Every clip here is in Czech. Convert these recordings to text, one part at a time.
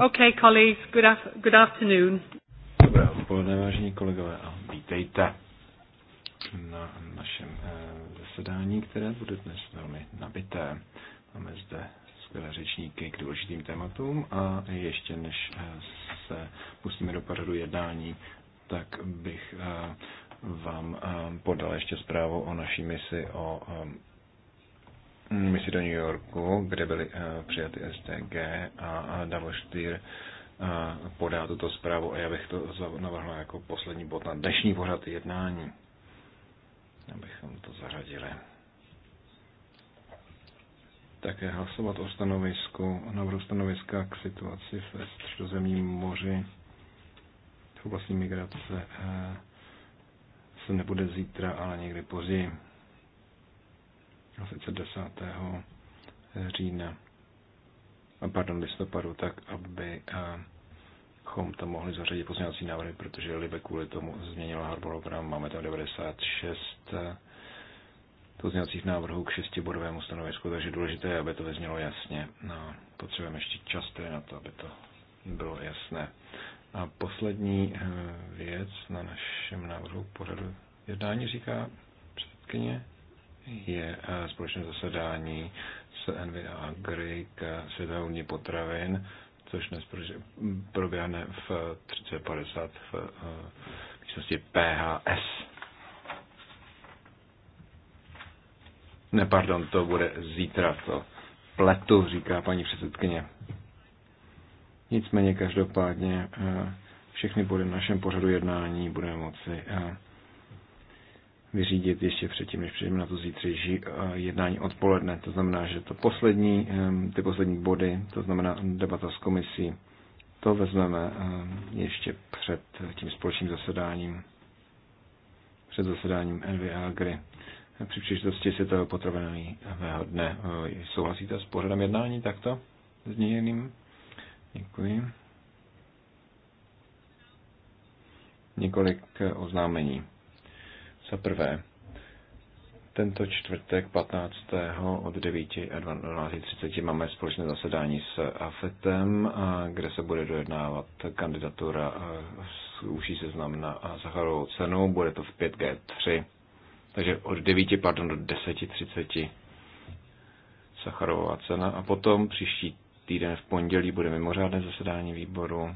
Okay, colleagues, good, af- good afternoon. Dobré odpoledne, vážení kolegové, a vítejte na našem eh, zasedání, které bude dnes velmi nabité. Máme zde skvělé řečníky k důležitým tématům a ještě než eh, se pustíme do pořadu jednání, tak bych eh, vám eh, podal ještě zprávu o naší misi o eh, misi do New Yorku, kde byly eh, přijaty STG a Davos Styr eh, podá tuto zprávu a já bych to navrhl jako poslední bod na dnešní pořad jednání, abychom to zařadili. Také hlasovat o stanovisku, návrhu stanoviska k situaci ve středozemním moři v oblasti migrace eh, se nebude zítra, ale někdy později a sice 10. října, pardon, listopadu, tak aby abychom to mohli zařadit pozměňovací návrhy, protože Libe kvůli tomu změnila harmonogram. Máme tam 96 pozměňovacích návrhů k šestibodovému stanovisku, takže důležité je, aby to vyznělo jasně. No, potřebujeme ještě čas tedy na to, aby to bylo jasné. A poslední e, věc na našem návrhu pořadu jednání říká předkyně je eh, společné zasedání s Envy a Agri k eh, Světové potravin, což dnes proběhne v 3050 eh, v místnosti PHS. Ne, pardon, to bude zítra, to pletu, říká paní předsedkyně. Nicméně každopádně všechny body v našem pořadu jednání budeme moci vyřídit ještě předtím, než přejdeme na to zítřejší eh, jednání odpoledne. To znamená, že to poslední, ehm, ty poslední body, to znamená debata s komisí, to vezmeme ehm, ještě před tím společným zasedáním, před zasedáním NVA Agri. Při příležitosti světového potravinového dne. Eh, souhlasíte s pořadem jednání takto změněným? Děkuji. Několik eh, oznámení. Za prvé, tento čtvrtek 15. od 9 a 12.30 máme společné zasedání s AFETem, kde se bude dojednávat kandidatura s úší seznam na Sacharovou cenu. Bude to v 5G3. Takže od 9, pardon, do 10.30 Sacharová cena. A potom příští týden v pondělí bude mimořádné zasedání výboru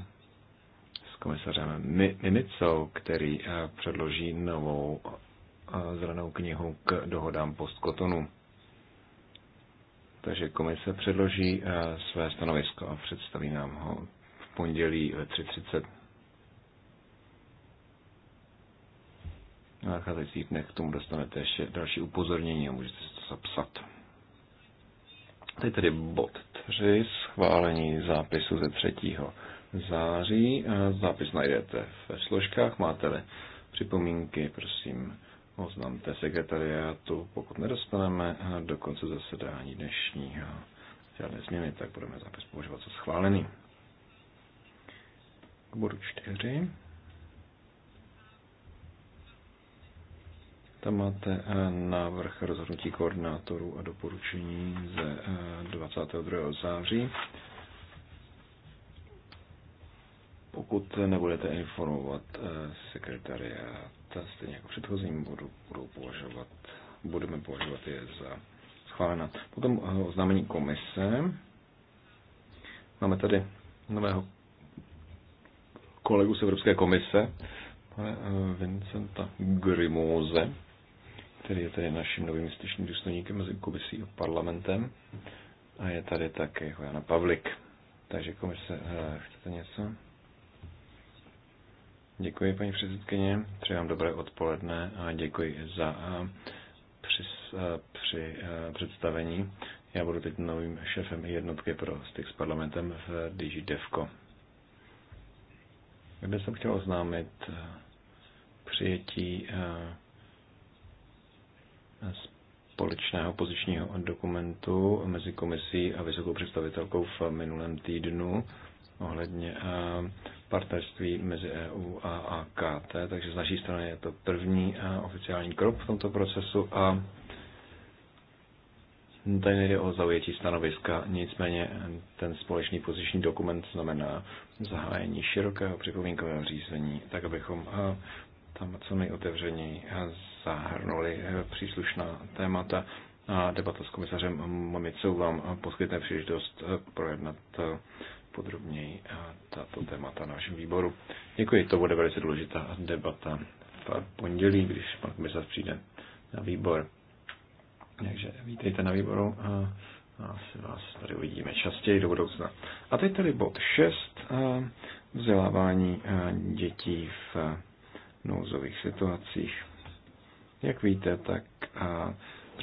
komisařem Mimicou, který eh, předloží novou eh, zelenou knihu k dohodám postkotonu. Takže komise předloží eh, své stanovisko a představí nám ho v pondělí ve 3.30. Na nacházejících dnech k tomu dostanete ještě další upozornění a můžete si to zapsat. Teď tedy bod 3, schválení zápisu ze třetího září. Zápis najdete ve složkách. Máte-li připomínky, prosím, oznamte sekretariátu. Pokud nedostaneme do konce zasedání dnešního žádné změny, tak budeme zápis považovat za schválený. K bodu čtyři Tam máte eh, návrh rozhodnutí koordinátorů a doporučení ze 22. Eh, září. Pokud nebudete informovat eh, sekretariat, stejně jako předchozím bodu, budou považovat, budeme považovat je za schválena. Potom eh, oznámení komise. Máme tady nového kolegu z Evropské komise, pane eh, Vincenta Grimóze, který je tady naším novým styčným důstojníkem mezi komisí a parlamentem. A je tady také Jana Pavlik. Takže komise, chcete něco? Děkuji, paní předsedkyně. Přeji vám dobré odpoledne a děkuji za při, při představení. Já budu teď novým šéfem jednotky pro styk s parlamentem v DG DEVCO. Kde jsem chtěl oznámit přijetí společného pozičního dokumentu mezi komisí a vysokou představitelkou v minulém týdnu ohledně eh, partnerství mezi EU a AKT, takže z naší strany je to první eh, oficiální krok v tomto procesu a Tady nejde o zaujetí stanoviska, nicméně eh, ten společný poziční dokument znamená zahájení širokého připomínkového řízení, tak abychom tam co nejotevřeněji zahrnuli příslušná témata. A debata s komisařem Momicou vám poskytne příležitost projednat podrobněji tato témata na našem výboru. Děkuji, to bude velice důležitá debata v pondělí, když pan komisař přijde na výbor. Takže vítejte na výboru a asi vás tady uvidíme častěji do budoucna. A teď tady bod 6, vzdělávání dětí v nouzových situacích. Jak víte, tak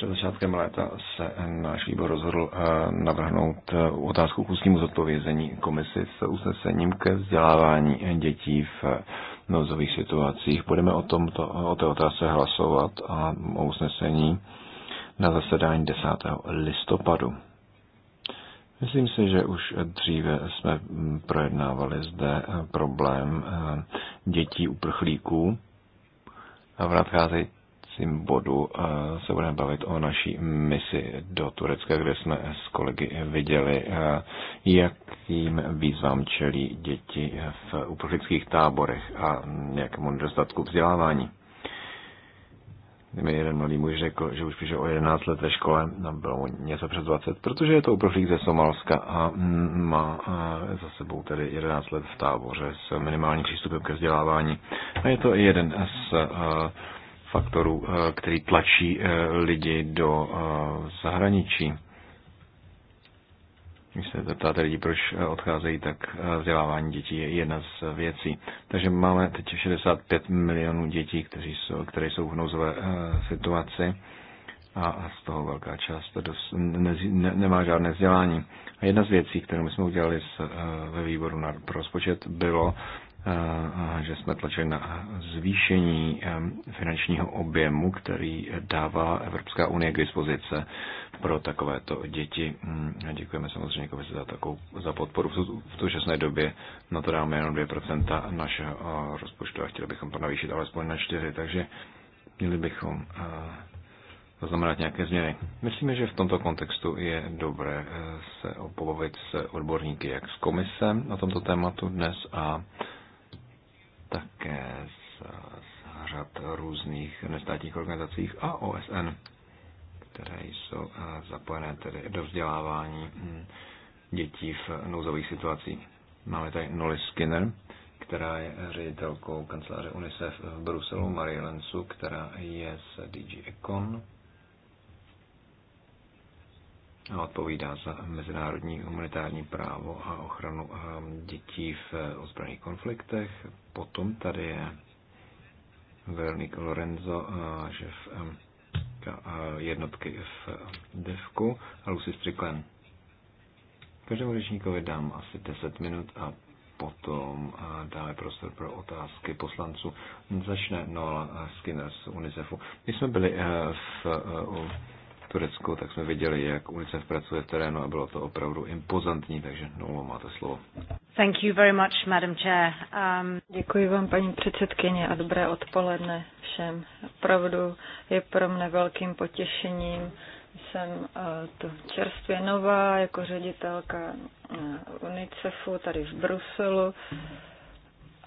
před začátkem léta se náš výbor rozhodl eh, navrhnout eh, otázku k ústnímu zodpovězení komisi s usnesením ke vzdělávání dětí v eh, nouzových situacích. Budeme o, tomto, o té otázce hlasovat a o usnesení na zasedání 10. listopadu. Myslím si, že už dříve jsme mm, projednávali zde problém dětí uprchlíků a v předcházejícím bodu eh, se budeme bavit o naší misi do Turecka, kde jsme s kolegy viděli, eh, jakým výzvám čelí děti v uprchlických táborech a jakému nedostatku vzdělávání. Mě jeden mladý muž řekl, že už píše o 11 let ve škole, a bylo mu něco přes 20, protože je to uprchlík ze Somalska a má eh, za sebou tedy 11 let v táboře s minimálním přístupem ke vzdělávání. A je to jeden z faktorů, eh, který tlačí eh, lidi do eh, zahraničí. Když se zeptáte lidí, proč odcházejí, tak vzdělávání dětí je jedna z věcí. Takže máme teď 65 milionů dětí, kteří jsou, které jsou v nouzové situaci a z toho velká část dost, ne, ne, nemá žádné vzdělání. A jedna z věcí, kterou my jsme udělali s, ve výboru na, rozpočet, bylo Eh, že jsme tlačili na zvýšení eh, finančního objemu, který dává Evropská unie k dispozice pro takovéto děti. Mm, děkujeme samozřejmě komisi za, takovou, za podporu. V současné době na to dáme jenom 2% našeho eh, rozpočtu a chtěli bychom to navýšit alespoň na 4, takže měli bychom zaznamenat nějaké změny. Myslíme, že v tomto kontextu je dobré se opovovit s odborníky jak s komisem na tomto tématu dnes a také z, z řad různých nestátních organizací a OSN, které jsou eh, zapojené tedy do vzdělávání hm, dětí v nouzových situacích. Máme tady Nolly Skinner, která je ředitelkou kanceláře UNICEF v Bruselu, Marie Lensu, která je z DG Econ, a odpovídá za mezinárodní humanitární právo a ochranu dětí v e, ozbrojených konfliktech. Potom tady je Veronika Lorenzo, v jednotky v DEVku a Lucy Strickland. Každému řečníkovi dám asi 10 minut a potom dáme prostor pro otázky poslanců. Začne Noel Skinner z UNICEFu. My jsme byli e, v e, Turecku, tak jsme viděli, jak UNICEF pracuje v terénu a bylo to opravdu impozantní, takže no, máte slovo. Thank you very much, Madam Chair. Um... Děkuji vám, paní předsedkyně, a dobré odpoledne všem. Opravdu je pro mne velkým potěšením jsem uh, to čerstvě nová jako ředitelka uh, UNICEFu tady v Bruselu.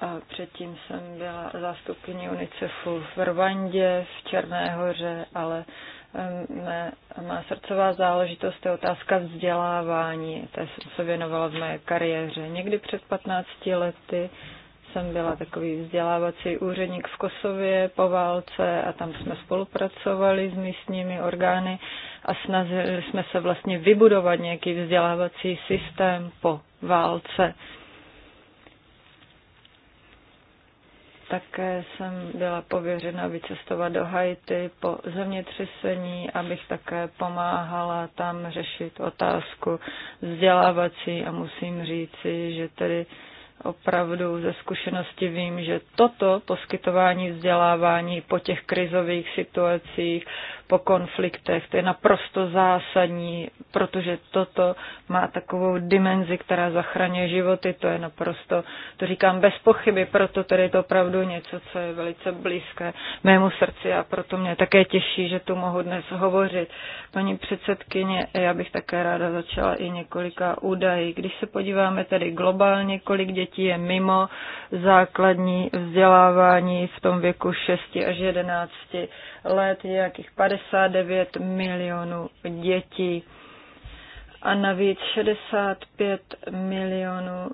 A předtím jsem byla zástupkyní UNICEFu v Rwandě, v Černé hoře, ale mé, má srdcová záležitost je otázka vzdělávání. To jsem se věnovala v mé kariéře. Někdy před 15 lety jsem byla takový vzdělávací úředník v Kosově po válce a tam jsme spolupracovali s místními orgány a snažili jsme se vlastně vybudovat nějaký vzdělávací systém po válce. Také jsem byla pověřena vycestovat do Haiti po zemětřesení, abych také pomáhala tam řešit otázku vzdělávací a musím říci, že tedy opravdu ze zkušenosti vím, že toto poskytování vzdělávání po těch krizových situacích po konfliktech. To je naprosto zásadní, protože toto má takovou dimenzi, která zachraňuje životy. To je naprosto, to říkám bez pochyby, proto tedy je to opravdu něco, co je velice blízké mému srdci a proto mě také těší, že tu mohu dnes hovořit. Paní předsedkyně, já bych také ráda začala i několika údají. Když se podíváme tedy globálně, kolik dětí je mimo základní vzdělávání v tom věku 6 až 11 let, je jakých 50 69 milionů dětí a navíc 65 milionů,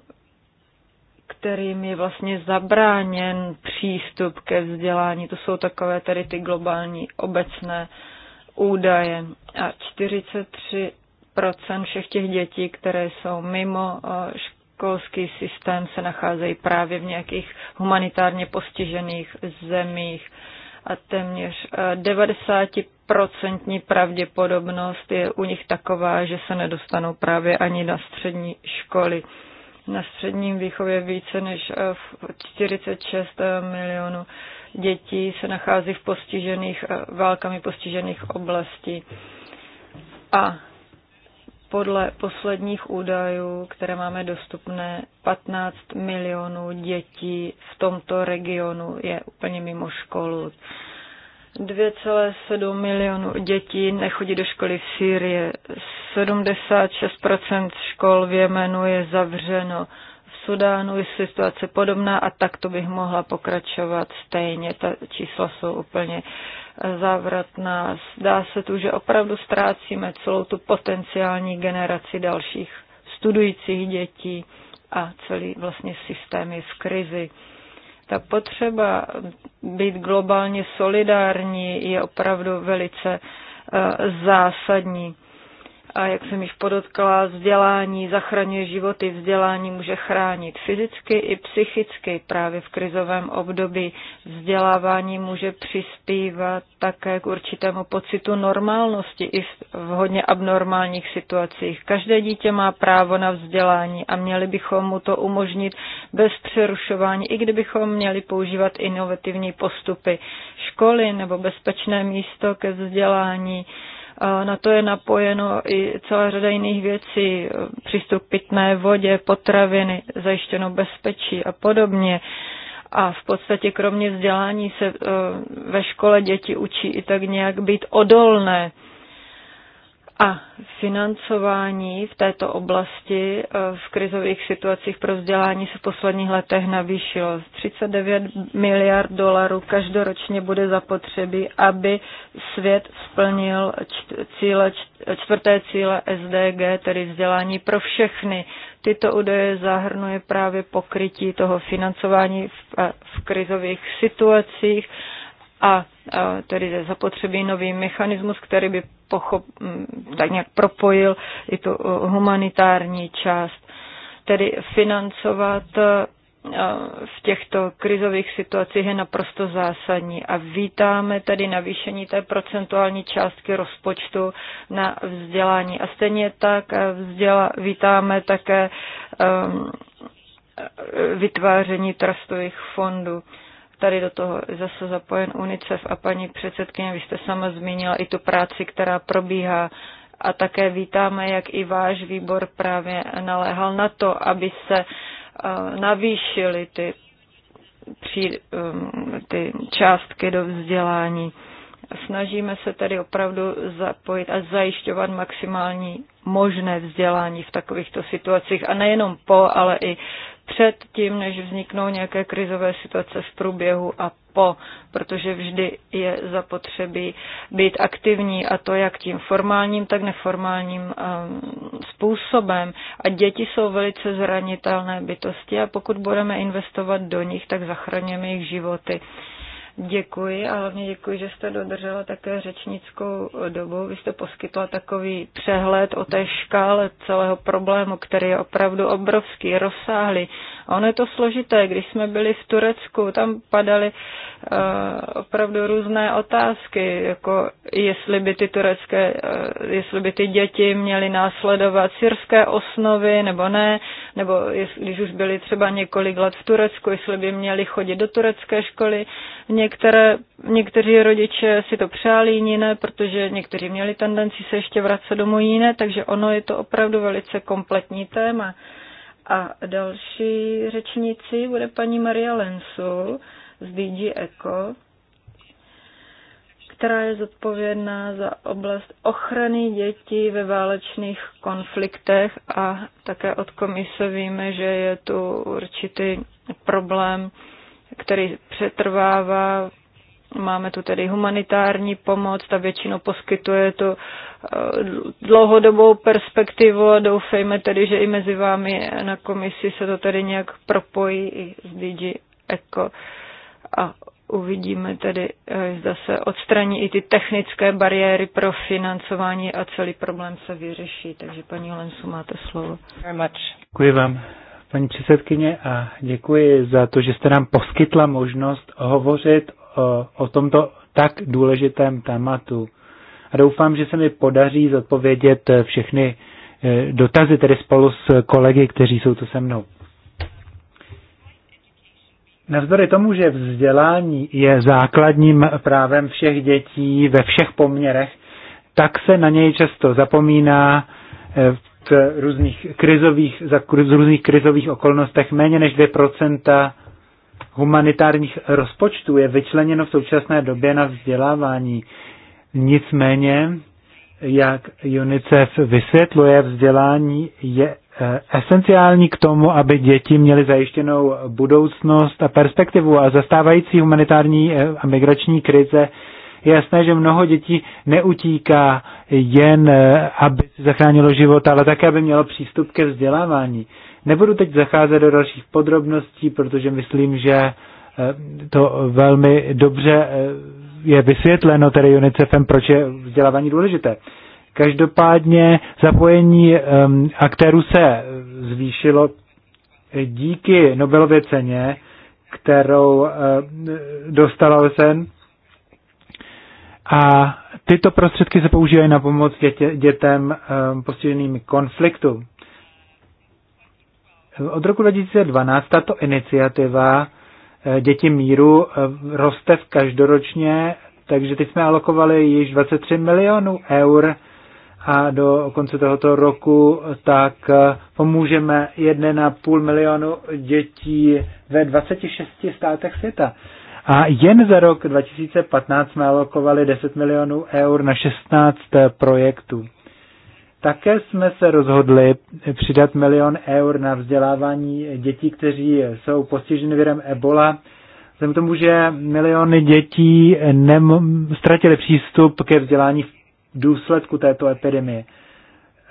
kterým je vlastně zabráněn přístup ke vzdělání. To jsou takové tedy ty globální obecné údaje. A 43 všech těch dětí, které jsou mimo eh, školský systém, se nacházejí právě v nějakých humanitárně postižených zemích a téměř 90% eh, pravděpodobnost je u nich taková, že se nedostanou právě ani na střední školy. Na středním výchově více než 46 eh, eh, milionů dětí se nachází v postižených, válkami postižených oblastí. A podle posledních údajů, které máme dostupné, 15 milionů dětí v tomto regionu je úplně mimo školu. 2,7 milionů dětí nechodí do školy v Sýrii. 76% škol v Jemenu je zavřeno. Sudánu je situace podobná a tak to bych mohla pokračovat stejně. Ta čísla jsou úplně závratná. Zdá se tu, že opravdu ztrácíme celou tu potenciální generaci dalších studujících dětí a celý vlastně systém je v krizi. Ta potřeba být globálně solidární je opravdu velice eh, zásadní a jak jsem již podotkala, vzdělání zachraňuje životy, vzdělání může chránit fyzicky i psychicky právě v krizovém období. Vzdělávání může přispívat také k určitému pocitu normálnosti i v hodně abnormálních situacích. Každé dítě má právo na vzdělání a měli bychom mu to umožnit bez přerušování, i kdybychom měli používat inovativní postupy školy nebo bezpečné místo ke vzdělání a na to je napojeno i celá řada jiných věcí, přístup k pitné vodě, potraviny, zajištěno bezpečí a podobně. A v podstatě kromě vzdělání se e, ve škole děti učí i tak nějak být odolné a financování v této oblasti eh, v krizových situacích pro vzdělání se v posledních letech navýšilo 39 miliard dolarů. Každoročně bude zapotřebí, aby svět splnil cíle, čtvrté cíle SDG, tedy vzdělání pro všechny. Tyto údaje zahrnuje právě pokrytí toho financování v, eh, v krizových situacích a tedy zapotřebí nový mechanismus, který by pochop, tak nějak propojil i tu uh, humanitární část. Tedy financovat uh, v těchto krizových situacích je naprosto zásadní a vítáme tedy navýšení té procentuální částky rozpočtu na vzdělání. A stejně tak eh, vzděla, vítáme také um, vytváření trastových fondů tady do toho zase zapojen UNICEF a paní předsedkyně, vy jste sama zmínila i tu práci, která probíhá a také vítáme, jak i váš výbor právě naléhal na to, aby se eh, navýšily ty, ehm, ty částky do vzdělání. Snažíme se tedy opravdu zapojit a zajišťovat maximální možné vzdělání v takovýchto situacích a nejenom po, ale i před tím, než vzniknou nějaké krizové situace v průběhu a po, protože vždy je zapotřebí být aktivní a to jak tím formálním, tak neformálním um, způsobem. A děti jsou velice zranitelné bytosti a pokud budeme investovat do nich, tak zachraňujeme jejich životy. Uh, Děkuji a hlavně děkuji, že jste dodržela také řečnickou dobu. Vy jste poskytla takový přehled o té škále celého problému, který je opravdu obrovský, rozsáhlý Ono je to složité. Když jsme byli v Turecku, tam padaly uh, opravdu různé otázky, jako jestli by ty turecké, uh, jestli by ty děti měly následovat syrské osnovy nebo ne, nebo jestli, když už byli třeba několik let v Turecku, jestli by měli chodit do turecké školy. Některé, někteří rodiče si to přáli, jiné, protože někteří měli tendenci se ještě vracet domů jiné, takže ono je to opravdu velice kompletní téma. A další řečnici bude paní Maria Lensul z DG Eco, která je zodpovědná za oblast ochrany dětí ve válečných konfliktech a také od komise víme, že je tu určitý problém, který přetrvává Máme tu tedy humanitární pomoc, ta většinou poskytuje to eh, dlouhodobou perspektivu a doufejme tedy, že i mezi vámi na komisi se to tedy nějak propojí i s DG Eco. A uvidíme tedy, eh, zda se odstraní i ty technické bariéry pro financování a celý problém se vyřeší. Takže paní Lensu, máte slovo. Děkuji vám, paní předsedkyně, a děkuji za to, že jste nám poskytla možnost hovořit o tomto tak důležitém tématu. A doufám, že se mi podaří zodpovědět eh, všechny eh, dotazy, tedy spolu s kolegy, kteří jsou tu se mnou. Navzdory tomu, že vzdělání je základním právem všech dětí ve všech poměrech, tak se na něj často zapomíná eh, v různých krizových, v různých krizových okolnostech méně než 2% humanitárních rozpočtů je vyčleněno v současné době na vzdělávání. Nicméně, jak UNICEF vysvětluje, vzdělání je eh, esenciální k tomu, aby děti měly zajištěnou budoucnost a perspektivu. A zastávající humanitární eh, a migrační krize je jasné, že mnoho dětí neutíká jen, eh, aby zachránilo život, ale také, aby mělo přístup ke vzdělávání. Nebudu teď zacházet do dalších podrobností, protože myslím, že eh, to velmi dobře eh, je vysvětleno tedy UNICEFem, proč je vzdělávání důležité. Každopádně zapojení um, aktérů se eh, zvýšilo díky Nobelově ceně, kterou uh, dostala OSN. A tyto prostředky se používají na pomoc dětě, dětem um, postiženým konfliktu. Od roku 2012 tato iniciativa eh, Děti míru eh, roste v každoročně, takže teď jsme alokovali již 23 milionů eur a do konce tohoto roku tak eh, pomůžeme 1,5 milionu dětí ve 26 státech světa. A jen za rok 2015 jsme alokovali 10 milionů eur na 16 projektů. Také jsme se rozhodli přidat milion eur na vzdělávání dětí, kteří jsou postiženy virem Ebola. Vzhledem tomu, že miliony dětí nem- ztratili přístup ke vzdělání v důsledku této epidemie.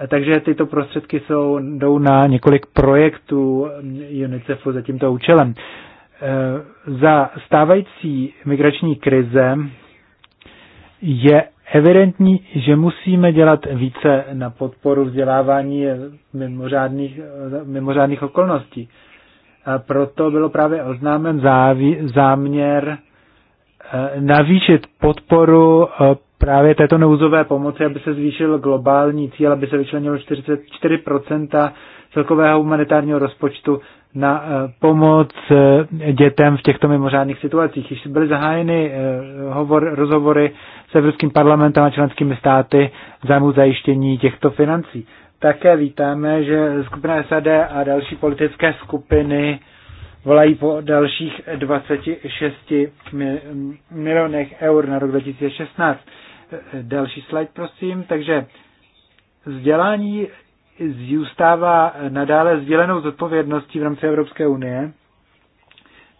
Takže tyto prostředky jsou, jdou na několik projektů UNICEFu za tímto účelem. E, za stávající migrační krize je evidentní, že musíme dělat více na podporu vzdělávání mimořádných, mimořádných okolností. A proto bylo právě oznámen závi, záměr eh, navýšit podporu eh, právě této nouzové pomoci, aby se zvýšil globální cíl, aby se vyčlenilo 44% celkového humanitárního rozpočtu na eh, pomoc eh, dětem v těchto mimořádných situacích. Když byly zahájeny eh, hovor, rozhovory s Evropským parlamentem a členskými státy zájmu zajištění těchto financí. Také vítáme, že skupina SAD a další politické skupiny volají po dalších 26 milionech eur na rok 2016. Další slide, prosím. Takže vzdělání zůstává nadále sdělenou zodpovědností v rámci Evropské unie,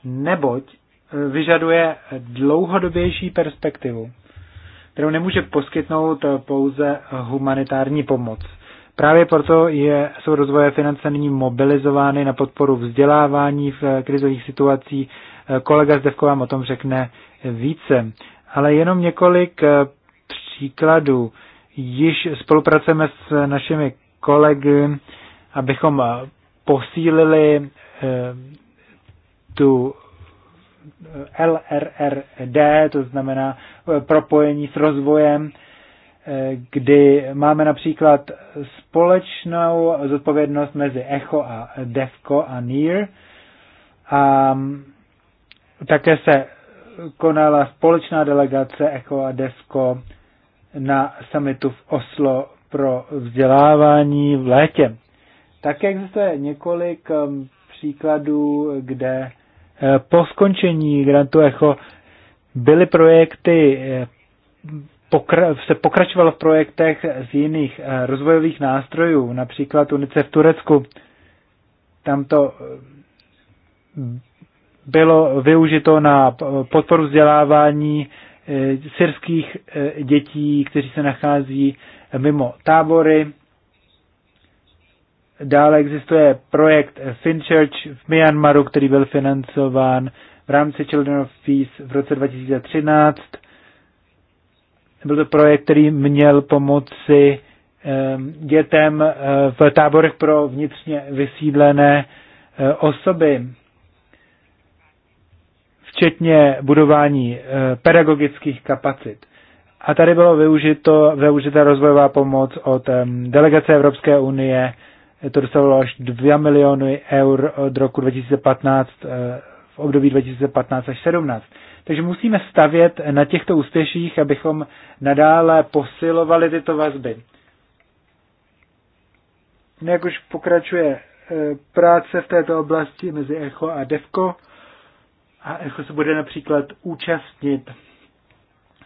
neboť e, vyžaduje dlouhodobější perspektivu, kterou nemůže poskytnout e, pouze humanitární pomoc. Právě proto je, jsou rozvoje finance nyní mobilizovány na podporu vzdělávání v e, krizových situacích. Kolega Zdevko vám o tom řekne více. Ale jenom několik příkladů. Již spolupracujeme s našimi kolegy, abychom eh, posílili eh, tu eh, LRRD, to znamená propojení s rozvojem, kdy máme například společnou zodpovědnost mezi ECHO a DEFCO a NIR. A mm, také se konala společná delegace ECHO a DEFCO na summitu v Oslo pro vzdělávání v létě. Také existuje několik um, příkladů, kde eh, po skončení grantu ECHO byly projekty, eh, se pokračovalo v projektech z jiných eh, rozvojových nástrojů, například UNICEF v Turecku. Tam to bylo využito na podporu vzdělávání syrských dětí, kteří se nachází mimo tábory. Dále existuje projekt FinChurch v Myanmaru, který byl financován v rámci Children of Peace v roce 2013. Byl to projekt, který měl pomoci ehm, dětem eh, v táborech pro vnitřně vysídlené eh, osoby, včetně budování eh, pedagogických kapacit. A tady bylo využito, využita rozvojová pomoc od um, delegace Evropské unie. To dostalo až 2 miliony eur od roku 2015 eh, v období 2015 až 2017. Takže musíme stavět na těchto úspěších, abychom nadále posilovali tyto vazby. No, jak už pokračuje eh, práce v této oblasti mezi ECHO a DEVCO, a ECHO se bude například účastnit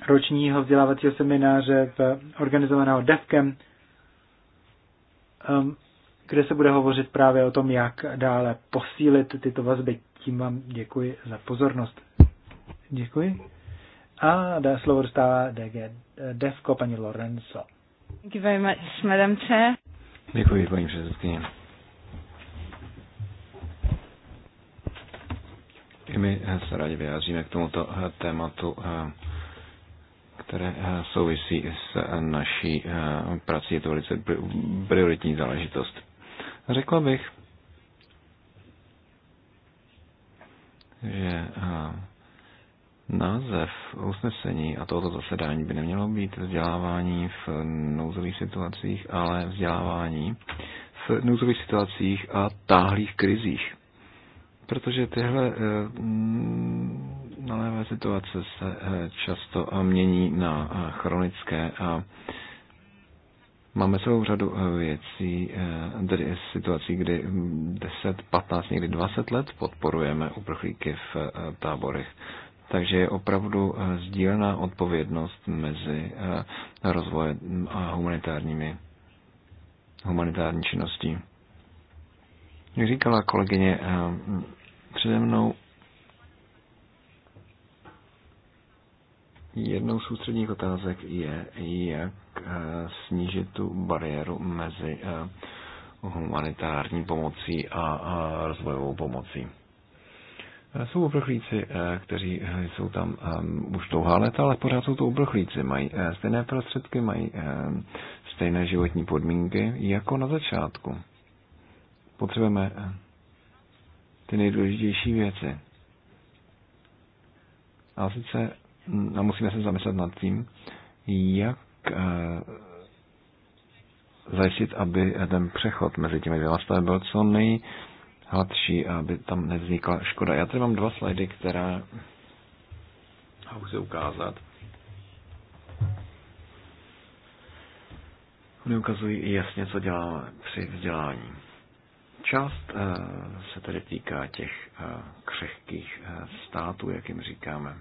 ročního vzdělávacího semináře v, organizovaného DEVKem, ehm, kde se bude hovořit právě o tom, jak dále posílit tyto vazby. Tím vám děkuji za pozornost. Děkuji. A dá slovo dostává DG Devko paní Lorenzo. Děkuji very much, madam chair. Děkuji, paní předsedkyně. I my se rádi vyjádříme k tomuto eh, tématu eh, které eh, souvisí s eh, naší eh, prací. Je to velice prioritní záležitost. Řekla bych, že název usnesení a tohoto zasedání by nemělo být vzdělávání v nouzových situacích, ale vzdělávání v nouzových situacích a táhlých krizích. Protože tyhle nalévé situace se eh, často eh, mění na eh, chronické a máme celou řadu věcí, tedy situací, kdy 10, hm, 15, někdy 20 let podporujeme uprchlíky v táborech. Takže je opravdu sdílená odpovědnost mezi rozvojem a humanitárními, humanitární činností. Jak říkala kolegyně přede mnou, Jednou z ústředních otázek je, jak eh, snížit tu bariéru mezi eh, humanitární pomocí a rozvojovou pomocí. Eh, jsou uprchlíci, kteří jsou tam už dlouhá léta, ale pořád jsou to uprchlíci. Mají stejné prostředky, mají stejné životní podmínky jako na začátku. Potřebujeme ty nejdůležitější věci. A sice a musíme se zamyslet nad tím, jak eh, zajistit, aby ten přechod mezi těmi dvěma stavy byl co nejhladší, aby tam nevznikla škoda. Já tady mám dva slajdy, která musím se ukázat. Oni ukazují jasně, co děláme při vzdělání. Část eh, se tedy týká těch eh, křehkých států, jak jim říkáme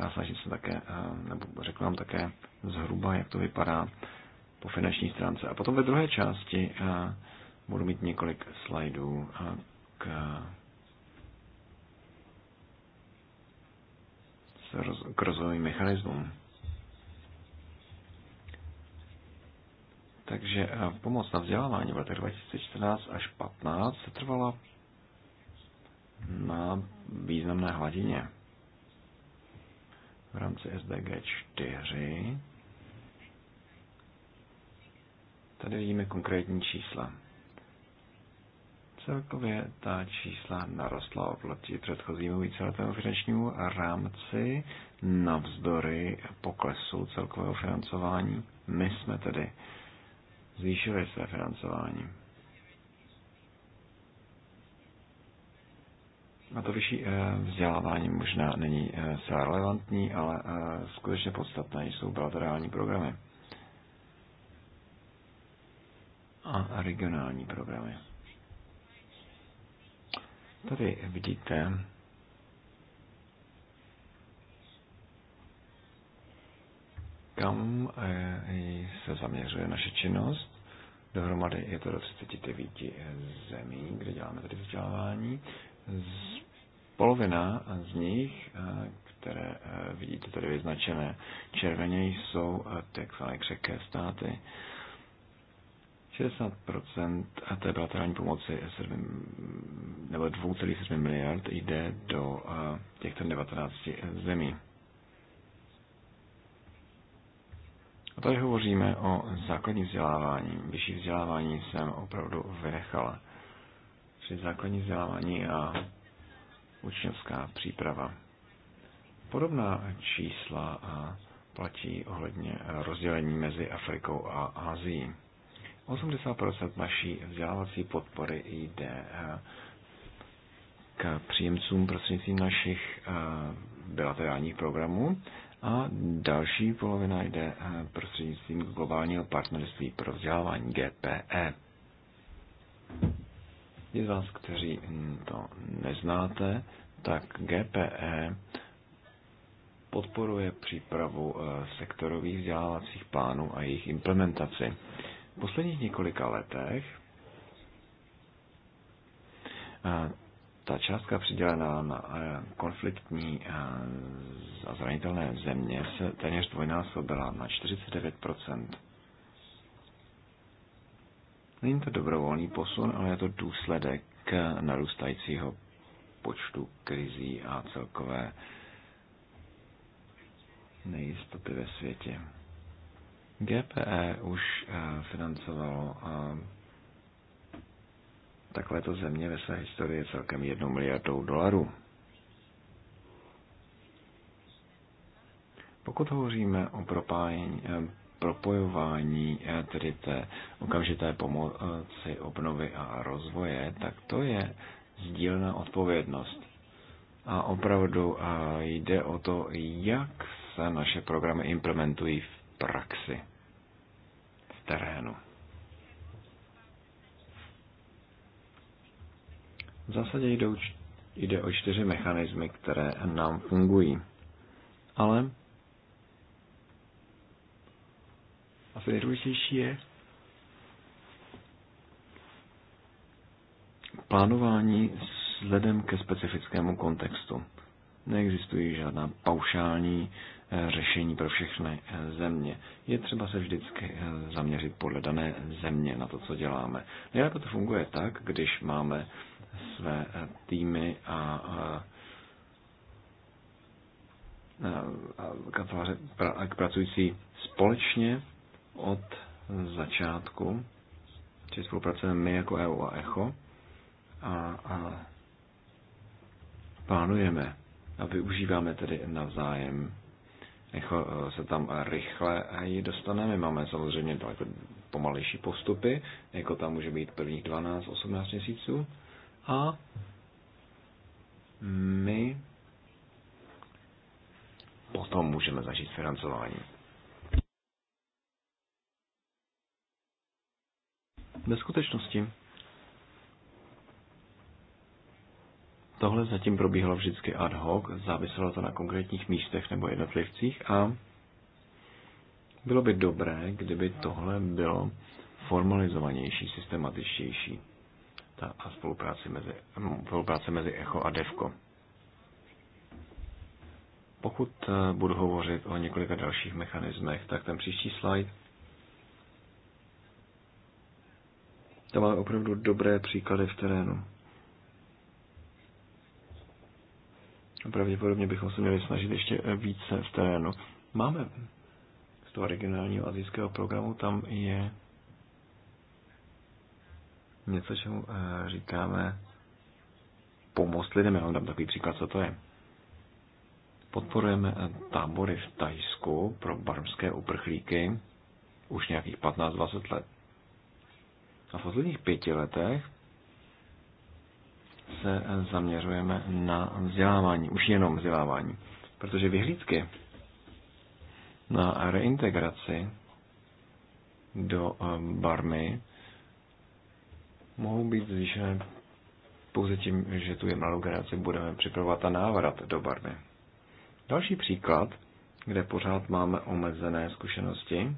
a snažím se také, eh, nebo řeknu vám také zhruba, jak to vypadá po finanční stránce. A potom ve druhé části eh, budu mít několik slajdů eh, k k rozvojovým mechanismům. Takže pomoc na vzdělávání v letech 2014 až 2015 se trvala na významné hladině v rámci SDG 4. Tady vidíme konkrétní čísla. Celkově ta čísla narostla oproti předchozímu víceletému finančnímu rámci navzdory poklesu celkového financování. My jsme tedy zvýšili své financování. A to vyšší eh, vzdělávání možná není eh, zcela relevantní, ale eh, skutečně podstatné jsou bilaterální programy a regionální programy. Tady vidíte kam se zaměřuje naše činnost. Dohromady je to do 39 zemí, kde děláme tady vzdělávání. Z polovina z nich, eh, které eh, vidíte tady vyznačené červeně, jsou eh, takzvané křehké státy. 60% té bilaterální pomoci 7, nebo 2,7 miliard jde do těchto 19 zemí. A tady hovoříme o základním vzdělávání. Vyšší vzdělávání jsem opravdu vynechala čili základní vzdělávání a učňovská příprava. Podobná čísla platí ohledně rozdělení mezi Afrikou a Asií. 80% naší vzdělávací podpory jde eh, k příjemcům prostřednictvím našich eh, bilaterálních programů a další polovina jde eh, prostřednictvím globálního partnerství pro vzdělávání GPE. Ti z vás, kteří to neznáte, tak GPE podporuje přípravu eh, sektorových vzdělávacích plánů a jejich implementaci. V posledních několika letech eh, ta částka přidělená na eh, konfliktní a zranitelné země se téměř dvojnásobila na 49 Není to dobrovolný posun, ale je to důsledek narůstajícího počtu krizí a celkové nejistoty ve světě. GPE už eh, financovalo eh, takovéto země ve své historii celkem jednou miliardou dolarů. Pokud hovoříme o propájení, eh, propojování eh, tedy té okamžité pomoci obnovy a rozvoje, tak to je sdílná odpovědnost. A opravdu eh, jde o to, jak se naše programy implementují v praxi, v terénu. V zásadě jde o čtyři mechanismy, které nám fungují. Ale asi nejdůležitější je plánování vzhledem ke specifickému kontextu. Neexistují žádná paušální eh, řešení pro všechny eh, země. Je třeba se vždycky eh, zaměřit podle dané země na to, co děláme. Nejlépe to funguje tak, když máme své týmy a kanceláře pracující společně od začátku, či spolupracujeme my jako EU a ECHO a, a plánujeme a využíváme tedy navzájem. Echo e, se tam rychle a ji dostaneme. Máme samozřejmě daleko pomalejší postupy, jako tam může být prvních 12-18 měsíců. A my potom můžeme začít financování. Ve skutečnosti tohle zatím probíhalo vždycky ad hoc, záviselo to na konkrétních místech nebo jednotlivcích a bylo by dobré, kdyby tohle bylo formalizovanější, systematičtější ta a spolupráce mezi, spolupráce mezi ECHO a DEVKO. Pokud eh, budu hovořit o několika dalších mechanismech, tak ten příští slide Tam máme opravdu dobré příklady v terénu. A pravděpodobně bychom se měli snažit ještě více v terénu. Máme z toho regionálního azijského programu, tam je něco, čemu eh, říkáme pomoc lidem. Já vám dám takový příklad, co to je. Podporujeme eh, tábory v Tajsku pro barmské uprchlíky už nějakých 15-20 let. A v posledních pěti letech se zaměřujeme na vzdělávání, už jenom vzdělávání. Protože vyhlídky na reintegraci do eh, barmy mohou být zvýšené pouze tím, že tu je generaci budeme připravovat a návrat do barmy. Další příklad, kde pořád máme omezené zkušenosti,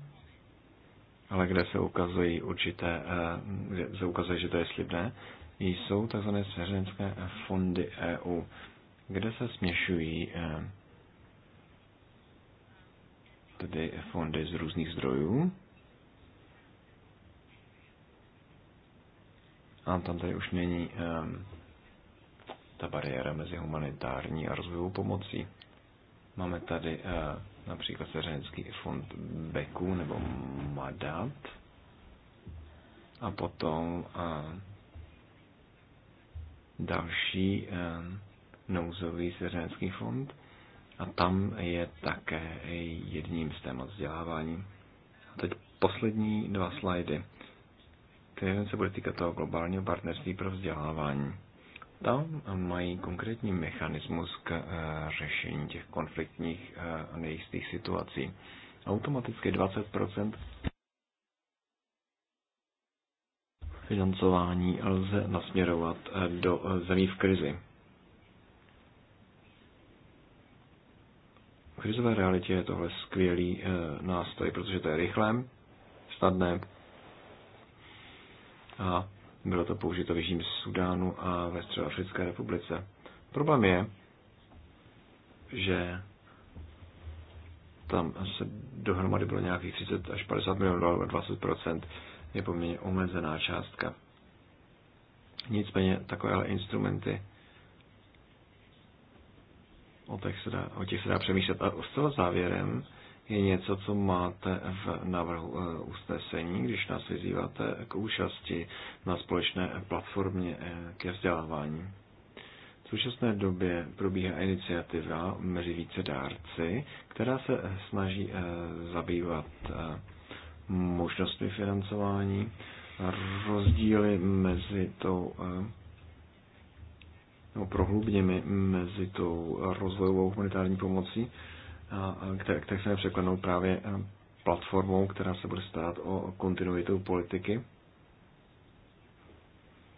ale kde se ukazují určité, eh, kde se ukazuje, že to je slibné, jsou tzv. svěřenské fondy EU, kde se směšují eh, tedy fondy z různých zdrojů. A tam tady už není eh, ta bariéra mezi humanitární a rozvojovou pomocí. Máme tady například Seřenecký fond Beku nebo Madat a potom další e, nouzový Seřenecký fond a tam je také jedním z témat vzdělávání. A teď poslední dva slajdy, které se bude týkat toho globálního partnerství pro vzdělávání. Tam mají konkrétní mechanismus k eh, řešení těch konfliktních eh, a nejistých situací. Automaticky 20 financování lze nasměrovat eh, do zemí v krizi. V krizové realitě je tohle skvělý nástroj, protože to je rychlé, snadné a bylo to použito v Jižním Sudánu a ve Středoafrické republice. Problém je, že tam se dohromady bylo nějakých 30 až 50 milionů dolarů, 20% je poměrně omezená částka. Nicméně takovéhle instrumenty o těch se dá, o těch se dá přemýšlet. A z závěrem je něco, co máte v návrhu eh, usnesení, když nás vyzýváte k účasti na společné platformě eh, ke vzdělávání. V současné době probíhá iniciativa mezi více dárci, která se eh, snaží zabývat možnostmi financování, rozdíly mezi tou no, prohlubněmi mezi tou rozvojovou humanitární pomocí které se překlenou právě e, platformou, která se bude starat o kontinuitu politiky.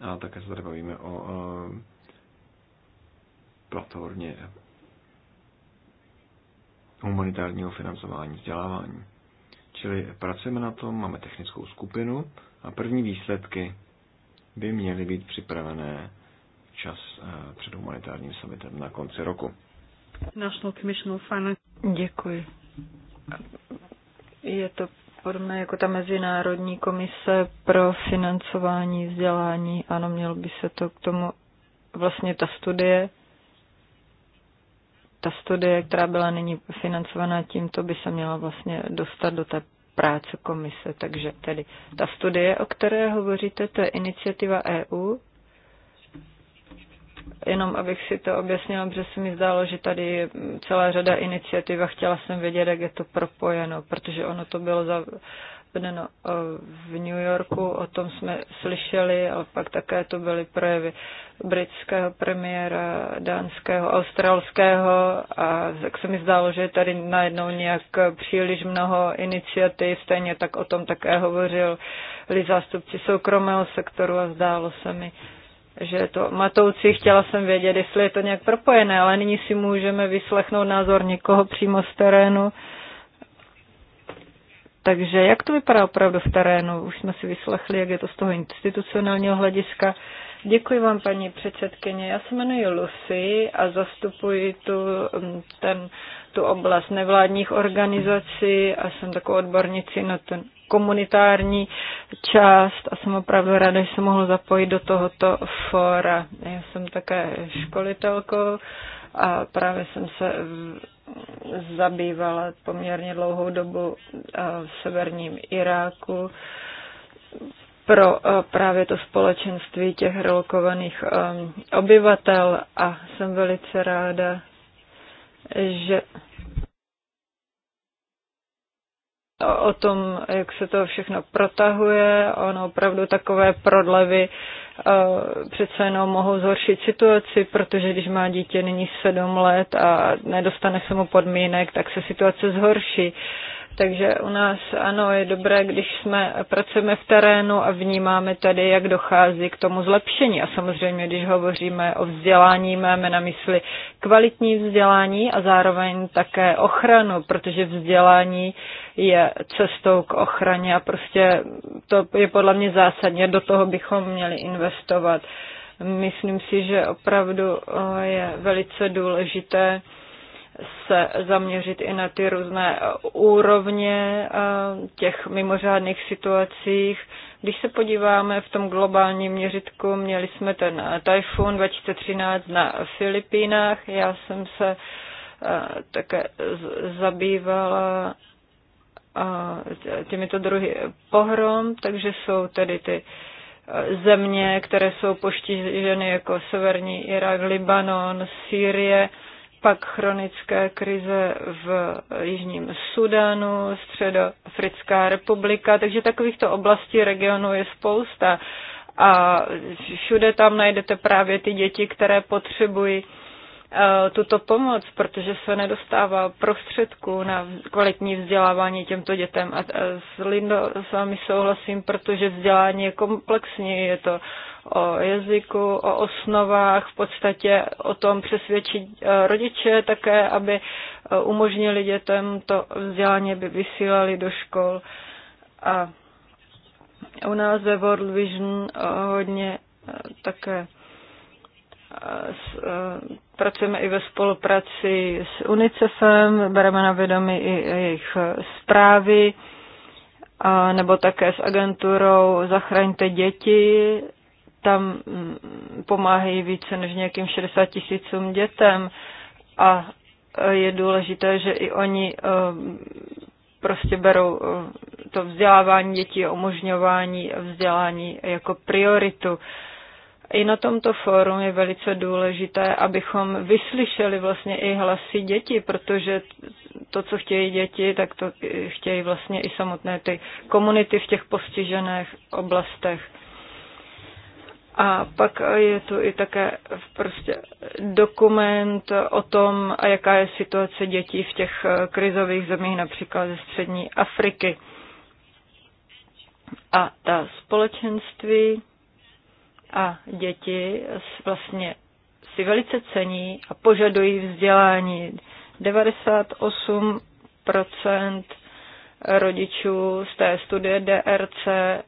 A také se tady bavíme o e, platformě humanitárního financování vzdělávání. Čili pracujeme na tom, máme technickou skupinu a první výsledky by měly být připravené čas e, před humanitárním summitem na konci roku. National Commission of Finance. Děkuji. Je to podobné jako ta Mezinárodní komise pro financování vzdělání. Ano, mělo by se to k tomu vlastně ta studie, ta studie, která byla nyní financovaná tímto, by se měla vlastně dostat do té práce komise. Takže tedy ta studie, o které hovoříte, to je iniciativa EU jenom abych si to objasnila, protože se mi zdálo, že tady je celá řada iniciativ a chtěla jsem vědět, jak je to propojeno, protože ono to bylo zavedeno eh, v New Yorku, o tom jsme slyšeli, ale pak také to byly projevy britského premiéra, dánského, australského a tak se mi zdálo, že je tady najednou nějak příliš mnoho iniciativ, stejně tak o tom také hovořil zástupci soukromého sektoru a zdálo se mi, že to matoucí. Chtěla jsem vědět, jestli je to nějak propojené, ale nyní si můžeme vyslechnout názor někoho přímo z terénu. Takže jak to vypadá opravdu v terénu? Už jsme si vyslechli, jak je to z toho institucionálního hlediska. Děkuji vám, paní předsedkyně. Já se jmenuji Lucy a zastupuji tu, mm, ten, tu oblast nevládních organizací a jsem takovou odbornici na ten komunitární část a jsem opravdu ráda, že jsem mohla zapojit do tohoto fora. Já jsem také školitelkou a právě jsem se zabývala poměrně dlouhou dobu eh, v severním Iráku pro eh, právě to společenství těch relokovaných eh, obyvatel a jsem velice ráda, že o tom, jak se to všechno protahuje, ono opravdu takové prodlevy eh, přece jenom mohou zhoršit situaci, protože když má dítě nyní sedm let a nedostane se mu podmínek, tak se situace zhorší. Takže u nás ano, je dobré, když jsme pracujeme v terénu a vnímáme tady, jak dochází k tomu zlepšení. A samozřejmě, když hovoříme o vzdělání, máme na mysli kvalitní vzdělání a zároveň také ochranu, protože vzdělání je cestou k ochraně a prostě to je podle mě zásadně, do toho bychom měli investovat. Myslím si, že opravdu eh, je velice důležité se zaměřit i na ty různé úrovně eh, těch mimořádných situacích. Když se podíváme v tom globálním měřitku, měli jsme ten eh, tajfun 2013 na Filipínách. Já jsem se eh, také zabývala těmito druhy pohrom, takže jsou tedy ty země, které jsou poštíženy jako severní Irak, Libanon, Sýrie, pak chronické krize v Jižním Sudanu, Středoafrická republika, takže takovýchto oblastí regionu je spousta. A všude tam najdete právě ty děti, které potřebují Eh, tuto pomoc, protože se nedostává prostředků na kvalitní vzdělávání těmto dětem. A s Lindo s vámi souhlasím, protože vzdělání je komplexní, je to o jazyku, o osnovách, v podstatě o tom přesvědčit eh, rodiče také, aby eh, umožnili dětem to vzdělání, aby vysílali do škol. A u nás ve World Vision hodně také pracujeme i ve spolupráci s UNICEFem, bereme na vědomí i jejich zprávy, a nebo také s agenturou Zachraňte děti, tam mm, pomáhají více než nějakým 60 tisícům dětem a je důležité, že i oni eh, prostě berou eh, to vzdělávání dětí, umožňování vzdělání jako prioritu. I na tomto fóru je velice důležité, abychom vyslyšeli vlastně i hlasy dětí, protože to, co chtějí děti, tak to chtějí vlastně i samotné ty komunity v těch postižených oblastech. A pak je tu i také prostě dokument o tom, a jaká je situace dětí v těch krizových zemích, například ze střední Afriky. A ta společenství a děti vlastně si velice cení a požadují vzdělání. 98 rodičů z té studie DRC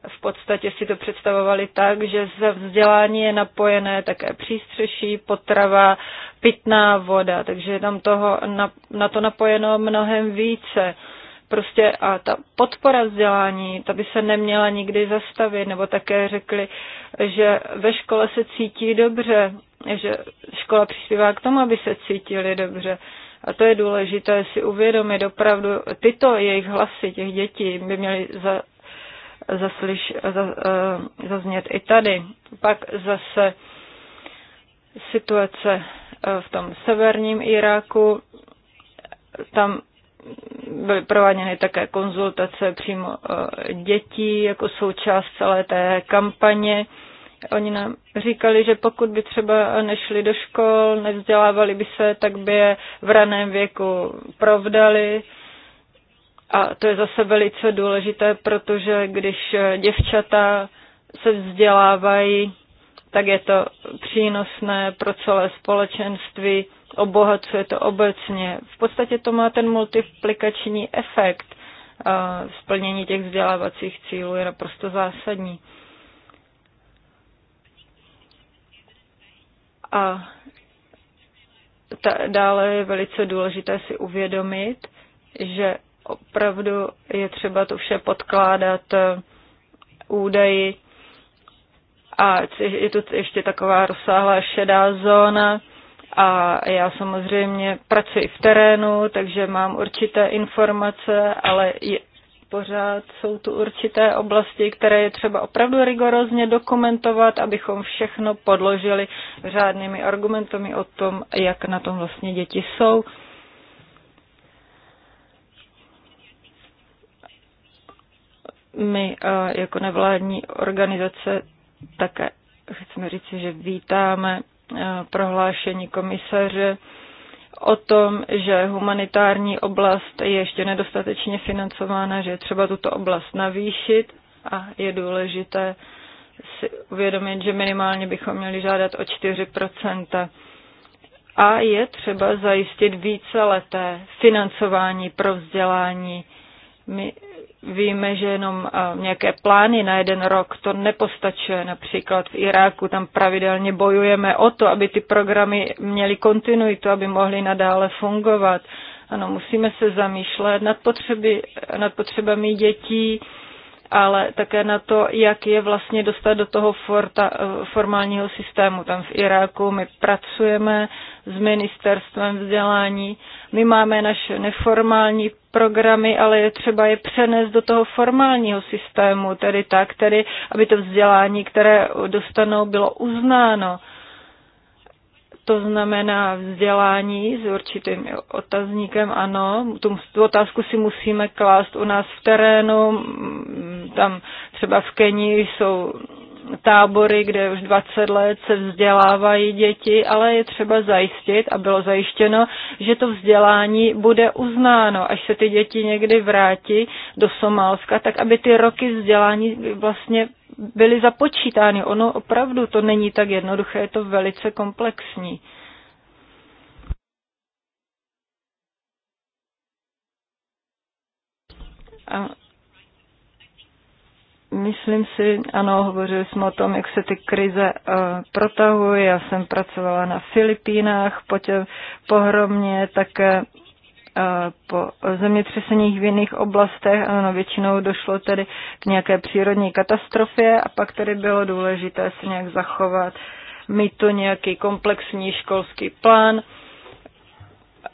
v podstatě si to představovali tak, že za vzdělání je napojené také přístřeší, potrava, pitná voda, takže je tam toho na, na to napojeno mnohem více. Prostě a ta podpora vzdělání, ta by se neměla nikdy zastavit, nebo také řekli, že ve škole se cítí dobře, že škola přispívá k tomu, aby se cítili dobře. A to je důležité si uvědomit opravdu, tyto jejich hlasy, těch dětí, by měly za, zaslyš, za, uh, zaznět i tady. Pak zase situace eh, v tom severním Iráku, tam byly prováděny také konzultace přímo eh, dětí jako součást celé té kampaně. Oni nám říkali, že pokud by třeba nešli do škol, nevzdělávali by se, tak by je v raném věku provdali. A to je zase velice důležité, protože když děvčata se vzdělávají, tak je to přínosné pro celé společenství obohacuje to obecně. V podstatě to má ten multiplikační efekt. Splnění těch vzdělávacích cílů je naprosto zásadní. A ta, dále je velice důležité si uvědomit, že opravdu je třeba to vše podkládat eh, údaji a je tu ještě taková rozsáhlá šedá zóna, a já samozřejmě pracuji v terénu, takže mám určité informace, ale je, pořád jsou tu určité oblasti, které je třeba opravdu rigorózně dokumentovat, abychom všechno podložili řádnými argumentami o tom, jak na tom vlastně děti jsou. My jako nevládní organizace také chceme říci, že vítáme Eh, prohlášení komisaře o tom, že humanitární oblast je ještě nedostatečně financována, že je třeba tuto oblast navýšit a je důležité si uvědomit, že minimálně bychom měli žádat o 4 a je třeba zajistit víceleté financování pro vzdělání. My Víme, že jenom eh, nějaké plány na jeden rok to nepostačuje. Například v Iráku tam pravidelně bojujeme o to, aby ty programy měly kontinuitu, aby mohly nadále fungovat. Ano, musíme se zamýšlet nad, potřeby, nad potřebami dětí, ale také na to, jak je vlastně dostat do toho forta, eh, formálního systému. Tam v Iráku my pracujeme s ministerstvem vzdělání. My máme naše neformální programy, ale je třeba je přenést do toho formálního systému, tedy tak, tedy, aby to vzdělání, které dostanou, bylo uznáno. To znamená vzdělání s určitým otazníkem, ano. Tu, tu otázku si musíme klást u nás v terénu. Tam třeba v Kenii jsou tábory, kde už 20 let se vzdělávají děti, ale je třeba zajistit, a bylo zajištěno, že to vzdělání bude uznáno, až se ty děti někdy vrátí do Somálska, tak aby ty roky vzdělání vlastně byly započítány. Ono opravdu to není tak jednoduché, je to velice komplexní. A Myslím si, ano, hovořili jsme o tom, jak se ty krize uh, protahují. Já jsem pracovala na Filipínách po tě, pohromě, také uh, po zemětřeseních v jiných oblastech. Ano, většinou došlo tedy k nějaké přírodní katastrofě a pak tedy bylo důležité se nějak zachovat, mít to nějaký komplexní školský plán.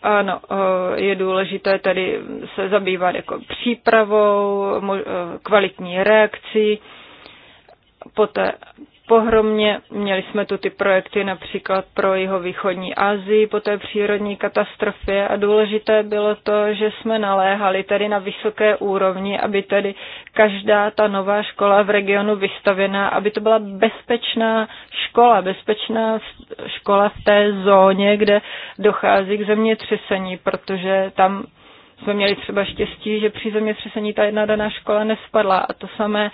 Ano, eh, je důležité tady se zabývat jako přípravou, eh, kvalitní reakcí, poté pohromě. Měli jsme tu ty projekty například pro jeho východní Asii po té přírodní katastrofě a důležité bylo to, že jsme naléhali tedy na vysoké úrovni, aby tedy každá ta nová škola v regionu vystavěná, aby to byla bezpečná škola, bezpečná škola v té zóně, kde dochází k zemětřesení, protože tam jsme měli třeba štěstí, že při zemětřesení ta jedna daná škola nespadla. A to samé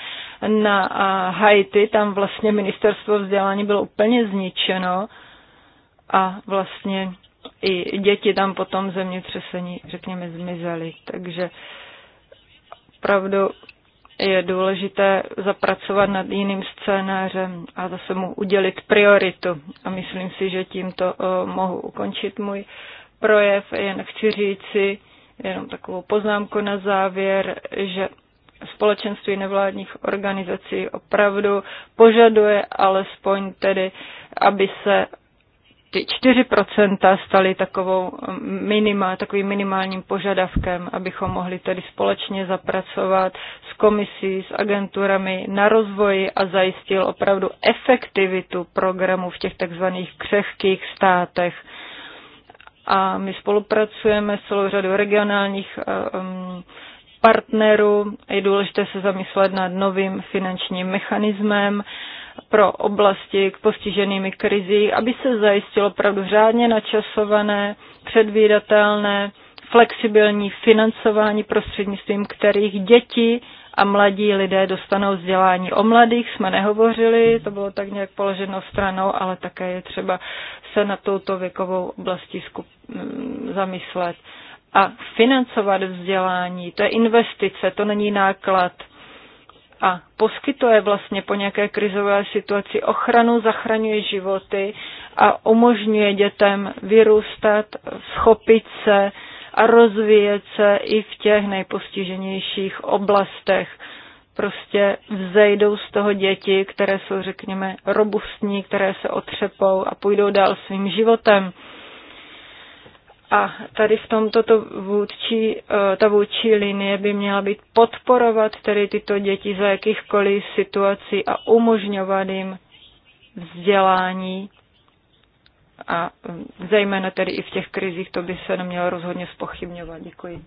na Haiti, tam vlastně ministerstvo vzdělání bylo úplně zničeno a vlastně i děti tam potom zemětřesení, řekněme, zmizely. Takže opravdu je důležité zapracovat nad jiným scénářem a zase mu udělit prioritu. A myslím si, že tímto eh, mohu ukončit můj projev. Jen chci říci, Jenom takovou poznámku na závěr, že společenství nevládních organizací opravdu požaduje alespoň tedy, aby se ty 4% staly takovou minima, takovým minimálním požadavkem, abychom mohli tedy společně zapracovat s komisí, s agenturami na rozvoji a zajistil opravdu efektivitu programu v těch takzvaných křehkých státech a my spolupracujeme s celou řadou regionálních eh, partnerů. Je důležité se zamyslet nad novým finančním mechanismem pro oblasti k postiženými krizi, aby se zajistilo opravdu řádně načasované, předvídatelné, flexibilní financování prostřednictvím kterých děti a mladí lidé dostanou vzdělání. O mladých jsme nehovořili, to bylo tak nějak položeno stranou, ale také je třeba se na touto věkovou oblastí mm, zamyslet. A financovat vzdělání, to je investice, to není náklad a poskytuje vlastně po nějaké krizové situaci ochranu, zachraňuje životy a umožňuje dětem vyrůstat, schopit se, a rozvíjet se i v těch nejpostiženějších oblastech. Prostě vzejdou z toho děti, které jsou, řekněme, robustní, které se otřepou a půjdou dál svým životem. A tady v tomto to vůdčí, eh, ta vůdčí linie by měla být podporovat tedy tyto děti za jakýchkoliv situací a umožňovat jim vzdělání a um, zejména tedy i v těch krizích to by se nemělo rozhodně spochybňovat. Děkuji.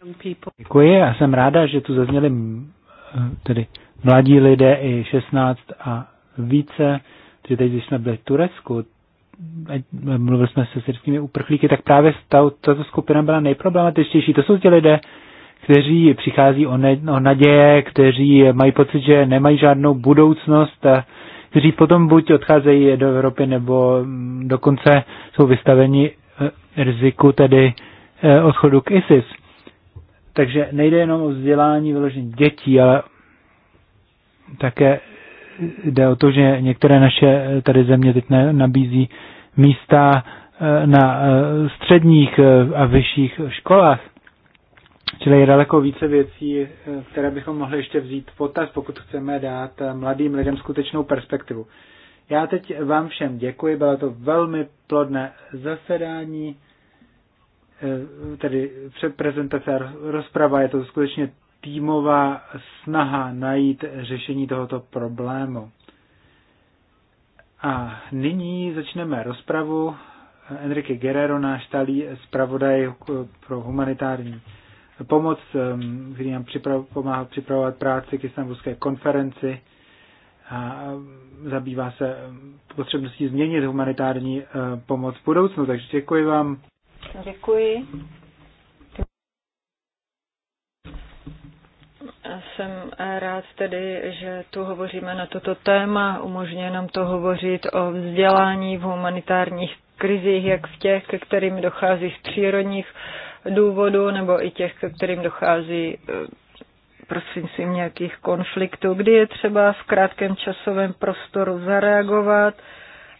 Děkuji a jsem ráda, že tu zazněli tedy mladí lidé i 16 a více, že teď, když jsme byli v Turecku, mluvili jsme se syrskými uprchlíky, tak právě tato skupina byla nejproblematičtější. To jsou ti lidé, kteří přichází o, ne, o naděje, kteří mají pocit, že nemají žádnou budoucnost, kteří potom buď odcházejí do Evropy, nebo mm, dokonce jsou vystaveni e, riziku tedy e, odchodu k ISIS. Takže nejde jenom o vzdělání vyložení dětí, ale také jde o to, že některé naše e, tady země teď nabízí místa na středních a vyšších školách. Čili je daleko více věcí, eh, které bychom mohli ještě vzít v potaz, pokud chceme dát eh, mladým lidem skutečnou perspektivu. Já teď vám všem děkuji, bylo to velmi plodné zasedání, eh, tedy prezentace a rozprava, je to skutečně týmová snaha najít řešení tohoto problému. A nyní začneme rozpravu. Enrique Guerrero, náš talý zpravodaj pro humanitární pomoc, um, který nám připrav, pomáhal připravovat práci k istambulské konferenci a um, zabývá se um, potřebností změnit humanitární uh, pomoc v budoucnu. Takže děkuji vám. Děkuji. Jsem rád tedy, že tu hovoříme na toto téma. Umožňuje nám to hovořit o vzdělání v humanitárních krizích, jak v těch, ke kterým dochází z přírodních důvodů nebo i těch, ke kterým dochází eh, prostřednictvím nějakých konfliktů, kdy je třeba v krátkém časovém prostoru zareagovat.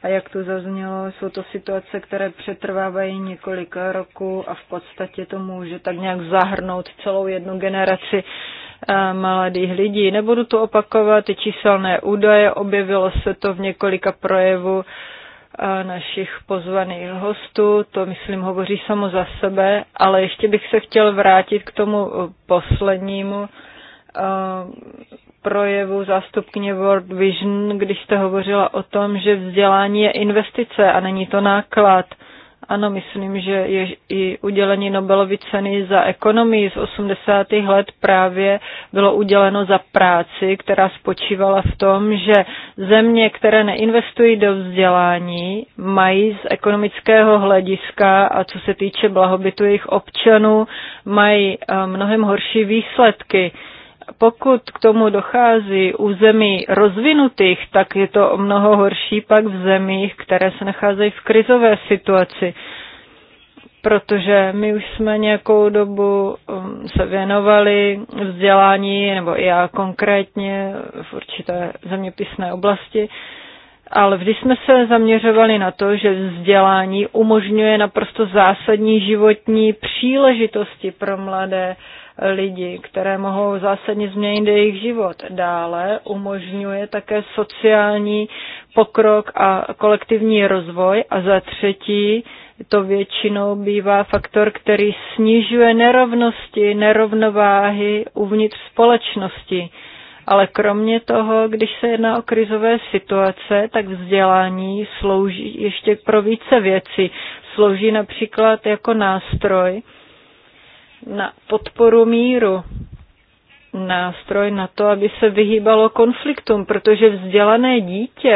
A jak to zaznělo, jsou to situace, které přetrvávají několik roků a v podstatě to může tak nějak zahrnout celou jednu generaci eh, mladých lidí. Nebudu to opakovat ty číselné údaje, objevilo se to v několika projevu našich pozvaných hostů, to myslím hovoří samo za sebe, ale ještě bych se chtěl vrátit k tomu poslednímu projevu zástupkyně World Vision, když jste hovořila o tom, že vzdělání je investice a není to náklad. Ano, myslím, že je i udělení Nobelovy ceny za ekonomii z 80. let právě bylo uděleno za práci, která spočívala v tom, že země, které neinvestují do vzdělání, mají z ekonomického hlediska a co se týče blahobytu jejich občanů, mají eh, mnohem horší výsledky. Pokud k tomu dochází u zemí rozvinutých, tak je to o mnoho horší pak v zemích, které se nacházejí v krizové situaci protože my už jsme nějakou dobu um, se věnovali vzdělání, nebo i já konkrétně v určité zeměpisné oblasti, ale vždy jsme se zaměřovali na to, že vzdělání umožňuje naprosto zásadní životní příležitosti pro mladé lidi, které mohou zásadně změnit jejich život. Dále umožňuje také sociální pokrok a kolektivní rozvoj. A za třetí, to většinou bývá faktor, který snižuje nerovnosti, nerovnováhy uvnitř společnosti. Ale kromě toho, když se jedná o krizové situace, tak vzdělání slouží ještě pro více věcí. Slouží například jako nástroj, na podporu míru, nástroj na to, aby se vyhýbalo konfliktům, protože vzdělané dítě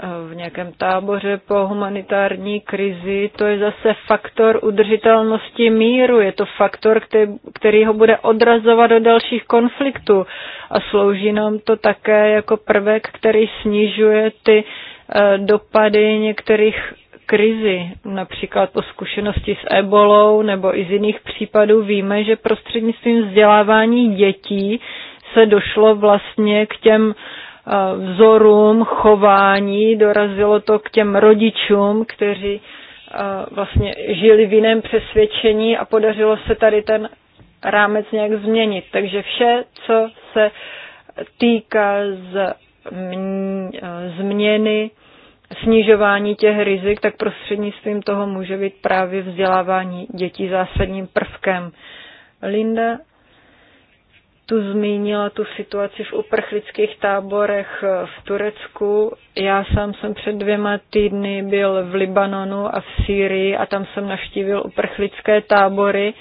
eh, v nějakém táboře po humanitární krizi, to je zase faktor udržitelnosti míru. Je to faktor, který, který ho bude odrazovat do dalších konfliktů a slouží nám to také jako prvek, který snižuje ty eh, dopady některých krizi. Například po zkušenosti s ebolou nebo i z jiných případů víme, že prostřednictvím vzdělávání dětí se došlo vlastně k těm eh, vzorům chování, dorazilo to k těm rodičům, kteří eh, vlastně žili v jiném přesvědčení a podařilo se tady ten rámec nějak změnit. Takže vše, co se týká z eh, změny snižování těch rizik, tak prostřednictvím toho může být právě vzdělávání dětí zásadním prvkem. Linda tu zmínila tu situaci v uprchlických táborech v Turecku. Já sám jsem před dvěma týdny byl v Libanonu a v Sýrii a tam jsem navštívil uprchlické tábory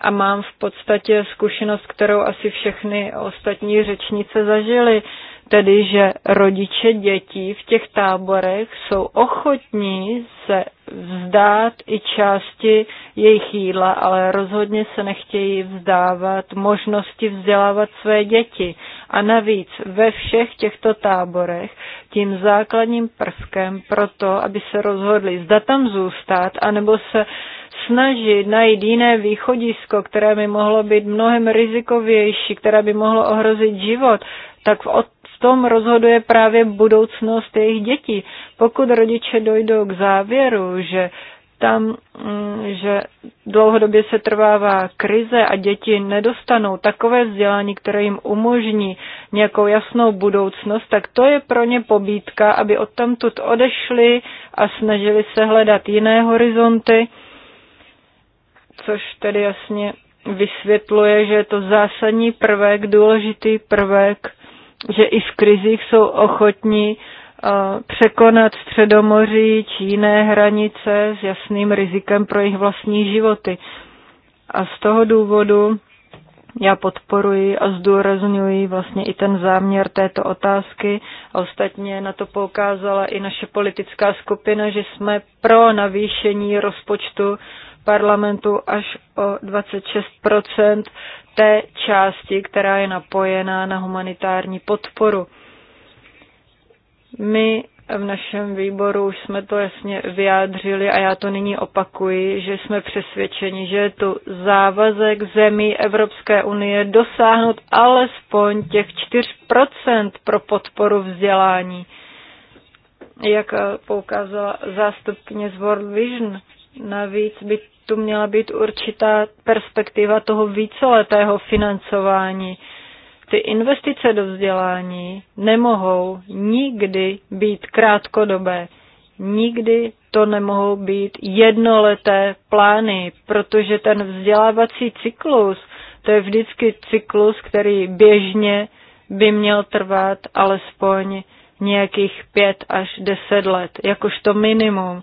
a mám v podstatě zkušenost, kterou asi všechny ostatní řečnice zažily tedy že rodiče dětí v těch táborech jsou ochotní se vzdát i části jejich jídla, ale rozhodně se nechtějí vzdávat možnosti vzdělávat své děti. A navíc ve všech těchto táborech tím základním prvkem pro to, aby se rozhodli, zda tam zůstat, anebo se snažit najít jiné východisko, které by mohlo být mnohem rizikovější, které by mohlo ohrozit život, tak v od tom rozhoduje právě budoucnost jejich dětí. Pokud rodiče dojdou k závěru, že tam, mm, že dlouhodobě se trvává krize a děti nedostanou takové vzdělání, které jim umožní nějakou jasnou budoucnost, tak to je pro ně pobídka, aby odtamtud odešli a snažili se hledat jiné horizonty, což tedy jasně vysvětluje, že je to zásadní prvek, důležitý prvek že i v krizích jsou ochotní eh, překonat středomoří či jiné hranice s jasným rizikem pro jejich vlastní životy. A z toho důvodu já podporuji a zdůrazňuji vlastně i ten záměr této otázky a ostatně na to poukázala i naše politická skupina, že jsme pro navýšení rozpočtu parlamentu až o 26 té části, která je napojená na humanitární podporu. My v našem výboru už jsme to jasně vyjádřili a já to nyní opakuji, že jsme přesvědčeni, že je tu závazek zemí Evropské unie dosáhnout alespoň těch 4% pro podporu vzdělání, jak poukázala zástupkyně z World Vision Navíc by tu měla být určitá perspektiva toho víceletého financování. Ty investice do vzdělání nemohou nikdy být krátkodobé. Nikdy to nemohou být jednoleté plány, protože ten vzdělávací cyklus, to je vždycky cyklus, který běžně by měl trvat alespoň nějakých pět až deset let, jakožto minimum.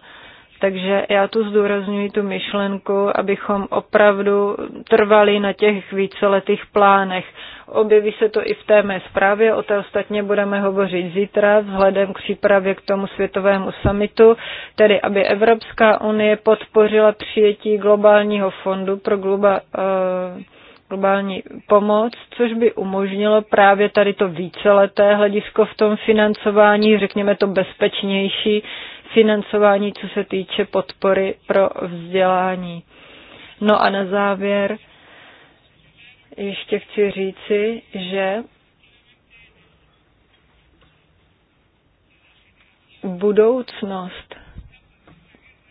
Takže já tu zdůraznuju tu myšlenku, abychom opravdu trvali na těch víceletých plánech. Objeví se to i v té mé zprávě, o té ostatně budeme hovořit zítra vzhledem k přípravě k tomu světovému samitu, tedy aby Evropská unie podpořila přijetí globálního fondu pro globa, uh, globální pomoc, což by umožnilo právě tady to víceleté hledisko v tom financování, řekněme to bezpečnější, uh, financování, co se týče podpory pro vzdělání. No a na závěr ještě chci říci, že budoucnost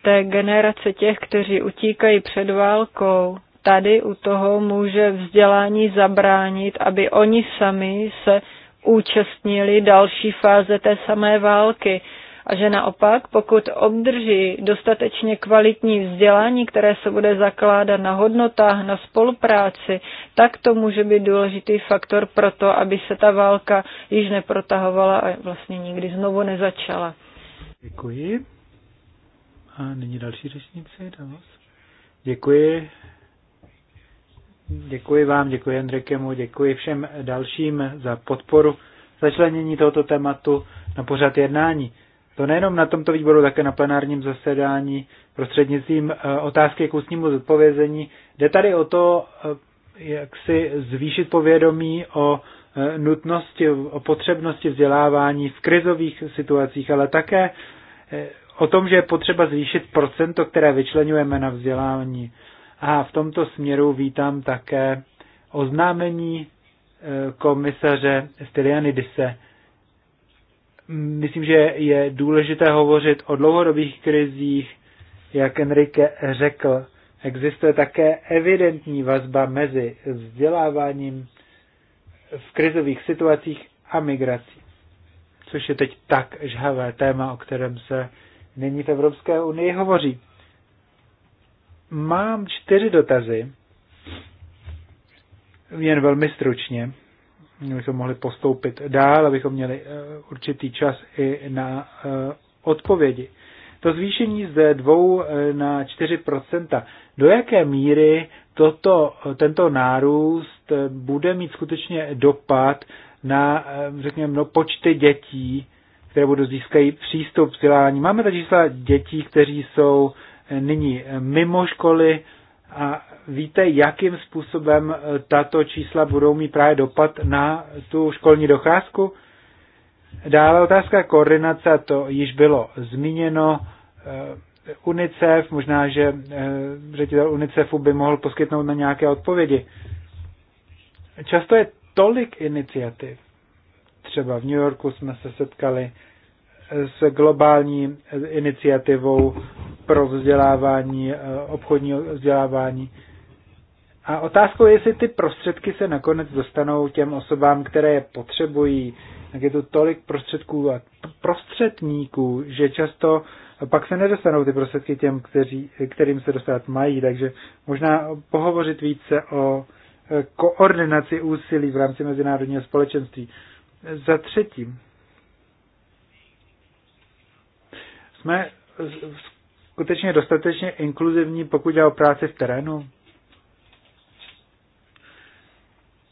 té generace těch, kteří utíkají před válkou, tady u toho může vzdělání zabránit, aby oni sami se účastnili další fáze té samé války a že naopak, pokud obdrží dostatečně kvalitní vzdělání, které se bude zakládat na hodnotách, na spolupráci, tak to může být důležitý faktor pro to, aby se ta válka již neprotahovala a vlastně nikdy znovu nezačala. Děkuji. A nyní další řečnice, Děkuji. Děkuji vám, děkuji Andrekemu, děkuji všem dalším za podporu začlenění tohoto tématu na pořad jednání. To nejenom na tomto výboru, také na plenárním zasedání prostřednictvím eh, otázky k ústnímu zodpovězení. Jde tady o to, eh, jak si zvýšit povědomí o eh, nutnosti, o potřebnosti vzdělávání v krizových situacích, ale také o tom, že je potřeba zvýšit procento, které vyčlenujeme na vzdělávání. A v tomto směru vítám také oznámení komisaře Stylianidise Myslím, že je důležité hovořit o dlouhodobých krizích, jak Enrique řekl. Existuje také evidentní vazba mezi vzděláváním v krizových situacích a migrací, což je teď tak žhavé téma, o kterém se nyní v Evropské unii hovoří. Mám čtyři dotazy, jen velmi stručně abychom mohli postoupit dál, abychom měli eh, určitý čas i na eh, odpovědi. To zvýšení z 2 eh, na 4 do jaké míry toto, tento nárůst bude mít skutečně dopad na, řekněme, no, počty dětí, které budou získají přístup vzdělání. Máme ta čísla dětí, kteří jsou nyní mimo školy, a víte, jakým způsobem e, tato čísla budou mít právě dopad na tu školní docházku? Dále otázka koordinace, to již bylo zmíněno. E, UNICEF, možná, že e, ředitel UNICEFu by mohl poskytnout na nějaké odpovědi. Často je tolik iniciativ. Třeba v New Yorku jsme se setkali s globální iniciativou pro vzdělávání, eh, obchodního vzdělávání. A otázkou je, jestli ty prostředky se nakonec dostanou těm osobám, které je potřebují. Tak je to tolik prostředků a prostředníků, že často pak se nedostanou ty prostředky těm, kteří, kterým se dostat mají. Takže možná pohovořit více o eh, koordinaci úsilí v rámci mezinárodního společenství. Za třetí, Jsme skutečně dostatečně inkluzivní, pokud jde o práci v terénu?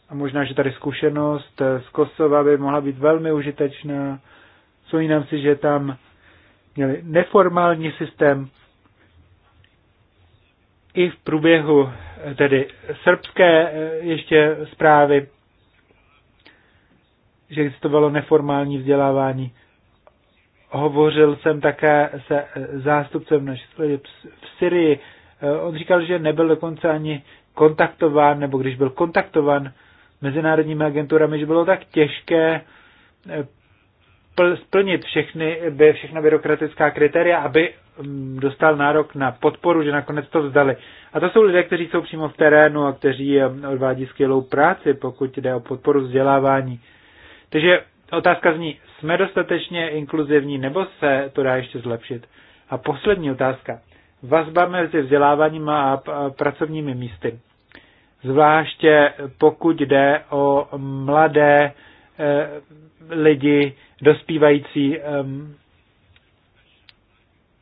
A možná, že tady zkušenost z Kosova by mohla být velmi užitečná. jinam si, že tam měli neformální systém i v průběhu tedy srbské eh, ještě zprávy, že existovalo neformální vzdělávání. Hovořil jsem také se eh, zástupcem naší v Syrii. Eh, on říkal, že nebyl dokonce ani kontaktován, nebo když byl kontaktovan mezinárodními agenturami, že bylo tak těžké eh, splnit všechny, by, všechna byrokratická kritéria, aby mm, dostal nárok na podporu, že nakonec to vzdali. A to jsou lidé, kteří jsou přímo v terénu a kteří odvádí skvělou práci, pokud jde o podporu vzdělávání. Takže Otázka zní, jsme dostatečně inkluzivní nebo se to dá ještě zlepšit? A poslední otázka. Vazba mezi vzděláváním a pracovními místy. Zvláště pokud jde o mladé eh, lidi, dospívající, ehm,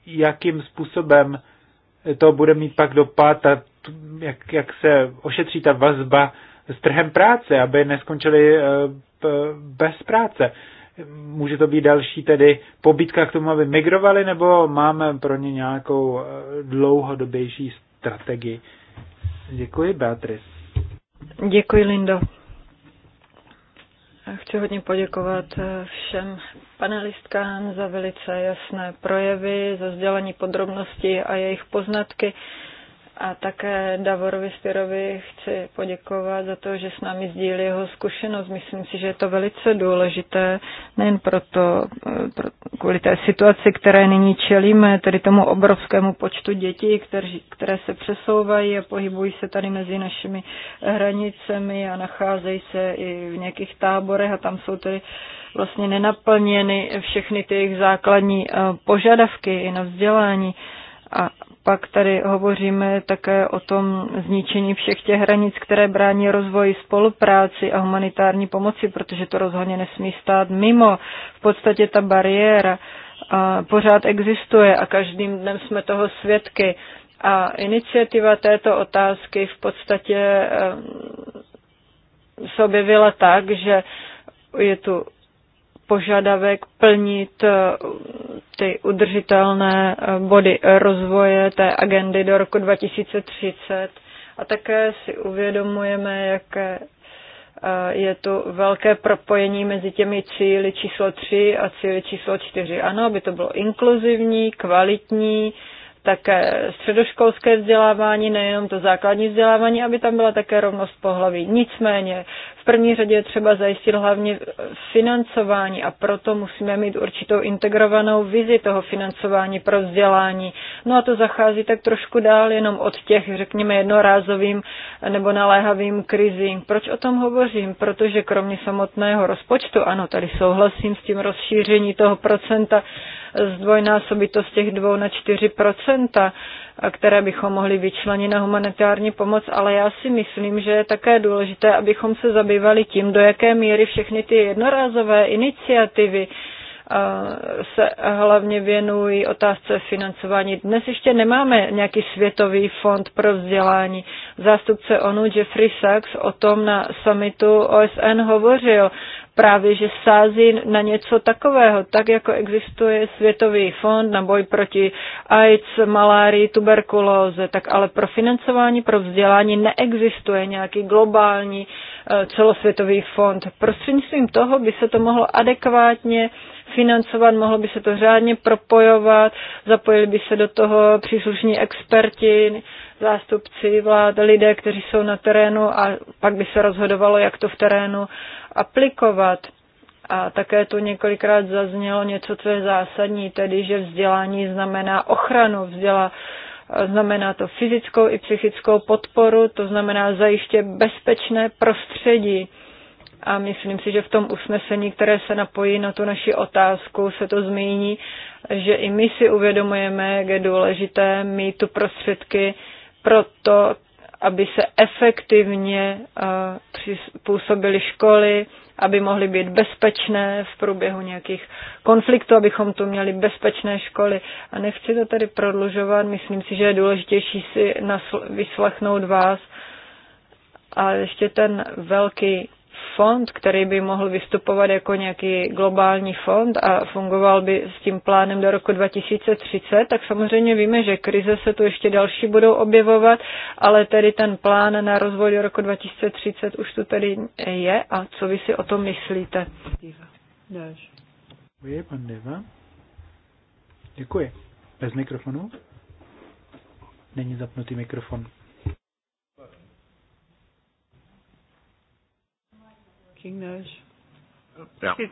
jakým způsobem to bude mít pak dopad a jak, jak se ošetří ta vazba s trhem práce, aby neskončili eh, bez práce. Může to být další tedy pobítka k tomu, aby migrovali, nebo máme pro ně nějakou eh, dlouhodobější strategii? Děkuji, Beatrice. Děkuji, Lindo. Chci hodně poděkovat eh, všem panelistkám za velice jasné projevy, za sdělení podrobností a jejich poznatky. A také Davorovi Spirovi chci poděkovat za to, že s námi sdílí jeho zkušenost. Myslím si, že je to velice důležité, nejen proto, pro, kvůli té situaci, které nyní čelíme, tedy tomu obrovskému počtu dětí, které, které se přesouvají a pohybují se tady mezi našimi hranicemi a nacházejí se i v nějakých táborech a tam jsou tedy vlastně nenaplněny všechny ty jejich základní eh, požadavky i na vzdělání. A pak tady hovoříme také o tom zničení všech těch hranic, které brání rozvoji spolupráci a humanitární pomoci, protože to rozhodně nesmí stát mimo. V podstatě ta bariéra pořád existuje a každým dnem jsme toho svědky. A iniciativa této otázky v podstatě se objevila tak, že je tu požadavek plnit eh, ty udržitelné eh, body rozvoje té agendy do roku 2030 a také si uvědomujeme, jaké eh, je tu velké propojení mezi těmi cíly číslo 3 a cíly číslo 4. Ano, aby to bylo inkluzivní, kvalitní, také středoškolské vzdělávání, nejenom to základní vzdělávání, aby tam byla také rovnost pohlaví. Nicméně v první řadě je třeba zajistit hlavně financování a proto musíme mít určitou integrovanou vizi toho financování pro vzdělání. No a to zachází tak trošku dál jenom od těch, řekněme, jednorázovým nebo naléhavým krizím. Proč o tom hovořím? Protože kromě samotného rozpočtu, ano, tady souhlasím s tím rozšíření toho procenta, zdvojnásobitost těch dvou na čtyři procenta, které bychom mohli vyčlenit na humanitární pomoc, ale já si myslím, že je také důležité, abychom se zabývali tím, do jaké míry všechny ty jednorázové iniciativy se hlavně věnují otázce financování. Dnes ještě nemáme nějaký světový fond pro vzdělání. Zástupce ONU Jeffrey Sachs o tom na summitu OSN hovořil právě, že sází na něco takového, tak jako existuje Světový fond na boj proti AIDS, malárii, tuberkulóze, tak ale pro financování, pro vzdělání neexistuje nějaký globální eh, celosvětový fond. Prostřednictvím toho by se to mohlo adekvátně financovat, mohlo by se to řádně propojovat, zapojili by se do toho příslušní experti, zástupci vlád, lidé, kteří jsou na terénu a pak by se rozhodovalo, jak to v terénu aplikovat. A také tu několikrát zaznělo něco, co je zásadní, tedy že vzdělání znamená ochranu, vzdělá, znamená to fyzickou i psychickou podporu, to znamená zajiště bezpečné prostředí a myslím si, že v tom usnesení, které se napojí na tu naši otázku, se to zmíní, že i my si uvědomujeme, jak je důležité mít tu prostředky pro to, aby se efektivně eh, působily školy, aby mohly být bezpečné v průběhu nějakých konfliktů, abychom tu měli bezpečné školy. A nechci to tady prodlužovat, myslím si, že je důležitější si vyslechnout vás. A ještě ten velký fond, který by mohl vystupovat jako nějaký globální fond a fungoval by s tím plánem do roku 2030, tak samozřejmě víme, že krize se tu ještě další budou objevovat, ale tedy ten plán na rozvoj do roku 2030 už tu tedy je a co vy si o tom myslíte? Děkuji, pan Deva. Děkuji. Bez mikrofonu? Není zapnutý mikrofon.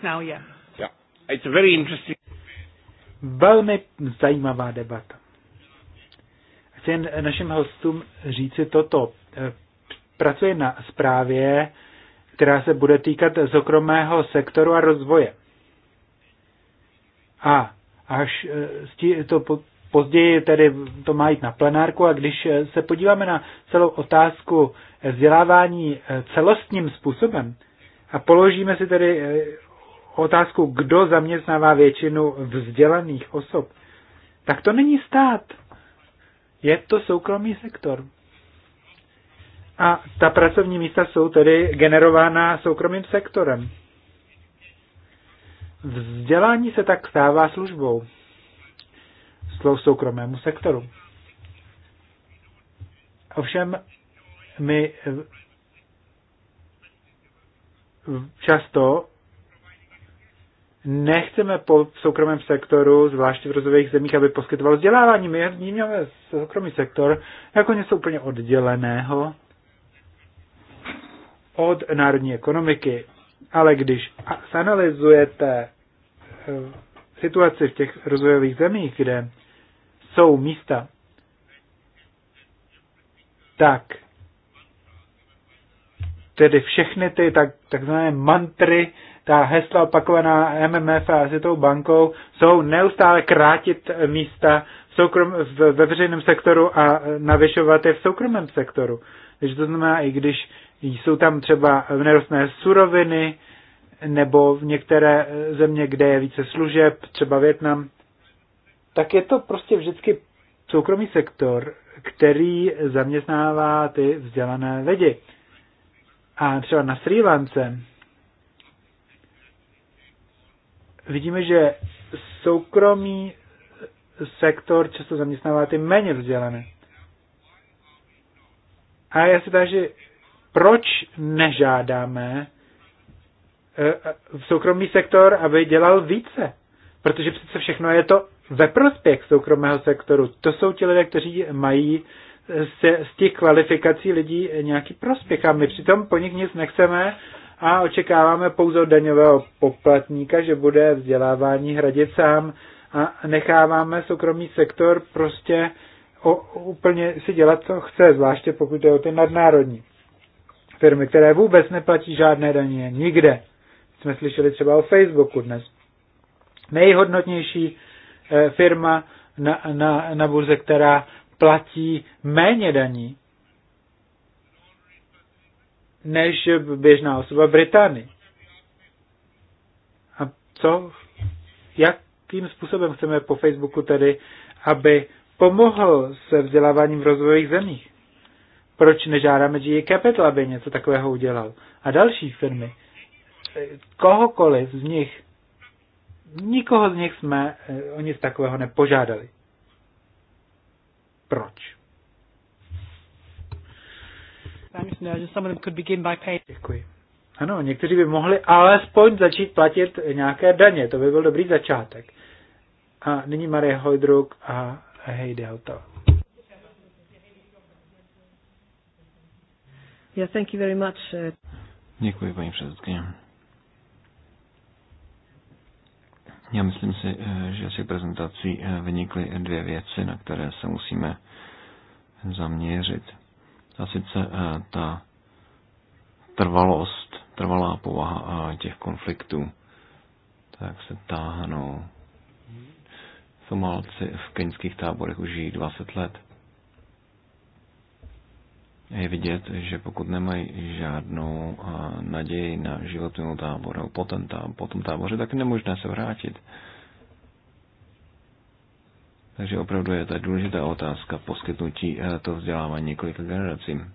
now, yeah. Yeah. It's very interesting. Velmi zajímavá debata. Chci jen našim hostům říci toto. Eh, Pracuji na zprávě, která se bude týkat soukromého sektoru a rozvoje. A až eh, to později tedy to má jít na plenárku a když eh, se podíváme na celou otázku vzdělávání celostním způsobem, a položíme si tedy eh, otázku, kdo zaměstnává většinu vzdělaných osob. Tak to není stát. Je to soukromý sektor. A ta pracovní místa jsou tedy generována soukromým sektorem. Vzdělání se tak stává službou slou soukromému sektoru. Ovšem, my často nechceme po soukromém sektoru, zvláště v rozvojových zemích, aby poskytoval vzdělávání. My vnímáme soukromý sektor jako něco úplně odděleného od národní ekonomiky. Ale když zanalizujete eh, situaci v těch rozvojových zemích, kde jsou místa, tak tedy všechny ty tak, takzvané mantry, ta hesla opakovaná MMF a Světovou bankou, jsou neustále krátit místa v soukrom, v, ve veřejném sektoru a navyšovat je v soukromém sektoru. Takže to znamená, i když jsou tam třeba nerostné suroviny, nebo v některé země, kde je více služeb, třeba Větnam, tak je to prostě vždycky soukromý sektor, který zaměstnává ty vzdělané lidi. A třeba na Sri Lance vidíme, že soukromý sektor často zaměstnává ty méně vzdělané. A já se táži, proč nežádáme eh, v soukromý sektor, aby dělal více? Protože přece všechno je to ve prospěch soukromého sektoru. To jsou ti lidé, kteří mají z, z těch kvalifikací lidí nějaký prospěch. A my přitom po nich nic nechceme a očekáváme pouze od daňového poplatníka, že bude vzdělávání hradit sám a necháváme soukromý sektor prostě o, úplně si dělat, co chce, zvláště pokud je o ty nadnárodní firmy, které vůbec neplatí žádné daně nikde. Jsme slyšeli třeba o Facebooku dnes. Nejhodnotnější eh, firma na, na, na burze, která platí méně daní než běžná osoba v A co, jakým způsobem chceme po Facebooku tedy, aby pomohl se vzděláváním v rozvojových zemích? Proč nežádáme GE Capital, aby něco takového udělal? A další firmy, kohokoliv z nich, nikoho z nich jsme eh, o nic takového nepožádali proč. Děkuji. Ano, někteří by mohli alespoň začít platit nějaké daně, to by byl dobrý začátek. A nyní Marie Hojdruk a Heidi Auto. Yeah, thank you very much. Uh- Děkuji, paní předsedkyně. Já myslím si, eh, že si prezentací eh, vynikly dvě věci, na které se musíme zaměřit. A sice eh, ta trvalost, trvalá povaha těch konfliktů, tak se táhnou. Somálci v keňských táborech už žijí 20 let je vidět, že pokud nemají žádnou naději na život mimo tábor nebo po, ten tábor, po tom táboře, tak je nemožné se vrátit. Takže opravdu je ta důležitá otázka poskytnutí e, to vzdělávání několika generacím.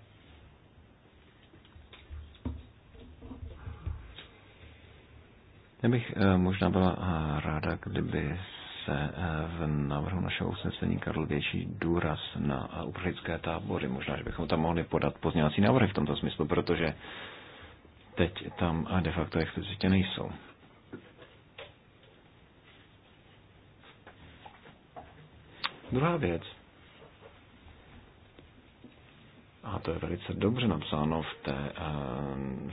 Já bych e, možná byla ráda, kdyby se eh, v návrhu našeho usnesení Karl větší důraz na eh, uprchlické tábory. Možná, že bychom tam mohli podat pozněvací návrhy v tomto smyslu, protože teď tam eh, de facto explicitně nejsou. Druhá věc, a to je velice dobře napsáno v, té,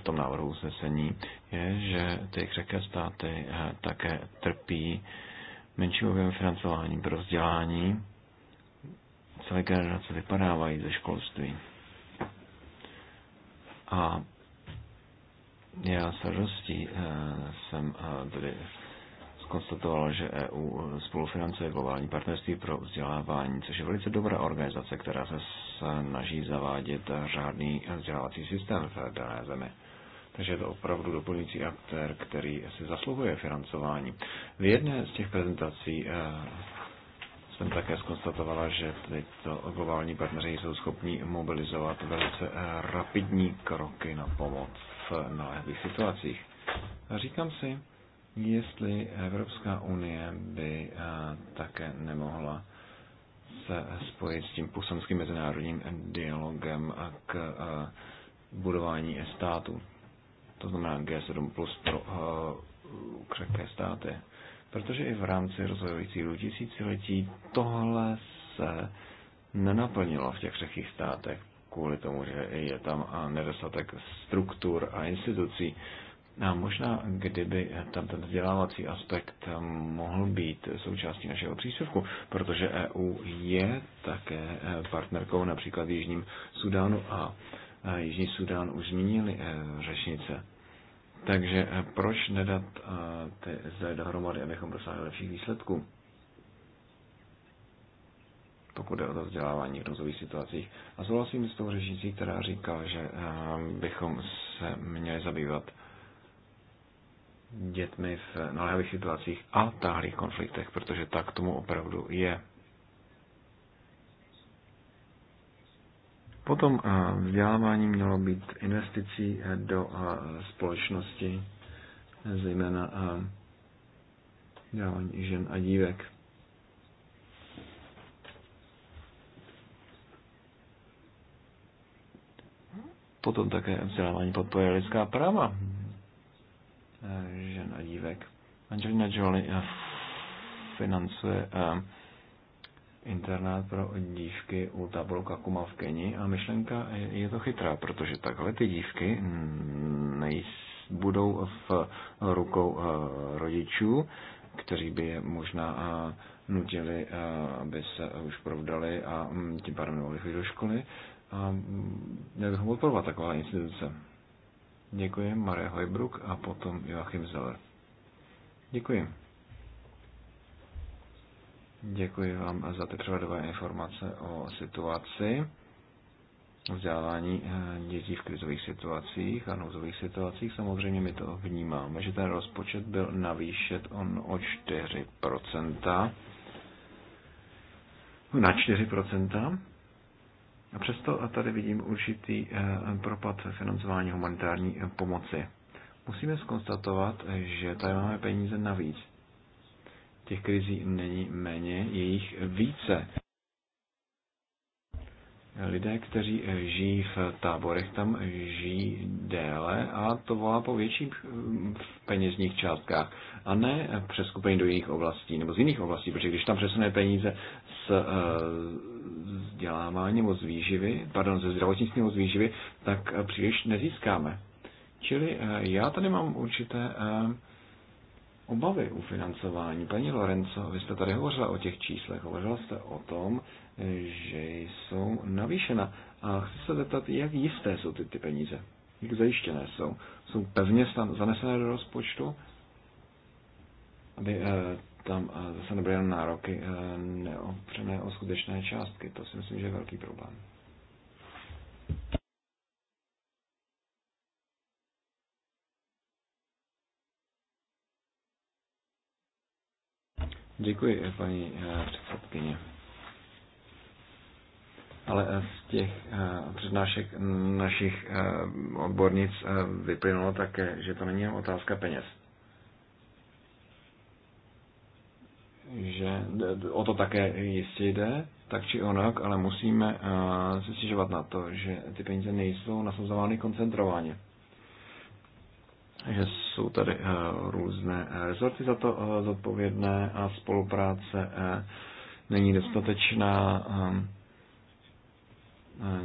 v tom návrhu usnesení, je, že ty křehké státy také trpí menší objem financování pro vzdělání. Celé generace vypadávají ze školství. A já s radostí eh, jsem eh, tedy skonstatoval, že EU eh, spolufinancuje globální partnerství pro vzdělávání, což je velice dobrá organizace, která se snaží zavádět řádný vzdělávací systém v dané zemi. Takže je to opravdu doplňující aktér, který si zasluhuje financování. V jedné z těch prezentací eh, jsem také zkonstatovala, že tyto globální partneři jsou schopni mobilizovat velice eh, rapidní kroky na pomoc v naléhavých situacích. A říkám si, jestli Evropská unie by eh, také nemohla se spojit s tím působským mezinárodním dialogem k budování státu to znamená G7 plus pro uh, eh, křehké státy. Protože i v rámci rozvojových cílů tisíciletí tohle se nenaplnilo v těch křehkých státech kvůli tomu, že je tam eh, nedostatek struktur a institucí. A možná, kdyby tam ten vzdělávací aspekt eh, mohl být součástí našeho příspěvku, protože EU je také partnerkou například v Jižním Sudánu a Jižní Sudán už zmínili řešnice. Takže eh, proč nedat eh, ty zdroje dohromady, abychom dosáhli lepších výsledků? pokud je o to vzdělávání v rozových situacích. A souhlasím s tou řešící, která říká, že eh, bychom se měli zabývat dětmi v naléhavých situacích a táhlých konfliktech, protože tak tomu opravdu je. Potom eh, vzdělávání mělo být investicí eh, do eh, společnosti, zejména vzdělávání žen a dívek. Potom také vzdělávání podpoje lidská práva žen a dívek. Angelina Jolie financuje internát pro dívky u táboru Kakuma v Keni a myšlenka je to chytrá, protože takhle ty dívky nejs budou v rukou eh, rodičů, kteří by je možná eh, nutili, eh, aby se už provdali a mm, tím pádem mohli chodit do školy. A mm, měl bychom podporovat taková instituce. Děkuji, Marie Hojbruk a potom Joachim Zeller. Děkuji. Děkuji vám za ty převodové informace o situaci vzdělávání eh, dětí v krizových situacích a nouzových situacích. Samozřejmě my to vnímáme, že ten rozpočet byl navýšet on o 4%. Na 4%. A přesto a tady vidím určitý eh, propad financování humanitární eh, pomoci. Musíme skonstatovat, že tady máme peníze navíc Těch krizí není méně, je jich více. Lidé, kteří žijí v táborech, tam žijí déle a to volá po větších mm, penězních částkách a ne přeskupení do jiných oblastí nebo z jiných oblastí, protože když tam přesune peníze z eh, vzdělávání nebo z výživy, pardon, ze zdravotnictví nebo z výživy, tak eh, příliš nezískáme. Čili eh, já tady mám určité obavy u financování. Paní Lorenzo, vy jste tady hovořila o těch číslech, hovořila jste o tom, že jsou navýšena. A chci se zeptat, jak jisté jsou ty, ty peníze? Jak zajištěné jsou? Jsou pevně zanesené do rozpočtu? Aby e, tam e, zase nebyly jen nároky e, neopřené o skutečné částky. To si myslím, že je velký problém. Děkuji, paní eh, předsedkyně. Ale eh, z těch eh, přednášek našich odbornic vyplynulo také, že to není otázka peněz. Že o to také jistě jde, tak či onak, ale musíme se stěžovat na to, že ty peníze nejsou nasazovány koncentrovaně že jsou tady eh, různé eh, rezorty za to eh, zodpovědné a spolupráce není dostatečná.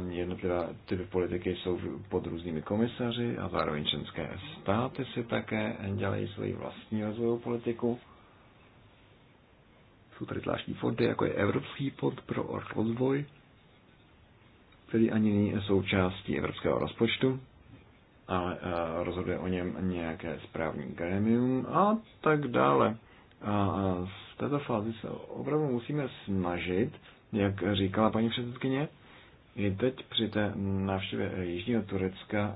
Jednotlivé typy politiky jsou pod různými komisaři a zároveň členské státy si také dělají svoji vlastní rozvojovou politiku. Jsou tady zvláštní fondy, jako je Evropský fond pro rozvoj, který ani není součástí evropského rozpočtu ale eh, rozhoduje o něm nějaké správní gremium a tak dále. A z této fázi se opravdu musíme snažit, jak říkala paní předsedkyně, i teď při té návštěvě Jižního Turecka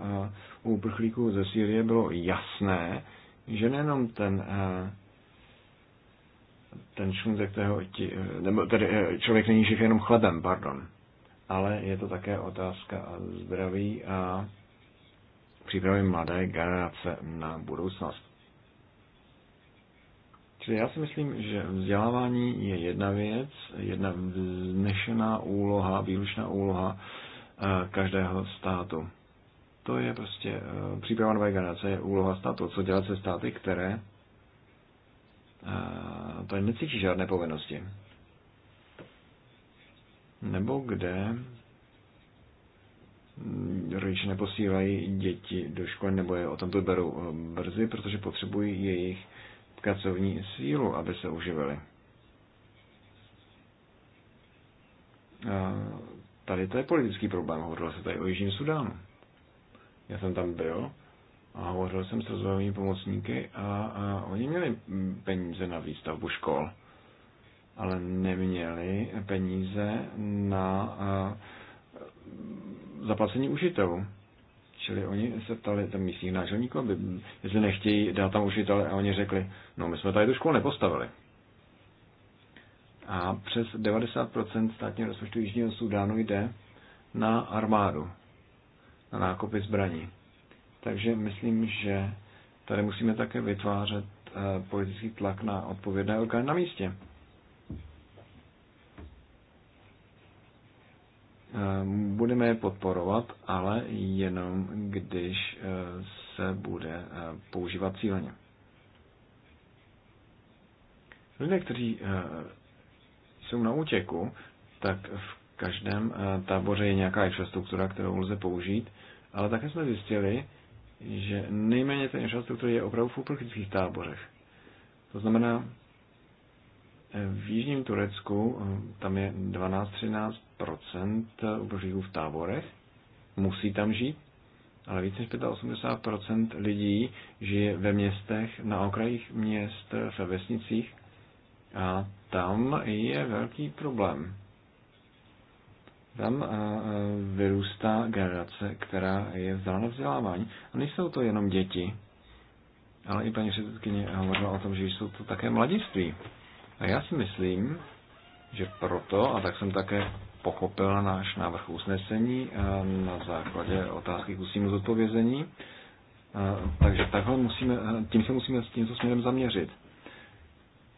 u uprchlíků ze Sýrie bylo jasné, že nejenom ten eh, ten šum, ze kterého ti, eh, nebo tedy člověk není živ jenom chladem, pardon, ale je to také otázka zdraví a přípravy mladé generace na budoucnost. Čili já si myslím, že vzdělávání je jedna věc, jedna vznešená úloha, výlučná úloha eh, každého státu. To je prostě eh, příprava nové generace, je úloha státu. Co dělat se státy, které eh, tady necítí žádné povinnosti? Nebo kde Mm, rodiče neposílají děti do školy nebo je o tomto berou eh, brzy, protože potřebují jejich pracovní sílu, aby se uživili. Tady to je politický problém, hovořilo se tady o Jižním Sudánu. Já jsem tam byl a hovořil jsem s rozvojovými pomocníky a, a oni měli peníze na výstavbu škol, ale neměli peníze na a, zaplacení užitelů. Čili oni se ptali tam místních náčelníků, aby, jestli nechtějí dát tam užitele a oni řekli, no my jsme tady tu školu nepostavili. A přes 90% státního rozpočtu Jižního Sudánu jde na armádu, na nákupy zbraní. Takže myslím, že tady musíme také vytvářet eh, politický tlak na odpovědné orgány na místě. Eh, budeme je podporovat, ale jenom když eh, se bude eh, používat cíleně. Lidé, kteří jsou na útěku, tak v každém táboře je nějaká infrastruktura, kterou lze použít, ale také jsme zjistili, že nejméně té infrastruktura je opravdu v uprchlických táborech. To znamená, v jižním Turecku tam je 12-13 uprchlíků v táborech musí tam žít, ale více než 85 lidí žije ve městech, na okrajích měst, ve vesnicích a tam je velký problém. Tam vyrůstá generace, která je vzdálena vzdělávání. A nejsou to jenom děti, ale i paní předsedkyně hovořila o tom, že jsou to také mladiství. A já si myslím, že proto, a tak jsem také pochopil náš návrh usnesení eh, na základě otázky k ústnímu zodpovězení. Eh, takže takhle musíme, eh, tím se musíme s tímto směrem zaměřit.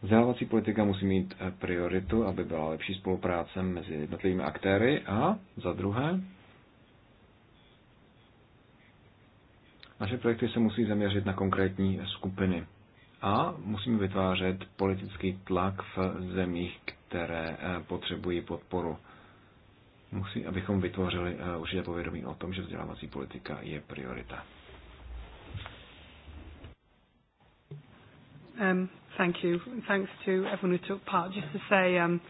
Vzdělávací politika musí mít prioritu, aby byla lepší spolupráce mezi jednotlivými aktéry a za druhé, naše projekty se musí zaměřit na konkrétní skupiny a musíme vytvářet politický tlak v zemích, které potřebují podporu musí, abychom vytvořili eh, určité povědomí o tom, že vzdělávací politika je priorita. Um, thank you. Thanks to everyone who took part. Just to say, um,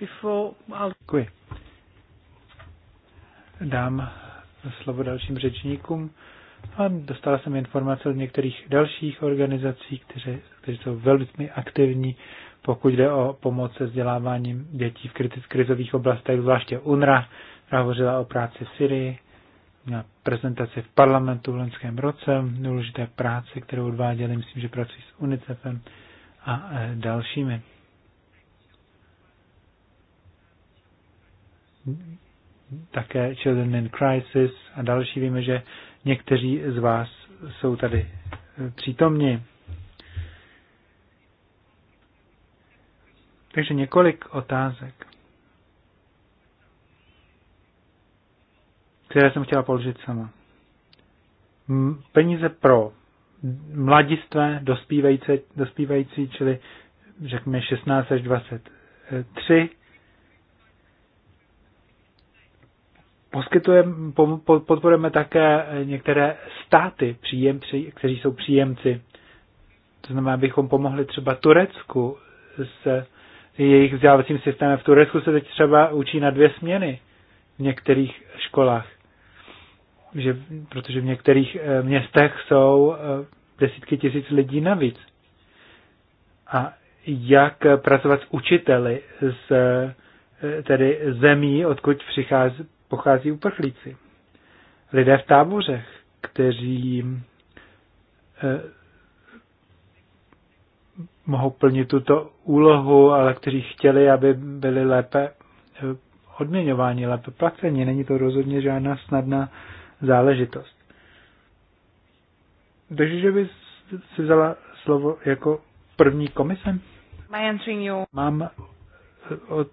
before I'll... Děkuji. Dám slovo dalším řečníkům. A dostala jsem informace od některých dalších organizací, které, které jsou velmi aktivní pokud jde o pomoc se vzděláváním dětí v krizových oblastech, zvláště UNRA, která hovořila o práci v Syrii, měla prezentaci v parlamentu v loňském roce, důležité práce, kterou odváděli, myslím, že pracují s UNICEFem a e, dalšími. Také Children in Crisis a další. Víme, že někteří z vás jsou tady přítomni. Takže několik otázek, které jsem chtěla položit sama. Peníze pro mladistvé, dospívající, dospívající čili řekněme 16 až 23, Poskytujeme, podporujeme také některé státy, příjemci, kteří jsou příjemci. To znamená, abychom pomohli třeba Turecku se jejich vzdělávacím systémem. V Turecku se teď třeba učí na dvě směny v některých školách, že, protože v některých eh, městech jsou eh, desítky tisíc lidí navíc. A jak pracovat s učiteli z eh, tedy zemí, odkud přichází, pochází uprchlíci. Lidé v tábořech, kteří mohou plnit tuto úlohu, ale kteří chtěli, aby byli lépe eh, odměňováni, lépe placeni. Není to rozhodně žádná snadná záležitost. Takže, že by si vzala slovo jako první komise? Mám eh,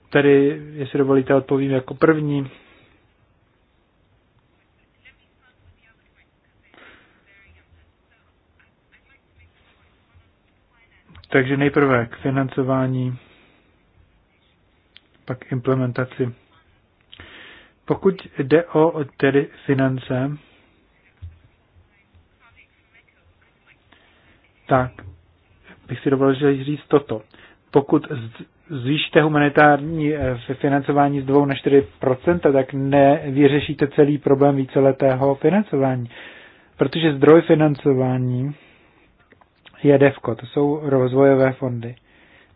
tedy, jestli dovolíte, odpovím jako první. Takže nejprve k financování, pak implementaci. Pokud jde o tedy finance, tak bych si dovolil říct toto. Pokud zvýšíte humanitární eh, financování z 2 na 4 tak nevyřešíte celý problém víceletého financování. Protože zdroj financování je DEFCO, to jsou rozvojové fondy.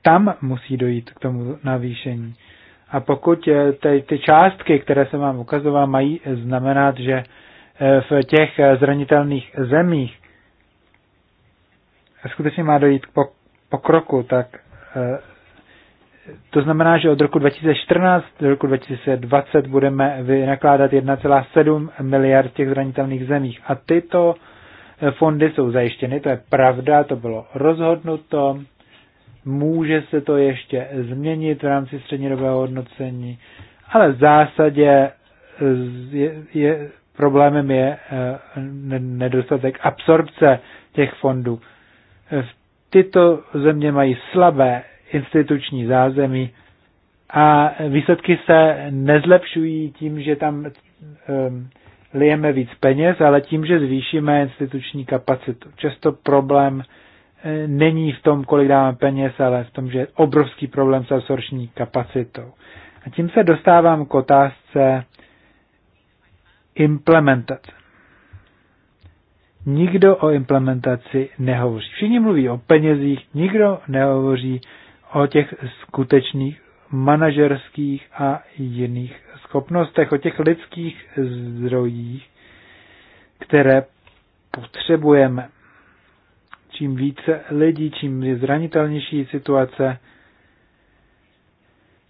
Tam musí dojít k tomu navýšení. A pokud eh, ty, ty částky, které se vám ukazoval, mají znamenat, že eh, v těch eh, zranitelných zemích skutečně má dojít k pokroku, tak to znamená, že od roku 2014 do roku 2020 budeme vynakládat 1,7 miliard těch zranitelných zemích. A tyto fondy jsou zajištěny, to je pravda, to bylo rozhodnuto, může se to ještě změnit v rámci střednědobého hodnocení, ale v zásadě eh, je, je, problémem je eh, nedostatek absorpce těch fondů. Eh, tyto země mají slabé instituční zázemí a výsledky se nezlepšují tím, že tam lijeme víc peněz, ale tím, že zvýšíme instituční kapacitu. Často problém eh, není v tom, kolik dáme peněz, ale v tom, že je obrovský problém s absorpční kapacitou. A tím se dostávám k otázce implementace. Nikdo o implementaci nehovoří. Všichni mluví o penězích, nikdo nehovoří o těch skutečných manažerských a jiných schopnostech, o těch lidských zdrojích, které potřebujeme. Čím více lidí, čím je zranitelnější situace,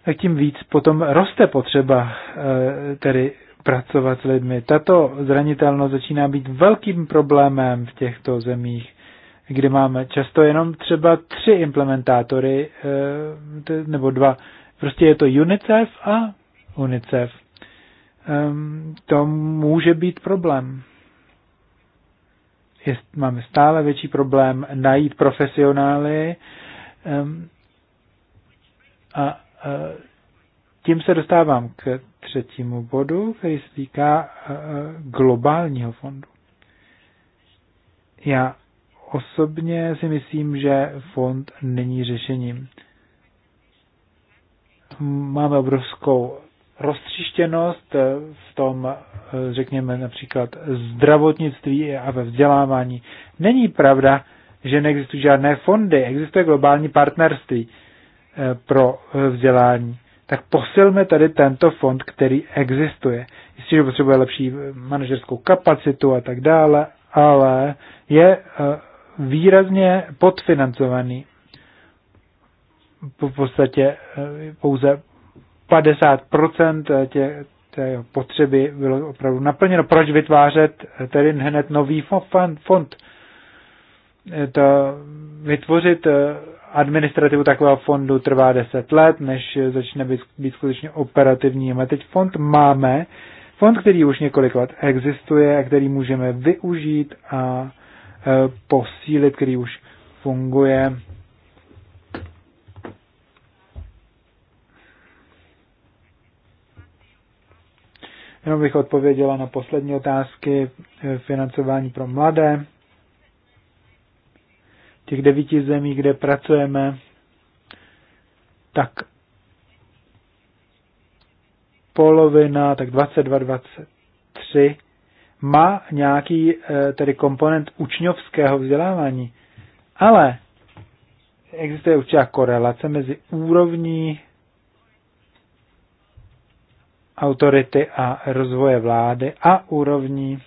tak tím víc potom roste potřeba eh, tedy pracovat s lidmi. Tato zranitelnost začíná být velkým problémem v těchto zemích, kde máme často jenom třeba tři implementátory eh, nebo dva. Prostě je to UNICEF a UNICEF, ehm, to může být problém. Máme stále větší problém najít profesionály ehm, a tím se dostávám k třetímu bodu, který se týká e, e, globálního fondu. Já osobně si myslím, že fond není řešením. Máme obrovskou roztřištěnost eh, v tom, eh, řekněme například zdravotnictví a ve vzdělávání. Není pravda, že neexistují žádné fondy, existuje globální partnerství eh, pro vzdělání. Tak posilme tady tento fond, který existuje. Jistě, že potřebuje lepší manažerskou kapacitu a tak dále, ale je výrazně podfinancovaný. V podstatě pouze 50% eh, tě, té potřeby bylo opravdu naplněno. Proč vytvářet eh, tedy hned nový fond? Eh, to vytvořit administrativu takového fondu trvá 10 let, než začne být, být skutečně operativní. A teď fond máme, fond, který už několik let existuje a který můžeme využít a posílit, který už funguje Jenom bych odpověděla na poslední otázky eh, financování pro mladé. Těch devíti zemí, kde pracujeme, tak polovina, tak 22, 23 má nějaký eh, tedy komponent učňovského vzdělávání, ale existuje určitá korelace mezi úrovní autority a rozvoje vlády a úrovní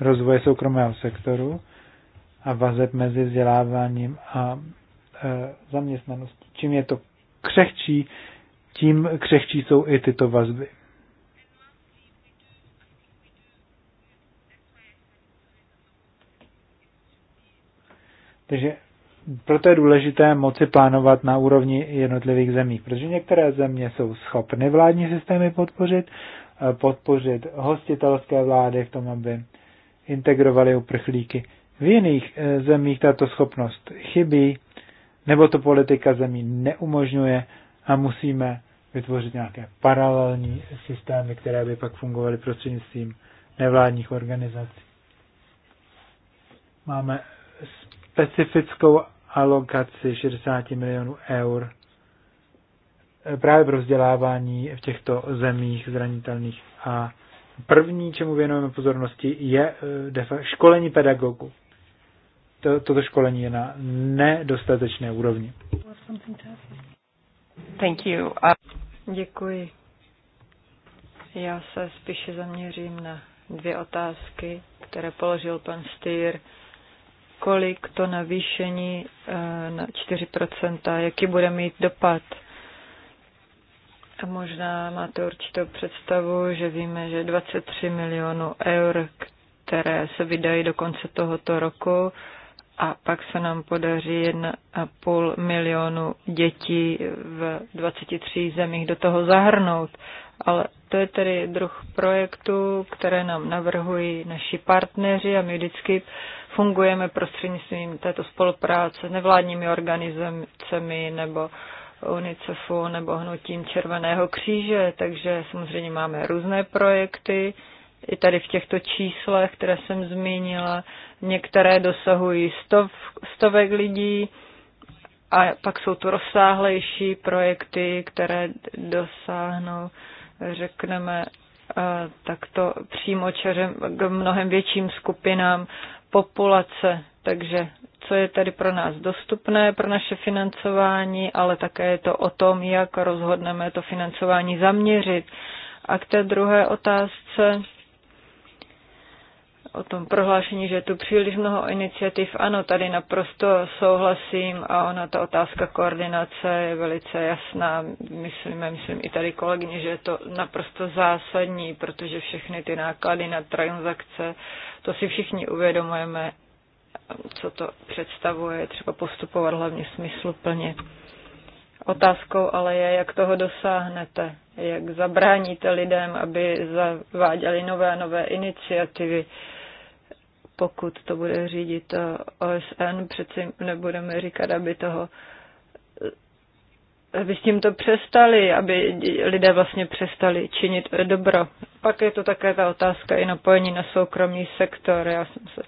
rozvoje soukromého sektoru a vazeb mezi vzděláváním a e, zaměstnaností. Čím je to křehčí, tím křehčí jsou i tyto vazby. Takže proto je důležité moci plánovat na úrovni jednotlivých zemí, protože některé země jsou schopny vládní systémy podpořit, eh, podpořit hostitelské vlády v tom, aby integrovali uprchlíky. V jiných eh, zemích tato schopnost chybí, nebo to politika zemí neumožňuje a musíme vytvořit nějaké paralelní systémy, které by pak fungovaly prostřednictvím nevládních organizací. Máme specifickou alokaci 60 milionů eur eh, právě pro vzdělávání v těchto zemích zranitelných. A první, čemu věnujeme pozornosti, je eh, školení pedagogů. Toto školení je na nedostatečné úrovni. Thank you. Děkuji. Já se spíše zaměřím na dvě otázky, které položil pan Stýr kolik to navýšení eh, na 4%, jaký bude mít dopad. A možná máte určitou představu, že víme, že 23 milionů eur, které se vydají do konce tohoto roku, a pak se nám podaří 1,5 milionu dětí v 23 zemích do toho zahrnout. Ale to je tedy druh projektu, které nám navrhují naši partneři a my vždycky fungujeme prostřednictvím této spolupráce s nevládními organizacemi nebo UNICEFu nebo Hnutím Červeného kříže, takže samozřejmě máme různé projekty. I tady v těchto číslech, které jsem zmínila, některé dosahují stov, stovek lidí, a pak jsou tu rozsáhlejší projekty, které dosáhnou řekneme eh, takto přímo čeřem k mnohem větším skupinám populace. Takže co je tady pro nás dostupné, pro naše financování, ale také je to o tom, jak rozhodneme to financování zaměřit. A k té druhé otázce o tom prohlášení, že je tu příliš mnoho iniciativ. Ano, tady naprosto souhlasím a ona ta otázka koordinace je velice jasná. Myslím, myslím i tady kolegyně, že je to naprosto zásadní, protože všechny ty náklady na transakce, to si všichni uvědomujeme, co to představuje, třeba postupovat hlavně smysluplně. Otázkou ale je, jak toho dosáhnete, jak zabráníte lidem, aby zaváděli nové a nové iniciativy pokud to bude řídit eh, OSN, přeci nebudeme říkat, aby toho eh, aby s to přestali, aby lidé vlastně přestali činit dobro. Pak je to také ta otázka i napojení na soukromý sektor. Já jsem se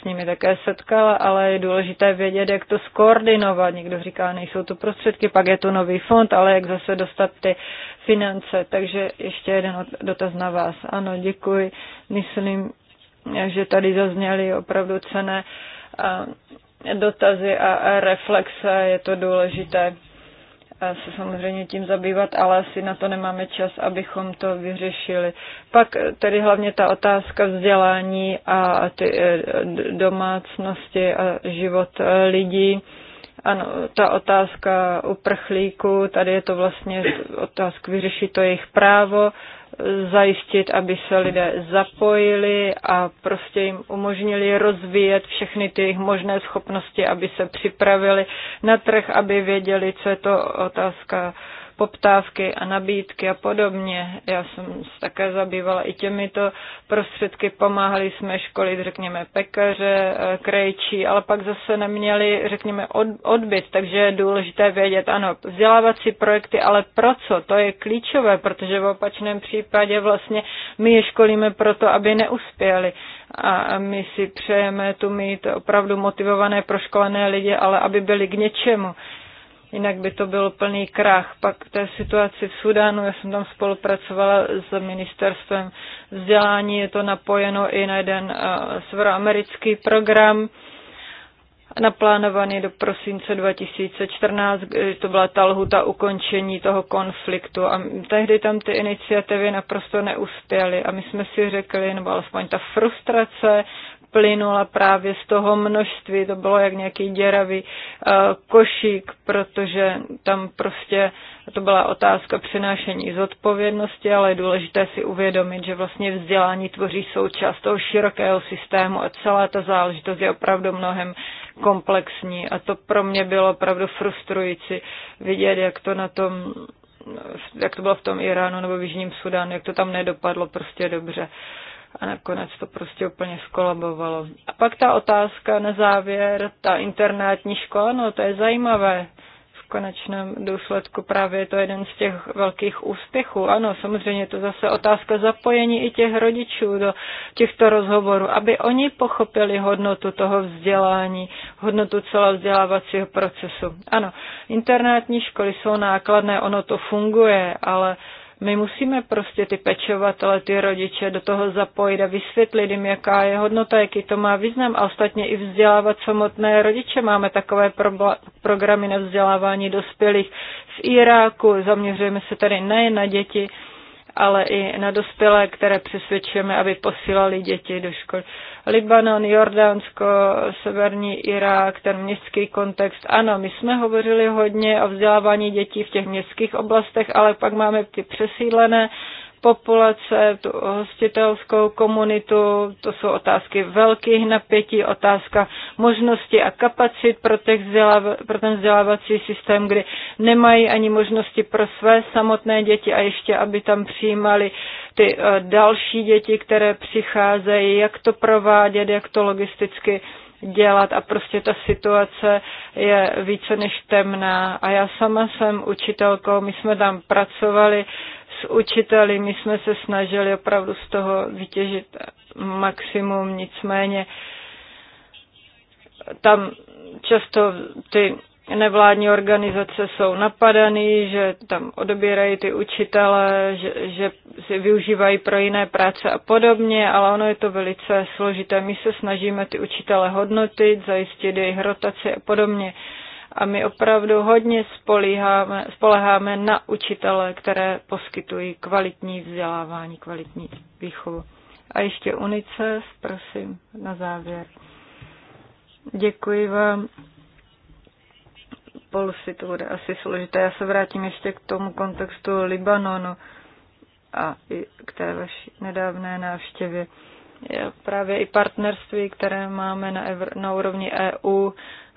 s nimi také setkala, ale je důležité vědět, jak to skoordinovat. Někdo říká, nejsou to prostředky, pak je to nový fond, ale jak zase dostat ty finance. Takže ještě jeden dotaz na vás. Ano, děkuji. Myslím, že tady zazněly opravdu cené dotazy a reflexe, je to důležité se samozřejmě tím zabývat, ale asi na to nemáme čas, abychom to vyřešili. Pak tedy hlavně ta otázka vzdělání a ty e, domácnosti a život e, lidí. Ano, ta otázka uprchlíků, tady je to vlastně otázka vyřešit to jejich právo zajistit, aby se lidé zapojili a prostě jim umožnili rozvíjet všechny ty jejich možné schopnosti, aby se připravili na trh, aby věděli, co je to otázka poptávky a nabídky a podobně. Já jsem se také zabývala i těmito prostředky, pomáhali jsme školit, řekněme, pekaře, eh, krejčí, ale pak zase neměli, řekněme, odbyt, takže je důležité vědět, ano, vzdělávací projekty, ale pro co? To je klíčové, protože v opačném případě vlastně my je školíme proto, aby neuspěli a my si přejeme tu mít opravdu motivované, proškolené lidi, ale aby byli k něčemu jinak by to byl plný krach. Pak k té situaci v Sudánu, já jsem tam spolupracovala s ministerstvem vzdělání, je to napojeno i na jeden eh, severoamerický program, naplánovaný do prosince 2014, kdy to byla ta lhuta ukončení toho konfliktu. A tehdy tam ty iniciativy naprosto neuspěly. A my jsme si řekli, nebo alespoň ta frustrace plynula právě z toho množství. To bylo jak nějaký děravý eh, košík, protože tam prostě to byla otázka přenášení zodpovědnosti, ale je důležité si uvědomit, že vlastně vzdělání tvoří součást toho širokého systému a celá ta záležitost je opravdu mnohem komplexní. A to pro mě bylo opravdu frustrující vidět, jak to na tom jak to bylo v tom Iránu nebo v Jižním Sudánu, jak to tam nedopadlo prostě dobře. Uh, a nakonec to prostě úplně skolabovalo. A pak ta otázka na závěr, ta internátní škola, no to je zajímavé. V konečném důsledku právě je to jeden z těch velkých úspěchů. Ano, samozřejmě je to zase otázka zapojení i těch rodičů do těchto rozhovorů, aby oni pochopili hodnotu toho vzdělání, hodnotu celého vzdělávacího procesu. Ano, internátní školy jsou nákladné, ono to funguje, ale my musíme prostě ty pečovatele, ty rodiče do toho zapojit a vysvětlit jim, jaká je hodnota, jaký to má význam a ostatně i vzdělávat samotné rodiče. Máme takové programy na vzdělávání dospělých v Iráku, zaměřujeme se tady nejen na děti, ale i na dospělé, které přesvědčujeme, aby posílali děti do školy. Libanon, Jordánsko, severní Irák, ten městský kontext. Ano, my jsme hovořili hodně o vzdělávání dětí v těch městských oblastech, ale pak máme ty přesídlené populace, tu hostitelskou komunitu, to jsou otázky velkých napětí, otázka možnosti a kapacit pro, těch vzdělav- pro ten vzdělávací systém, kdy nemají ani možnosti pro své samotné děti a ještě, aby tam přijímali ty eh, další děti, které přicházejí, jak to provádět, jak to logisticky dělat a prostě ta situace je více než temná. A já sama jsem učitelkou, my jsme tam pracovali učiteli. My jsme se snažili opravdu z toho vytěžit maximum, nicméně tam často ty nevládní organizace jsou napadaný, že tam odebírají ty učitele, že, že si využívají pro jiné práce a podobně, ale ono je to velice složité. My se snažíme ty učitele hodnotit, zajistit jejich rotaci a podobně. Uh, a my opravdu hodně spoleháme na učitele, které poskytují kvalitní vzdělávání, kvalitní výchovu. A ještě UNICEF, prosím, na závěr. Děkuji vám. Polusy to bude asi složité. Já se vrátím ještě k tomu kontextu Libanonu a i k té vaší nedávné návštěvě. Právě i partnerství, které máme na, evr- na úrovni EU,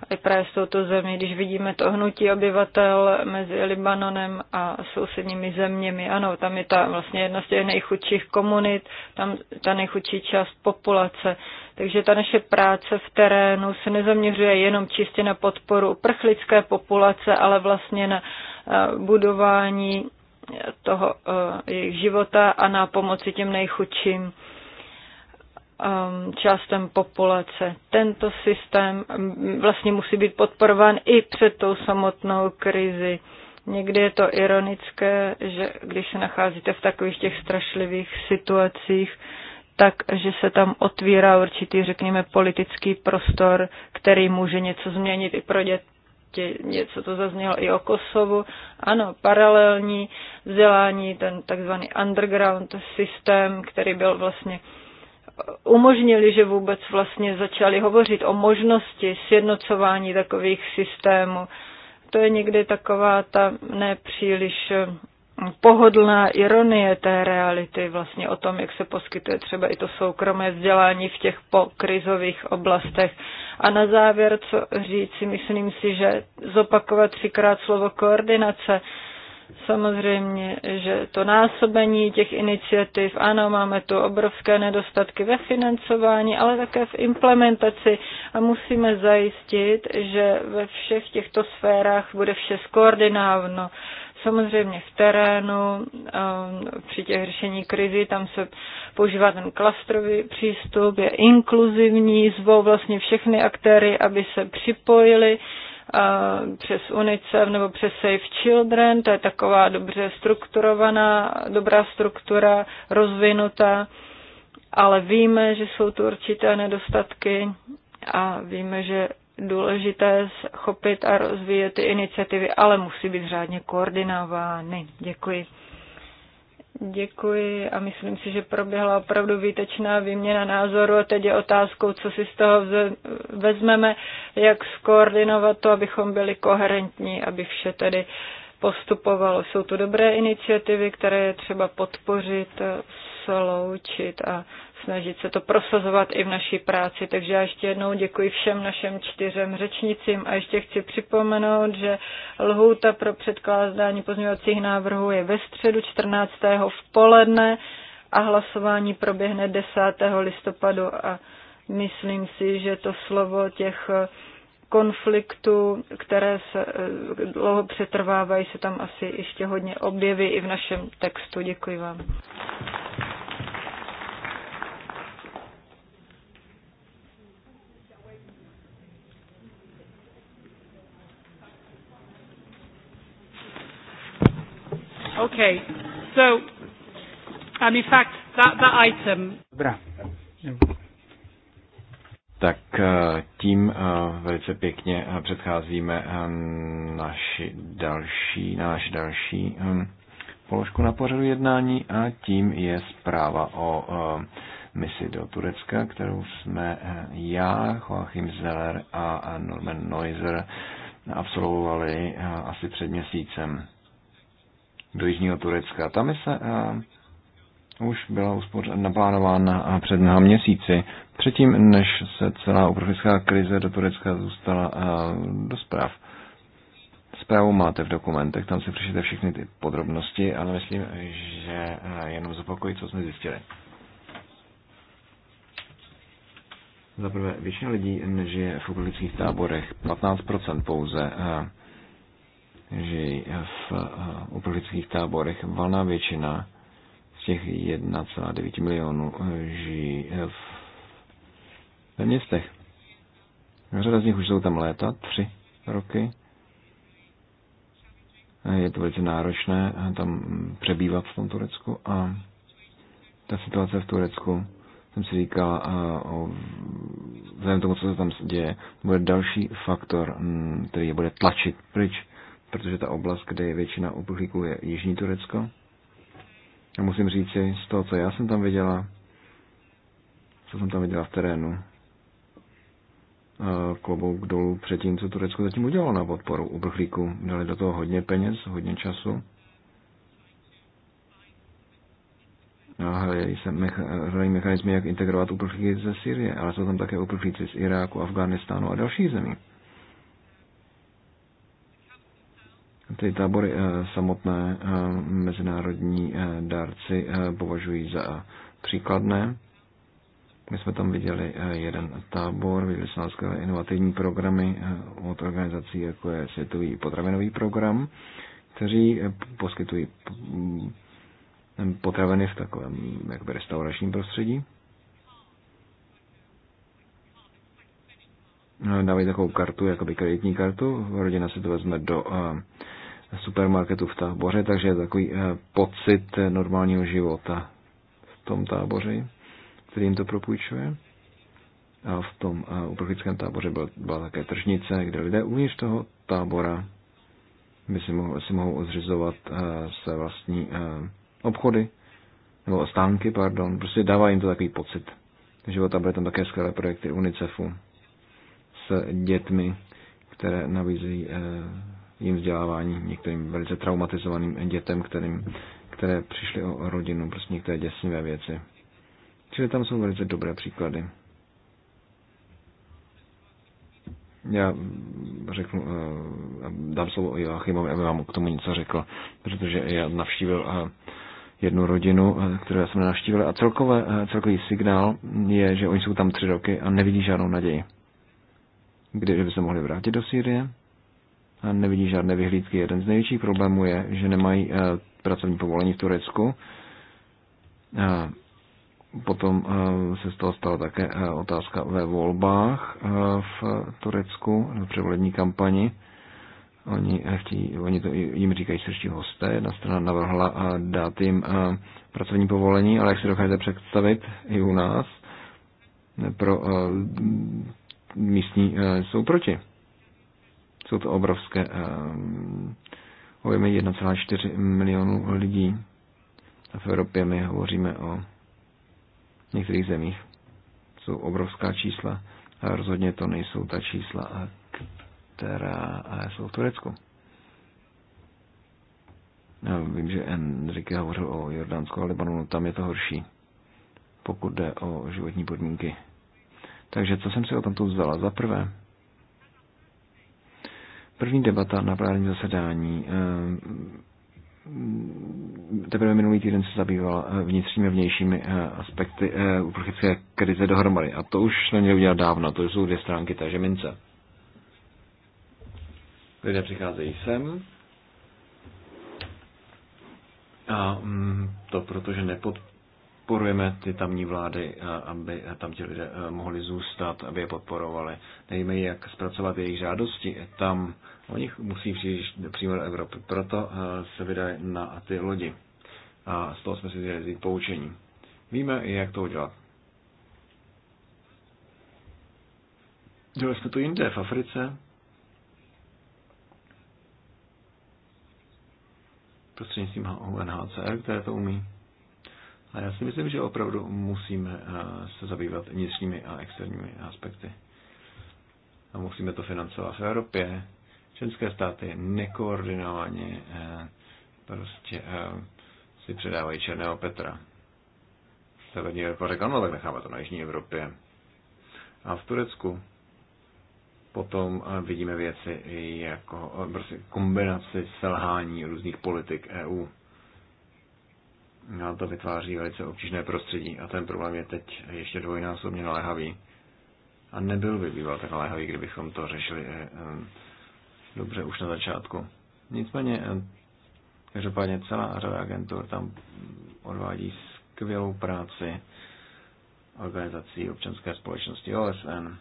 i právě s touto zemí, když vidíme to hnutí obyvatel mezi Libanonem a sousedními zeměmi. Ano, tam je ta vlastně jedna z těch nejchudších komunit, tam ta nejchudší část populace. Takže ta naše práce v terénu se nezaměřuje jenom čistě na podporu prchlické populace, ale vlastně na eh, budování toho eh, jejich života a na pomoci těm nejchudším. Um, částem populace. Tento systém mm, vlastně musí být podporován i před tou samotnou krizi. Někdy je to ironické, že když se nacházíte v takových těch strašlivých situacích, tak, že se tam otvírá určitý, řekněme, politický prostor, který může něco změnit i pro děti něco to zaznělo i o Kosovu. Ano, paralelní vzdělání, ten takzvaný underground systém, který byl vlastně umožnili, že vůbec vlastně začali hovořit o možnosti sjednocování takových systémů. To je někdy taková ta nepříliš hm, pohodlná ironie té reality vlastně o tom, jak se poskytuje třeba i to soukromé vzdělání v těch pokrizových oblastech. A na závěr, co říci, myslím si, že zopakovat třikrát slovo koordinace, Samozřejmě, že to násobení těch iniciativ, ano, máme tu obrovské nedostatky ve financování, ale také v implementaci a musíme zajistit, že ve všech těchto sférách bude vše skoordinávno. Samozřejmě v terénu, um, při těch řešení krizi, tam se používá ten klastrový přístup, je inkluzivní, zvou vlastně všechny aktéry, aby se připojili přes UNICEF nebo přes Save Children, to je taková dobře strukturovaná, dobrá struktura, rozvinutá, ale víme, že jsou tu určité nedostatky a víme, že důležité schopit a rozvíjet ty iniciativy, ale musí být řádně koordinovány. Děkuji. Děkuji a myslím si, že proběhla opravdu výtečná výměna názoru a teď je otázkou, co si z toho vezmeme, jak skoordinovat to, abychom byli koherentní, aby vše tedy postupovalo. Jsou tu dobré iniciativy, které je třeba podpořit, sloučit a snažit se to prosazovat i v naší práci. Takže já ještě jednou děkuji všem našem čtyřem řečnicím a ještě chci připomenout, že lhůta pro předkládání pozměňovacích návrhů je ve středu 14. v poledne a hlasování proběhne 10. listopadu a myslím si, že to slovo těch konfliktů, které se eh, dlouho přetrvávají, se tam asi ještě hodně objeví i v našem textu. Děkuji vám. Okay. So, um, in fact, that, that item... Dobrá. Tak eh, tím eh, velice pěkně eh, předcházíme naši další, na naši další ehm, položku na pořadu jednání a tím je zpráva o misi do Turecka, kterou jsme já, Joachim Zeller a Norman Neuser absolvovali asi před měsícem do Jižního Turecka. Ta mise eh, už byla naplánována před mnoha měsíci, předtím, než se celá uprchlická krize do Turecka zůstala eh, do zpráv. Zprávu máte v dokumentech, tam si přečtete všechny ty podrobnosti, ale myslím, že eh, jenom zopakuji, co jsme zjistili. Za prvé, většina lidí nežije v uprchlických táborech, 15% pouze že v eh, uprchlických táborech valná většina z těch 1,9 milionů eh, žijí eh, v, ve městech. Řada z nich už jsou tam léta, tři roky. Je to velice náročné tam mm, přebývat v tom Turecku a ta situace v Turecku, jsem si říkal, a vzhledem tomu, co se tam děje, bude další faktor, mm, který je bude tlačit pryč protože ta oblast, kde je většina uprchlíků, je Jižní Turecko. A musím říci, z toho, co já jsem tam viděla, co jsem tam viděla v terénu, eh, klobouk dolů před tím, co Turecko zatím udělalo na podporu uprchlíků. Dali do toho hodně peněz, hodně času. hledají se mecha, mechanizmy, jak integrovat uprchlíky ze Syrie, ale jsou tam také uprchlíci z Iráku, Afganistánu a dalších zemí. Ty tábory eh, samotné eh, mezinárodní eh, dárci považují za příkladné. My jsme tam viděli jeden tábor, viděli jsme skvělé inovativní programy od organizací, jako je Světový potravinový program, kteří poskytují mm, potraviny v takovém jakoby restauračním prostředí. Dávají takovou kartu, jakoby kreditní kartu, rodina si to vezme do supermarketu v táboře, takže je takový eh, pocit normálního života v tom táboře, který jim to propůjčuje. A v tom eh, uprchlickém táboře byla, byla také tržnice, kde lidé uvnitř toho tábora by si, mohou, si mohou zřizovat eh, své vlastní obchody, nebo stánky, pardon, prostě dává jim to takový pocit života. Byly tam také skvělé projekty UNICEFu s dětmi, které nabízejí jim vzdělávání některým velice traumatizovaným dětem, kterým, které přišly o rodinu, prostě některé děsivé věci. Čili tam jsou velice dobré příklady. Já řeknu, eh, dám slovo Joachimovi, aby vám k tomu něco řekl, protože já navštívil eh, jednu rodinu, eh, kterou jsem navštívil a celkové, celkový signál je, že oni jsou tam tři roky a nevidí žádnou naději. Kdyby se mohli vrátit do Sýrie, nevidí žádné vyhlídky. Jeden z největších problémů je, že nemají eh, pracovní povolení v Turecku. Potom eh, se z toho stala také eh, otázka ve volbách v Turecku, v předvolební kampani. Oni, chtí, oni to jim říkají srští hosté. Jedna strana navrhla dát jim pracovní povolení, ale jak si dokážete představit, i u nás pro místní jsou proti. Jsou to obrovské eh, objemy 1,4 milionů lidí. A v Evropě my hovoříme o některých zemích. Jsou obrovská čísla. A rozhodně to nejsou ta čísla, eh, která eh, jsou v Turecku. Já vím, že Enrique hovořil o Jordánsku a Libanonu, tam je to horší, pokud jde o životní podmínky. Takže co jsem si o tomto vzala? Za prvé, První debata na plenárním zasedání eh, teprve minulý týden se zabýval eh, vnitřními a vnějšími eh, aspekty uprchlické krize dohromady. A to už jsme měli udělat dávno, to jsou dvě stránky té mince. Lidé přicházejí sem, a mm, to to protože nepod, podporujeme ty tamní vlády, eh, aby eh, tam ti lidé eh, mohli zůstat, aby je podporovali. Nejme jak zpracovat jejich žádosti tam. Oni musí přijít přímo do Evropy. Proto se vydají na ty lodi. A z toho jsme si vzali poučení. Víme, jak to udělat. Dělali jsme to jinde, v Africe. Prostřednictvím UNHCR, které to umí. A já si myslím, že opravdu musíme eh, se zabývat vnitřními a externími aspekty. A musíme to financovat v Evropě. Členské státy nekoordinovaně eh, prostě eh, si předávají Černého Petra. Severní Evropa řekla, no tak necháme to na Jižní Evropě. A v Turecku potom vidíme věci jako prostě kombinaci selhání různých politik EU a no, to vytváří velice obtížné prostředí a ten problém je teď ještě dvojnásobně naléhavý. A nebyl by býval tak naléhavý, kdybychom to řešili eh, eh, dobře už na začátku. Nicméně, eh, každopádně celá řada agentur tam odvádí skvělou práci organizací občanské společnosti OSN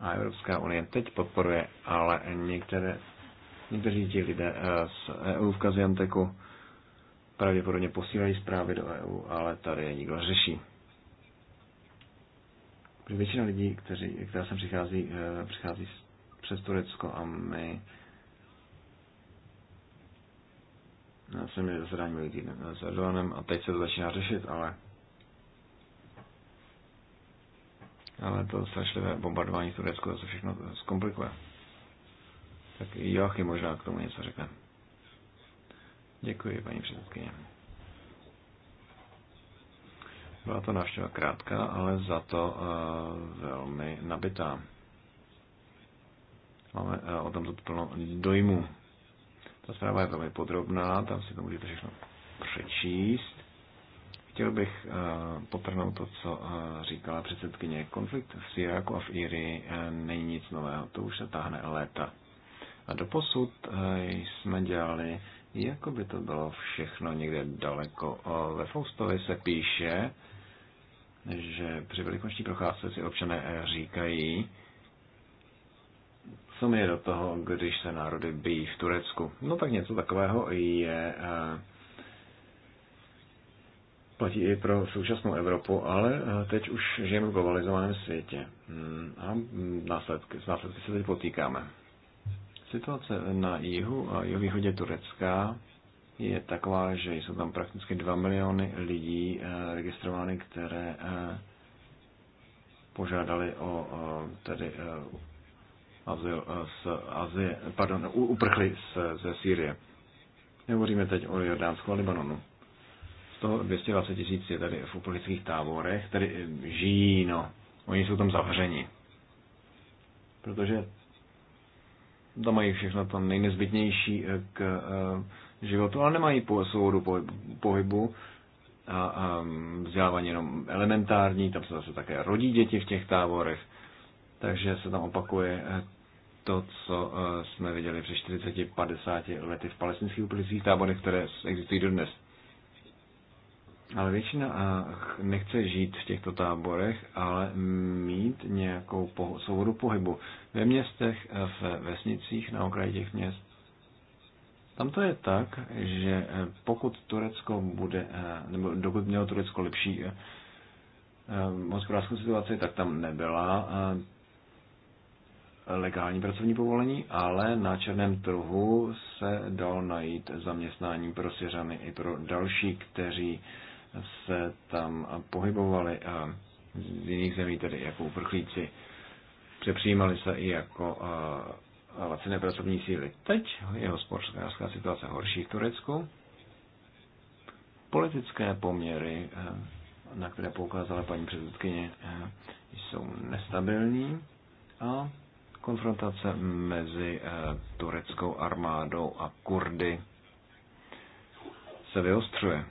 a Evropská unie teď podporuje, ale některé, někteří ti lidé z EU v Gazianteku pravděpodobně posílají zprávy do EU, ale tady je nikdo řeší. většina lidí, kteří, která sem přichází, eh, přichází přes Turecko a my Já eh, jsem měl zraní milý týden eh, s Erdoganem a teď se to začíná řešit, ale ale to strašlivé bombardování Turecku to se všechno zkomplikuje. Tak Joachim možná k tomu něco řekne. Děkuji, paní předsedkyně. Byla to návštěva krátká, ale za to uh, velmi nabitá. Máme uh, o tomto plno dojmu. Ta zpráva je velmi podrobná, tam si to můžete všechno přečíst. Chtěl bych uh, potrhnout to, co uh, říkala předsedkyně. Konflikt v Syráku a v Irii uh, není nic nového, to už se táhne léta. A doposud uh, jsme dělali jako by to bylo všechno někde daleko. Ve Faustovi se píše, že při velikonoční procházce si občané říkají, co mi je do toho, když se národy bijí v Turecku. No tak něco takového je platí i pro současnou Evropu, ale teď už žijeme v globalizovaném světě hmm, a hmm, následky, s následky se teď potýkáme. Situace na jihu a jihovýchodě Turecka je taková, že jsou tam prakticky 2 miliony lidí eh, registrovány, které eh, požádali o tedy eh, azyl z Azie, pardon, uprchli z, ze Sýrie. Nehovoříme teď o Jordánsku a Libanonu. Z toho 220 tisíc je tady v uprchlických táborech, tedy žijí, no, oni jsou tam zavřeni. Protože tam mají všechno to nejnezbytnější eh, k eh, životu, ale nemají svobodu pohybu a, vzdělávání jenom elementární, tam se zase také rodí děti v těch táborech, takže se tam opakuje eh, to, co jsme viděli před 40-50 lety v palestinských uprchlických táborech, které existují dodnes. Ale většina nechce žít v těchto táborech, ale mít nějakou svobodu pohybu. Ve městech, v vesnicích, na okraji těch měst. Tam to je tak, že e, pokud Turecko bude, e, nebo dokud mělo Turecko lepší e, hospodářskou situaci, tak tam nebyla legální pracovní povolení, ale na černém trhu se dal najít zaměstnání pro Syřany i pro další, kteří se tam pohybovali z jiných zemí, tedy jako uprchlíci, přepřijímali se i jako laciné pracovní síly. Teď je hospodářská situace horší v Turecku. Politické poměry, na které poukázala paní předsedkyně, jsou nestabilní a konfrontace mezi tureckou armádou a Kurdy se vyostřuje.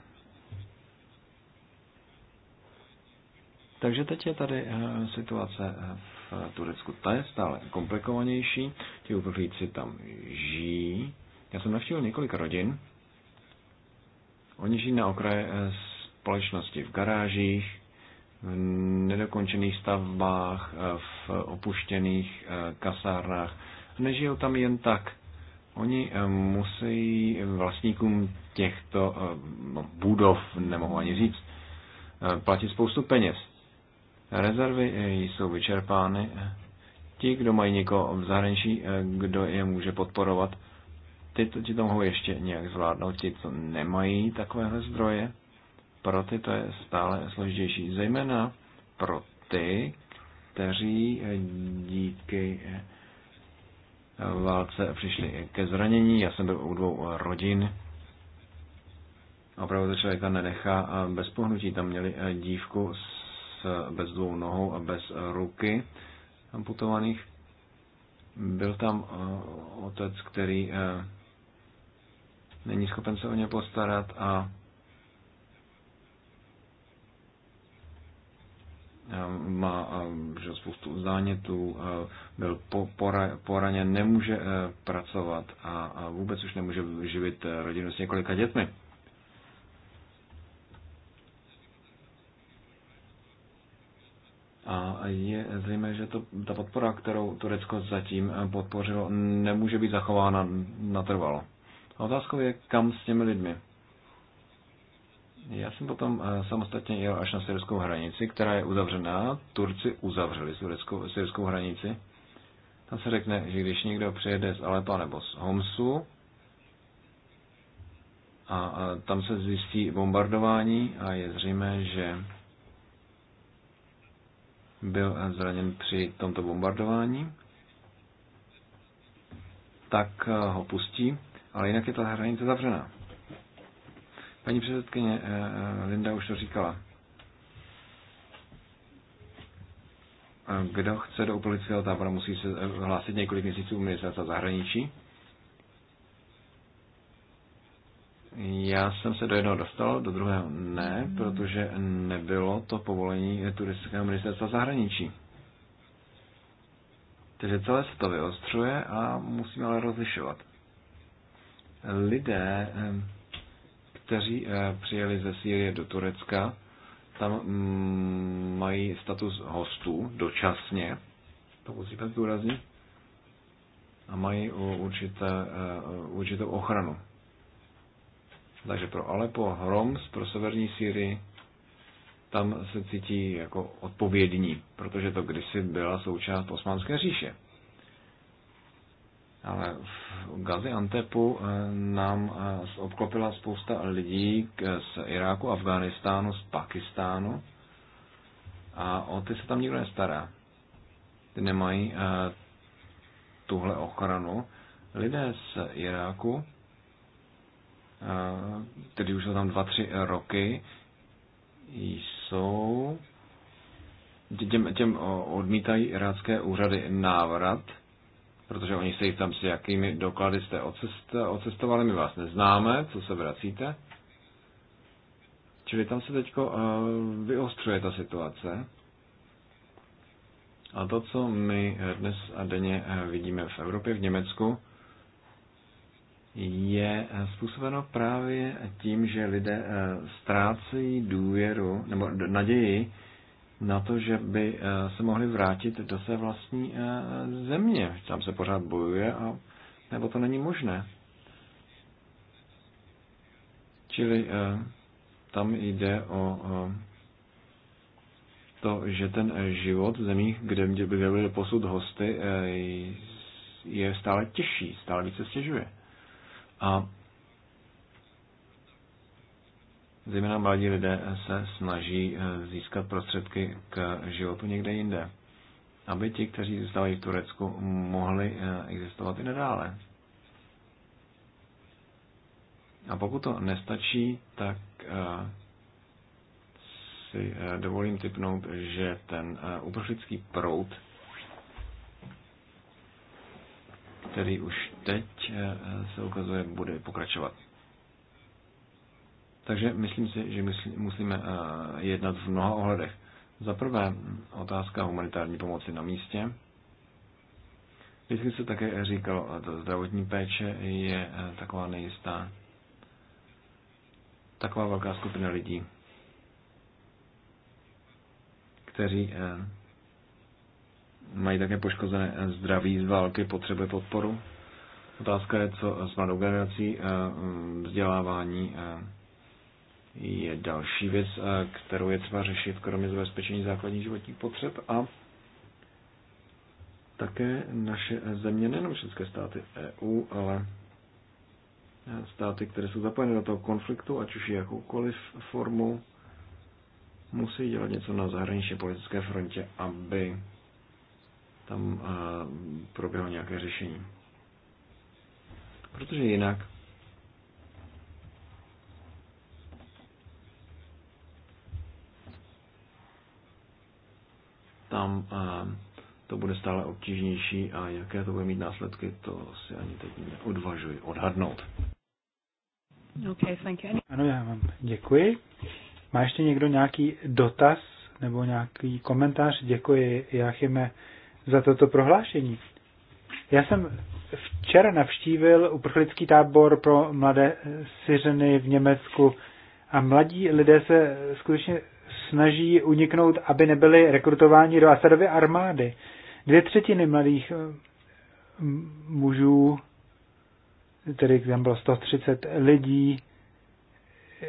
Takže teď je tady eh, situace eh, v Turecku. Ta je stále komplikovanější. Ti uprchlíci tam žijí. Já jsem navštívil několik rodin. Oni žijí na okraje eh, společnosti v garážích, v nedokončených stavbách, v opuštěných kasárnách. Nežijou tam jen tak. Oni musí vlastníkům těchto budov, nemohu ani říct, platit spoustu peněz Rezervy eh, jsou vyčerpány. Ti, kdo mají někoho v zahraničí, eh, kdo je může podporovat, ty to, ti to mohou ještě nějak zvládnout. Ti, co nemají takovéhle zdroje, pro ty to je stále složitější. Zejména pro ty, kteří eh, díky válce přišli ke zranění. Já jsem byl u dvou rodin. Opravdu to člověka nenechá bez pohnutí. Tam měli dívku s bez dvou nohou a bez eh, ruky amputovaných. Byl tam eh, otec, který eh, není schopen se o ně postarat a má že spoustu zánětů, byl poraněn, nemůže pracovat a vůbec už nemůže živit rodinu s několika dětmi. A je zřejmé, že to, ta podpora, kterou Turecko zatím podpořilo, nemůže být zachována natrvalo. A otázkou je, kam s těmi lidmi. Já jsem potom eh, samostatně jel až na syrskou hranici, která je uzavřená. Turci uzavřeli syrskou, hranici. Tam se řekne, že když někdo přijede z Alepa nebo z Homsu, a tam se zjistí bombardování a je zřejmé, že byl zraněn při tomto bombardování, tak eh, ho pustí, ale jinak je ta hranice zavřená. Paní předsedkyně eh, eh, Linda už to říkala. Kdo chce do uprchlického tábora, musí se hlásit několik měsíců ministerstva zahraničí Já jsem se do jednoho dostal, do druhého ne, protože nebylo to povolení turistického ministerstva zahraničí. Takže celé se to vyostřuje a musíme ale rozlišovat. Lidé, eh, kteří eh, přijeli ze Sýrie do Turecka, tam mm, mají status hostů dočasně, to musíme zdůraznit, a mají určité, eh, určitou ochranu. Takže pro Alepo Hroms, pro severní Sýrii, tam se cítí jako odpovědní, protože to kdysi byla součást Osmanské říše. Ale v Gazi Antepu eh, nám eh, obklopila spousta lidí z Iráku, Afghánistánu, z Pakistánu a o ty se tam nikdo nestará. Ty nemají eh, tuhle ochranu. Lidé z Iráku Eh, tedy už jsou tam dva tři roky, jsou těm, těm odmítají irácké úřady návrat, protože oni se jich tam s jakými doklady jste odcest, odcestovali, my vás neznáme, co se vracíte. Čili tam se teď uh, eh, vyostřuje ta situace. A to, co my eh, dnes a denně vidíme v Evropě, v Německu, je eh, způsobeno právě tím, že lidé eh, ztrácejí důvěru nebo naději na to, že by eh, se mohli vrátit do své vlastní země. Tam se pořád bojuje a nebo to není možné. Čili tam jde o to, že ten život v zemích, kde by byly posud hosty, je stále těžší, stále více stěžuje. A zejména mladí lidé se snaží eh, získat prostředky k životu někde jinde, aby ti, kteří zůstávají v Turecku, mohli eh, existovat i nadále. A pokud to nestačí, tak eh, si dovolím typnout, že ten uprchlický proud který už teď eh, se ukazuje, bude pokračovat. Takže myslím si, že musíme eh, jednat v mnoha ohledech. Za prvé otázka humanitární pomoci na místě. Vždycky se také říkalo, že zdravotní péče je eh, taková nejistá, taková velká skupina lidí, kteří mají také poškozené zdraví z války, potřebuje podporu. Otázka je, co s mladou generací eh, mm, vzdělávání eh, je další věc, eh, kterou je třeba řešit, kromě zabezpečení základních životních potřeb a také naše země, nejenom všechny státy EU, ale státy, které jsou zapojeny do toho konfliktu, ať už jakoukoliv formu, musí dělat něco na zahraničně politické frontě, aby tam eh, proběhlo nějaké řešení. Protože jinak tam eh, to bude stále obtížnější a jaké to bude mít následky, to si ani teď neodvažuji odhadnout. Okay, thank you. Ano, já vám děkuji. Má ještě někdo nějaký dotaz nebo nějaký komentář? Děkuji, Jachime za toto prohlášení. Já jsem včera navštívil uprchlický tábor pro mladé Syřeny v Německu a mladí lidé se skutečně snaží uniknout, aby nebyli rekrutováni do Asadovy armády. Dvě třetiny mladých eh, mužů, tedy tam bylo 130 lidí, eh,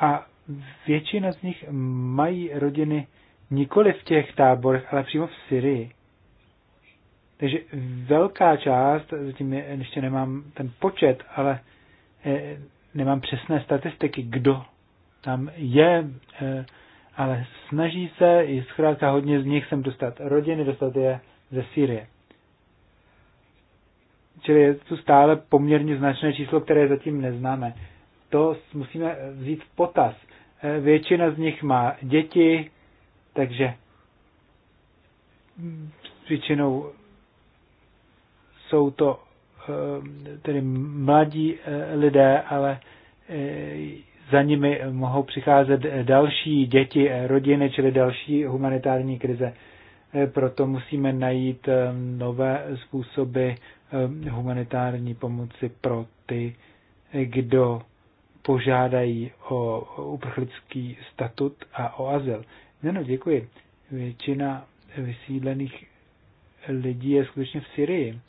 a většina z nich mají rodiny nikoli v těch táborech, ale přímo v Syrii. Takže velká část, zatím je, ještě nemám ten počet, ale eh, nemám přesné statistiky, kdo tam je, eh, ale snaží se, i zkrátka hodně z nich sem dostat rodiny, dostat je ze Syrie. Čili je tu stále poměrně značné číslo, které zatím neznáme. To musíme vzít v potaz. Eh, většina z nich má děti, takže většinou jsou to eh, tedy mladí eh, lidé, ale eh, za nimi mohou přicházet další děti, rodiny, čili další humanitární krize. Proto musíme najít nové způsoby humanitární pomoci pro ty, kdo požádají o uprchlický statut a o azyl no, děkuji. Většina vysídlených lidí je skutečně v Syrii.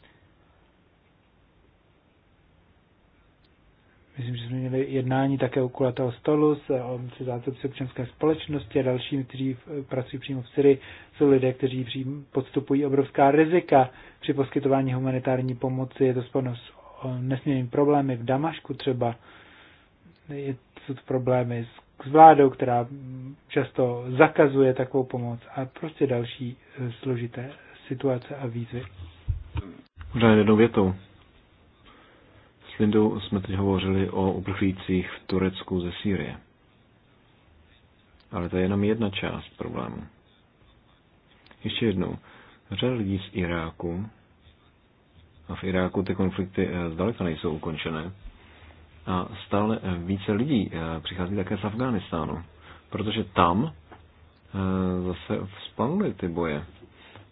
Myslím, že jsme měli jednání také u kulatého stolu s um, se zástupci občanské společnosti a dalšími, kteří pracují přímo v Syrii. Jsou lidé, kteří podstupují obrovská rizika při poskytování humanitární pomoci. Je to spojeno s nesmírnými problémy v Damašku třeba. Je, jsou to problémy s s vládou, která často zakazuje takovou pomoc a prostě další eh, složité situace a výzvy. Možná jednou větou. S Lindou jsme teď hovořili o uprchlících v Turecku ze Sýrie. Ale to je jenom jedna část problému. Ještě jednou. Řada lidí z Iráku, a v Iráku ty konflikty eh, zdaleka nejsou ukončené, a stále více lidí eh, přichází také z Afghánistánu, protože tam eh, zase vzplanuly ty boje.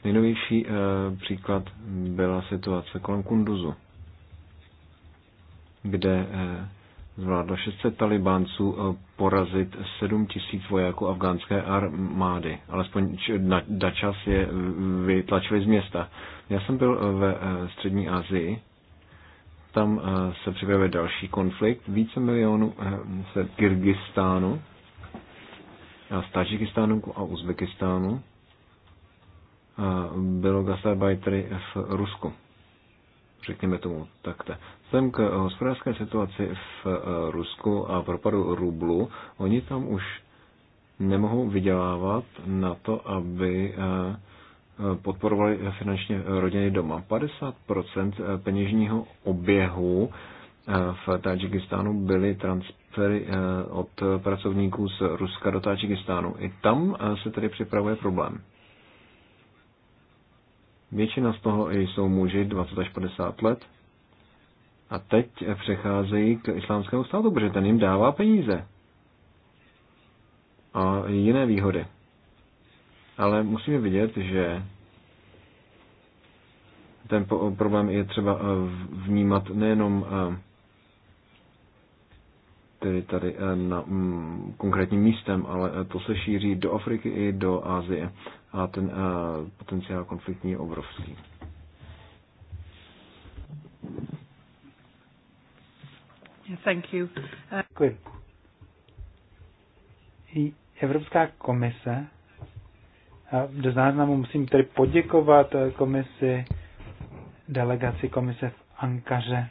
Nejnovější eh, příklad byla situace kolem Kunduzu, kde zvládlo 600 talibánců porazit 7 tisíc vojáků afgánské armády. Alespoň Dačas je vytlačili z města. Já jsem byl ve střední Asii tam eh, se připravuje další konflikt. Více milionů eh, se Kyrgyzstánu a z Tadžikistánu a Uzbekistánu eh, bylo gastarbeitery v Rusku. Řekněme tomu takto. Vzhledem k hospodářské situaci v Rusku a propadu rublu, oni tam už nemohou vydělávat na to, aby uh, podporovali finančně rodiny doma. 50% eh, peněžního oběhu eh, v Tadžikistánu byly transfery eh, od pracovníků z Ruska do Tadžikistánu. I tam se tedy připravuje problém. Většina z toho jsou muži 20 až 50 let a teď přecházejí k islámskému státu, protože ten jim dává peníze a jiné výhody ale musíme vidět, že ten problém je třeba eh, vnímat nejenom eh, tedy tady eh, na mm, konkrétním místem, ale to se šíří do Afriky i do Asie a ten potenciál konfliktní je obrovský. Thank you. Uh... Evropská komise do záznamu musím tedy poděkovat eh, komisi, delegaci komise v Ankaře.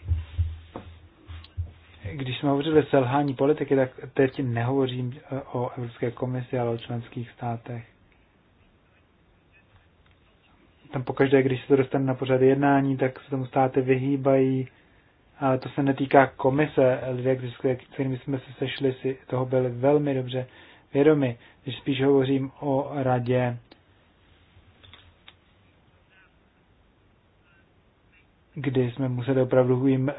Když jsme hovořili o selhání politiky, tak teď nehovořím eh, o Evropské komisi, ale o členských státech. Tam pokaždé, když se to dostane na pořad jednání, tak se tomu státy vyhýbají, ale to se netýká komise. Lidé, s kterými jsme se sešli, si toho byli velmi dobře vědomi. Když spíš hovořím o radě kdy jsme museli opravdu jim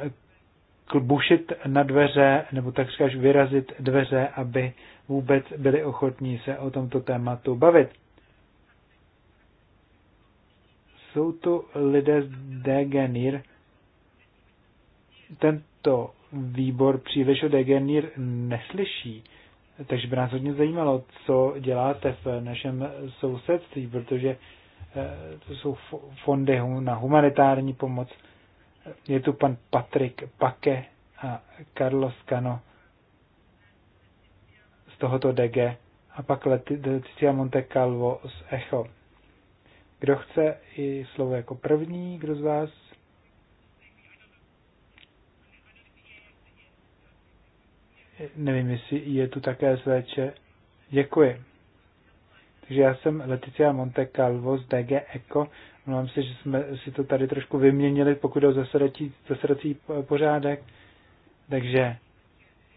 klbušit na dveře, nebo takřkaž vyrazit dveře, aby vůbec byli ochotní se o tomto tématu bavit. Jsou tu lidé z Degenir. Tento výbor příliš o Degenir neslyší, takže by nás hodně zajímalo, co děláte v našem sousedství, protože Eh, to jsou fondy na humanitární pomoc. Je tu pan Patrik Pake a Carlos Cano z tohoto DG a pak Leticia Monte Calvo z ECHO. Kdo chce i slovo jako první, kdo z vás? Nevím, jestli je tu také SVČ. Děkuji. Takže já jsem Leticia Monte Calvo z DG Eco. mám si, že jsme si to tady trošku vyměnili, pokud jde o zasedací, zasedací pořádek. Takže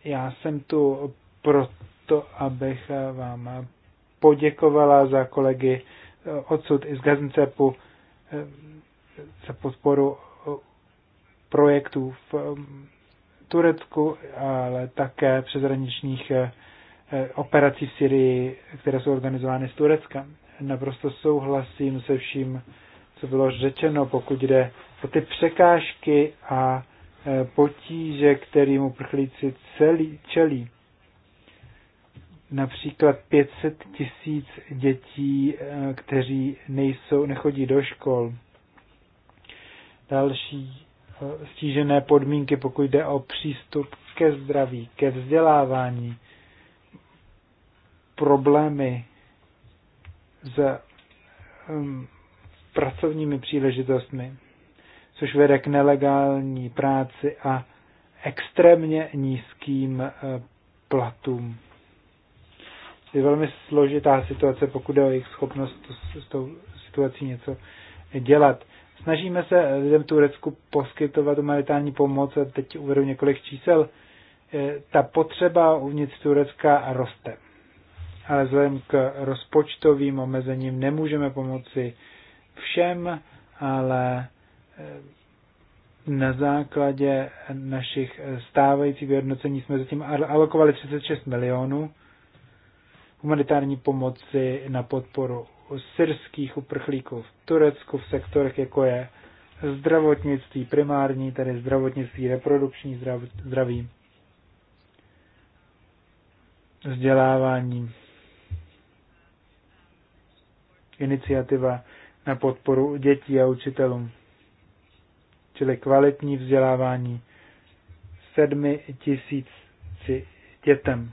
já jsem tu proto, abych vám poděkovala za kolegy odsud i z Gazincepu eh, za podporu eh, projektů v mm, Turecku, ale také přeshraničních eh, Eh, operací v Syrii, které jsou organizovány z Turecka. Naprosto souhlasím se vším, co bylo řečeno, pokud jde o ty překážky a eh, potíže, kterým uprchlíci celý, čelí. Například 500 tisíc dětí, eh, kteří nejsou, nechodí do škol. Další stížené podmínky, pokud jde o přístup ke zdraví, ke vzdělávání, problémy s um, pracovními příležitostmi, což vede k nelegální práci a extrémně nízkým uh, platům. Je velmi složitá situace, pokud je o jejich schopnost s tou situací něco dělat. Snažíme se lidem Turecku poskytovat humanitární pomoc a teď uvedu několik čísel. Eh, ta potřeba uvnitř Turecka roste ale vzhledem k rozpočtovým omezením nemůžeme pomoci všem, ale eh, na základě našich eh, stávajících vyhodnocení jsme zatím alokovali 36 milionů humanitární pomoci na podporu syrských uprchlíků v Turecku v sektorech, jako je zdravotnictví primární, tedy zdravotnictví, reprodukční zdraví, vzdělávání, iniciativa na podporu dětí a učitelům, čili kvalitní vzdělávání sedmi tisíci dětem.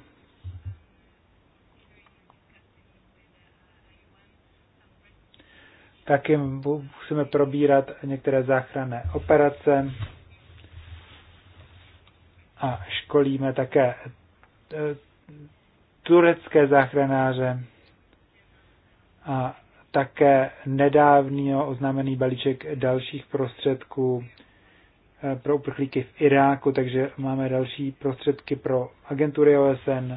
Taky musíme probírat některé záchranné operace a školíme také eh, turecké záchranáře a také nedávný oznámený balíček dalších prostředků eh, pro uprchlíky v Iráku, takže máme další prostředky pro agentury OSN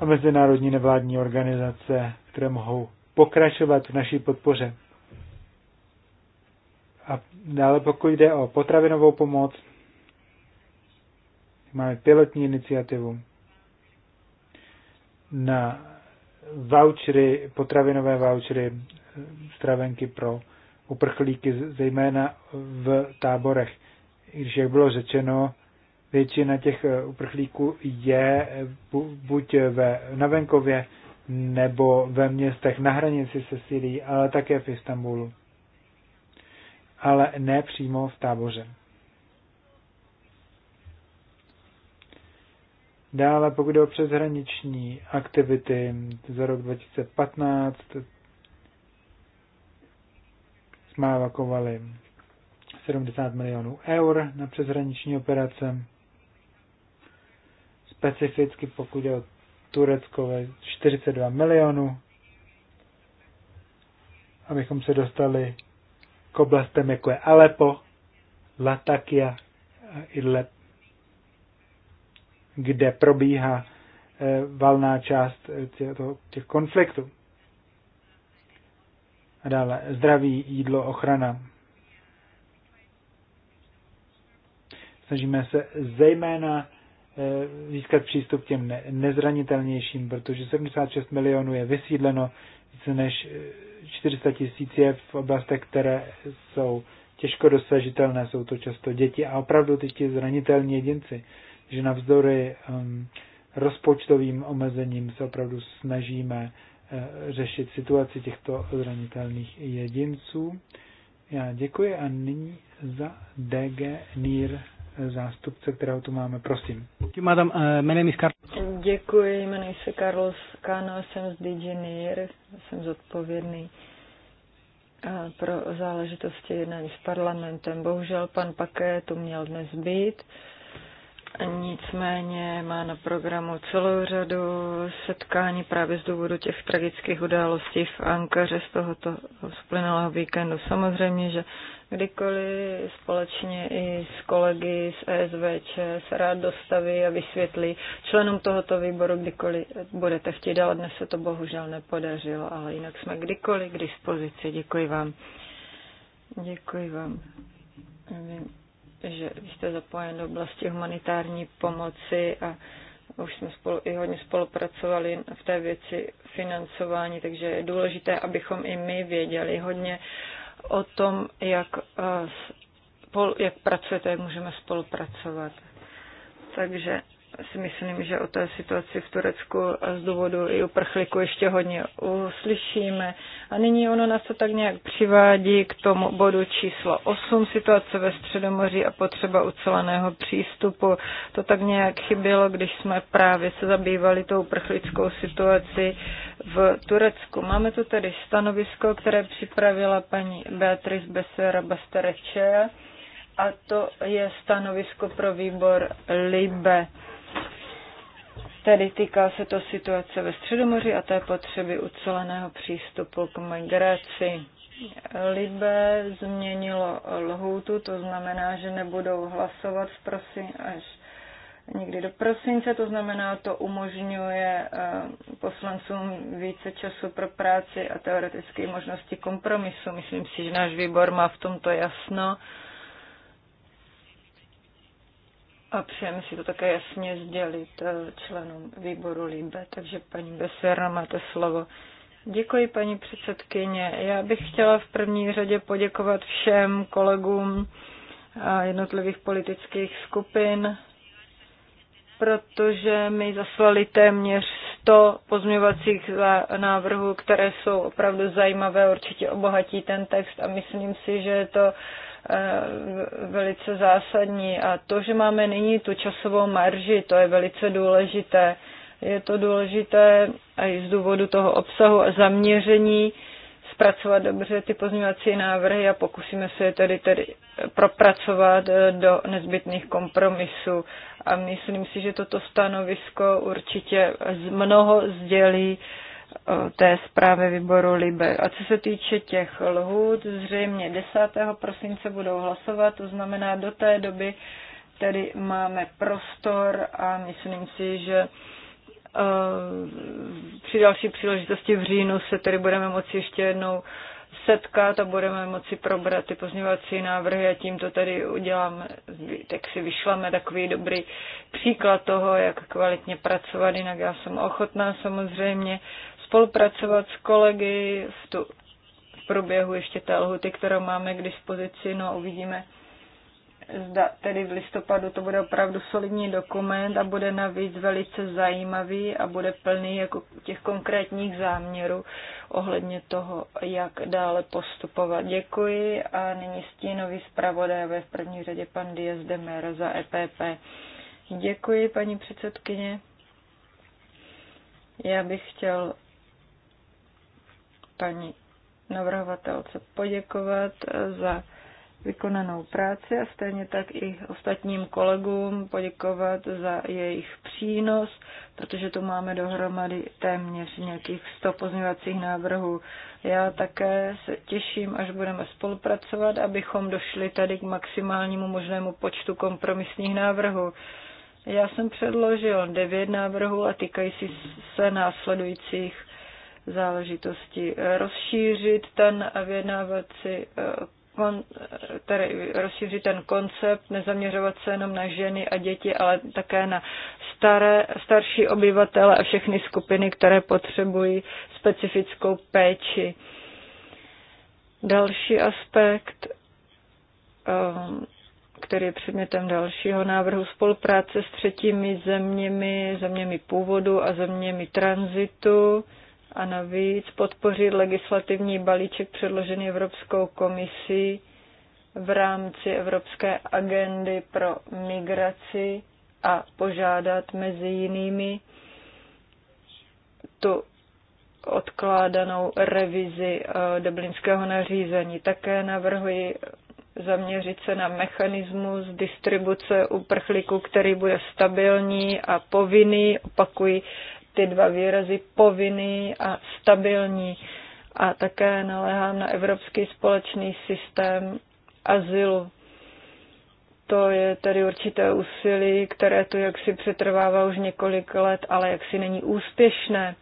a mezinárodní nevládní organizace, které mohou pokračovat v naší podpoře. A dále pokud jde o potravinovou pomoc, máme pilotní iniciativu na vouchery, potravinové vouchery, eh, stravenky pro uprchlíky, zejména v táborech. I když, jak bylo řečeno, většina těch eh, uprchlíků je eh, buď ve, na venkově, nebo ve městech na hranici se Syrií, ale také v Istanbulu. Ale ne přímo v táboře. Dále, pokud jde o přeshraniční aktivity za rok 2015, jsme evakovali 70 milionů eur na přeshraniční operace. Specificky, pokud jde o Turecko, 42 milionů, abychom se dostali k oblastem, jako je Alepo, Latakia, Idleb kde probíhá eh, valná část eh, těch konfliktů. A dále zdraví, jídlo, ochrana. Snažíme se zejména eh, získat přístup k těm nezranitelnějším, protože 76 milionů je vysídleno, více než 400 tisíc je v oblastech, které jsou těžko dosažitelné, jsou to často děti a opravdu ty zranitelní jedinci že navzdory um, rozpočtovým omezením se opravdu snažíme eh, řešit situaci těchto zranitelných jedinců. Já děkuji a nyní za DG NIR eh, zástupce, kterého tu máme. Prosím. Madam, eh, jmenuji se Carlos. Děkuji, jmenuji se Carlos Kano, jsem z DG NIR, jsem zodpovědný pro záležitosti jednání s parlamentem. Bohužel pan Paké tu měl dnes být Nicméně má na programu celou řadu setkání právě z důvodu těch tragických událostí v Ankaře z tohoto splynulého víkendu. Samozřejmě, že kdykoliv společně i s kolegy z ESVČ se rád dostaví a vysvětlí členům tohoto výboru, kdykoliv budete chtít, ale dnes se to bohužel nepodařilo, ale jinak jsme kdykoliv k dispozici. Děkuji vám. Děkuji vám že jste zapojen do oblasti humanitární pomoci a už jsme spolu, i hodně spolupracovali v té věci financování, takže je důležité, abychom i my věděli hodně o tom, jak, eh, jak pracujete, jak můžeme spolupracovat. Takže si myslím, že o té situaci v Turecku z důvodu i uprchlíku ještě hodně uslyšíme. A nyní ono nás to tak nějak přivádí k tomu bodu číslo 8, situace ve Středomoří a potřeba uceleného přístupu. To tak nějak chybělo, když jsme právě se zabývali tou uprchlickou situaci v Turecku. Máme tu tedy stanovisko, které připravila paní Beatrice Besera Bastereče a to je stanovisko pro výbor LIBE. Tedy týká se to situace ve Středomoři a té potřeby uceleného přístupu k migraci. Libe změnilo lhůtu, to znamená, že nebudou hlasovat v prosin, až někdy do prosince, to znamená, to umožňuje eh, poslancům více času pro práci a teoretické možnosti kompromisu. Myslím si, že náš výbor má v tomto jasno. A přejeme si to také jasně sdělit eh, členům výboru LIBE. Takže paní Beserna, máte slovo. Děkuji, paní předsedkyně. Já bych chtěla v první řadě poděkovat všem kolegům eh, jednotlivých politických skupin, protože mi zaslali téměř 100 pozměvacích návrhů, které jsou opravdu zajímavé, určitě obohatí ten text a myslím si, že je to Eh, velice zásadní. A to, že máme nyní tu časovou marži, to je velice důležité. Je to důležité i z důvodu toho obsahu a zaměření zpracovat dobře ty pozměňovací návrhy a pokusíme se je tedy, tedy propracovat eh, do nezbytných kompromisů. A myslím si, že toto stanovisko určitě z mnoho sdělí Eh, té zprávy výboru Libe. A co se týče těch lhůt, zřejmě 10. prosince budou hlasovat, to znamená do té doby tedy máme prostor a myslím si, že eh, při další příležitosti v říjnu se tedy budeme moci ještě jednou setká, a budeme moci probrat ty pozměňovací návrhy a tím to tady uděláme, tak si vyšleme takový dobrý příklad toho, jak kvalitně pracovat, jinak já jsem ochotná samozřejmě spolupracovat s kolegy v tu v průběhu ještě té lhuty, kterou máme k dispozici, no uvidíme, Zda tedy v listopadu to bude opravdu solidní dokument a bude navíc velice zajímavý a bude plný jako těch konkrétních záměrů ohledně toho, jak dále postupovat. Děkuji a nyní stínový zpravodajové v první řadě pan Diaz de Mera za EPP. Děkuji, paní předsedkyně. Já bych chtěl paní navrhovatelce poděkovat za vykonanou práci a stejně tak i ostatním kolegům poděkovat za jejich přínos, protože tu máme dohromady téměř nějakých 100 pozměňovacích návrhů. Já také se těším, až budeme spolupracovat, abychom došli tady k maximálnímu možnému počtu kompromisních návrhů. Já jsem předložil devět návrhů a týkají se následujících záležitosti. Rozšířit ten vyjednávací eh, kon, tedy rozšířit ten koncept, nezaměřovat se jenom na ženy a děti, ale také na staré, starší obyvatele a všechny skupiny, které potřebují specifickou péči. Další aspekt, ehm, který je předmětem dalšího návrhu, spolupráce s třetími zeměmi, zeměmi původu a zeměmi tranzitu a navíc podpořit legislativní balíček předložený Evropskou komisí v rámci Evropské agendy pro migraci a požádat mezi jinými tu odkládanou revizi eh, dublinského nařízení. Také navrhuji zaměřit se na mechanismus distribuce uprchlíků, který bude stabilní a povinný. Opakuji, ty dva výrazy povinný a stabilní. A také naléhám na evropský společný systém azylu. To je tedy určité úsilí, které tu jaksi přetrvává už několik let, ale jaksi není úspěšné.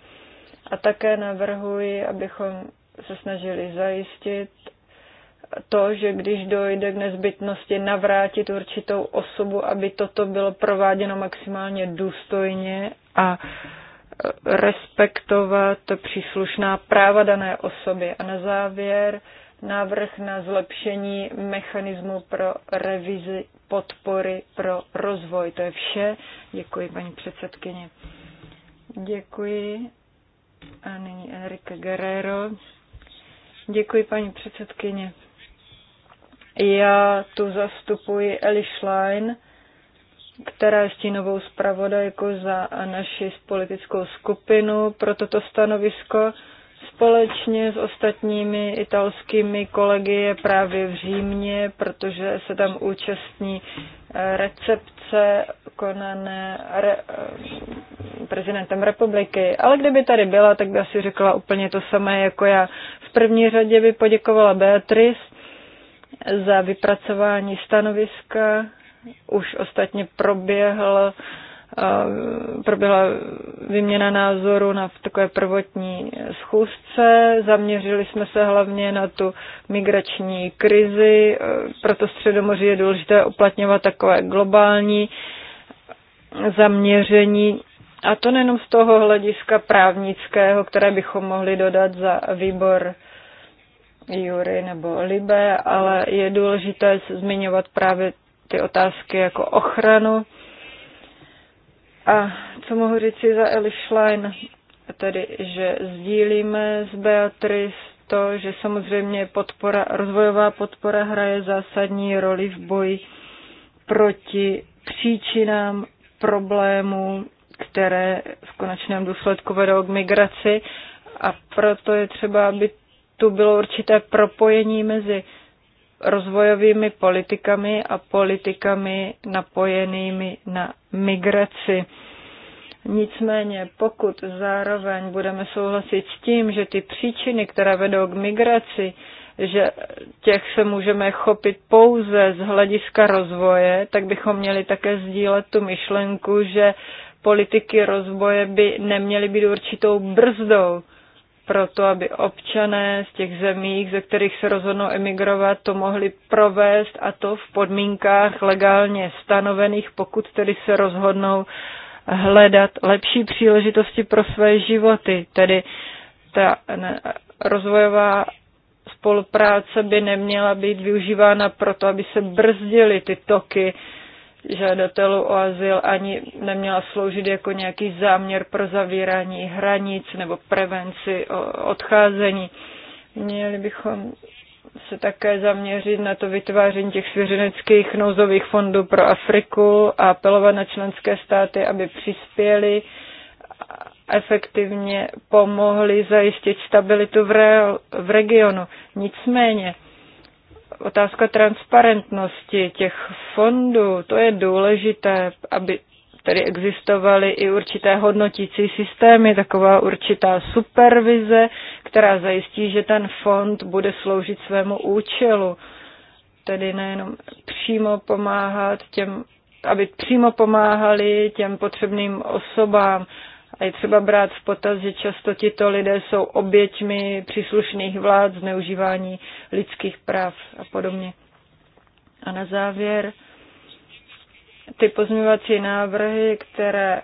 A také navrhuji, abychom se snažili zajistit to, že když dojde k nezbytnosti navrátit určitou osobu, aby toto bylo prováděno maximálně důstojně a respektovat příslušná práva dané osoby. A na závěr návrh na zlepšení mechanismu pro revizi podpory pro rozvoj. To je vše. Děkuji, paní předsedkyně. Děkuji. A nyní Enrique Guerrero. Děkuji, paní předsedkyně. Já tu zastupuji Eli Schlein, která je stínovou zpravodajkou za naši politickou skupinu pro toto stanovisko. Společně s ostatními italskými kolegy je právě v Římě, protože se tam účastní eh, recepce konané re, eh, prezidentem republiky. Ale kdyby tady byla, tak by asi řekla úplně to samé jako já. V první řadě by poděkovala Beatrice za vypracování stanoviska už ostatně proběhl eh, proběhla vyměna názoru na v takové prvotní schůzce. Zaměřili jsme se hlavně na tu migrační krizi, eh, proto Středomoří je důležité uplatňovat takové globální zaměření. A to nejenom z toho hlediska právnického, které bychom mohli dodat za výbor Jury nebo Libe, ale je důležité zmiňovat právě ty otázky jako ochranu. A co mohu říci za Elišlein, Tedy, že sdílíme s Beatrice to, že samozřejmě podpora, rozvojová podpora hraje zásadní roli v boji proti příčinám problémů, které v konečném důsledku vedou k migraci a proto je třeba, aby tu bylo určité propojení mezi rozvojovými politikami a politikami napojenými na migraci. Nicméně, pokud zároveň budeme souhlasit s tím, že ty příčiny, které vedou k migraci, že těch se můžeme chopit pouze z hlediska rozvoje, tak bychom měli také sdílet tu myšlenku, že politiky rozvoje by neměly být určitou brzdou proto, aby občané z těch zemí, ze kterých se rozhodnou emigrovat, to mohli provést a to v podmínkách legálně stanovených, pokud tedy se rozhodnou hledat lepší příležitosti pro své životy. Tedy ta rozvojová spolupráce by neměla být využívána proto, aby se brzdily ty toky žádatelů o azyl ani neměla sloužit jako nějaký záměr pro zavírání hranic nebo prevenci odcházení. Měli bychom se také zaměřit na to vytváření těch svěřeneckých nouzových fondů pro Afriku a apelovat na členské státy, aby přispěli efektivně pomohli zajistit stabilitu v, re, v regionu. Nicméně Otázka transparentnosti těch fondů, to je důležité, aby tady existovaly i určité hodnotící systémy, taková určitá supervize, která zajistí, že ten fond bude sloužit svému účelu. Tedy nejenom přímo pomáhat těm, aby přímo pomáhali těm potřebným osobám, je třeba brát v potaz, že často tito lidé jsou oběťmi příslušných vlád, zneužívání lidských práv a podobně. A na závěr ty pozměňovací návrhy, které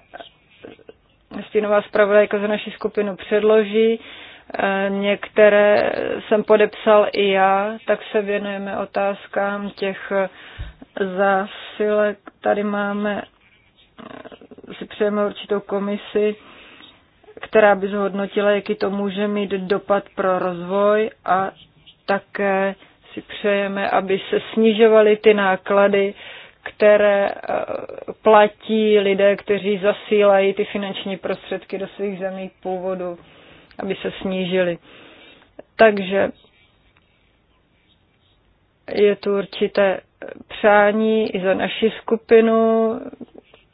stínová zpravodajka za naši skupinu předloží, eh, některé jsem podepsal i já, tak se věnujeme otázkám těch zásilek. Tady máme, eh, si přejeme určitou komisi, která by zhodnotila, jaký to může mít dopad pro rozvoj a také si přejeme, aby se snižovaly ty náklady, které eh, platí lidé, kteří zasílají ty finanční prostředky do svých zemí původu, aby se snížily. Takže je tu určité přání i za naši skupinu,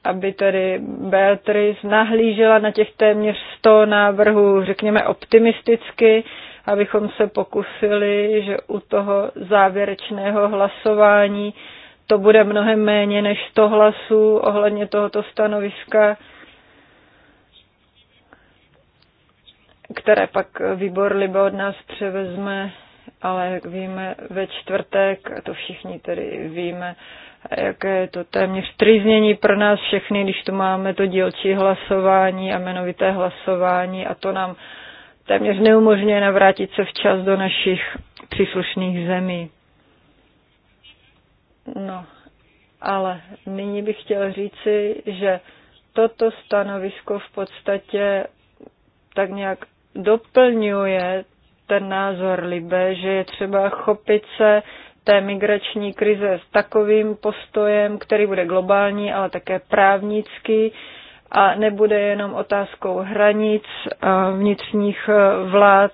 aby tedy Beatrice nahlížela na těch téměř 100 návrhů, řekněme optimisticky, abychom se pokusili, že u toho závěrečného hlasování to bude mnohem méně než 100 hlasů ohledně tohoto stanoviska, které pak výbor libo od nás převezme, ale jak víme, ve čtvrtek, a to všichni tedy víme, jaké je to téměř triznění pro nás všechny, když tu máme to dílčí hlasování a jmenovité hlasování a to nám téměř neumožňuje navrátit se včas do našich příslušných zemí. No, ale nyní bych chtěl říci, že toto stanovisko v podstatě tak nějak doplňuje ten názor Libe, že je třeba chopit se té migrační krize s takovým postojem, který bude globální, ale také právnický a nebude jenom otázkou hranic a vnitřních e, vlád,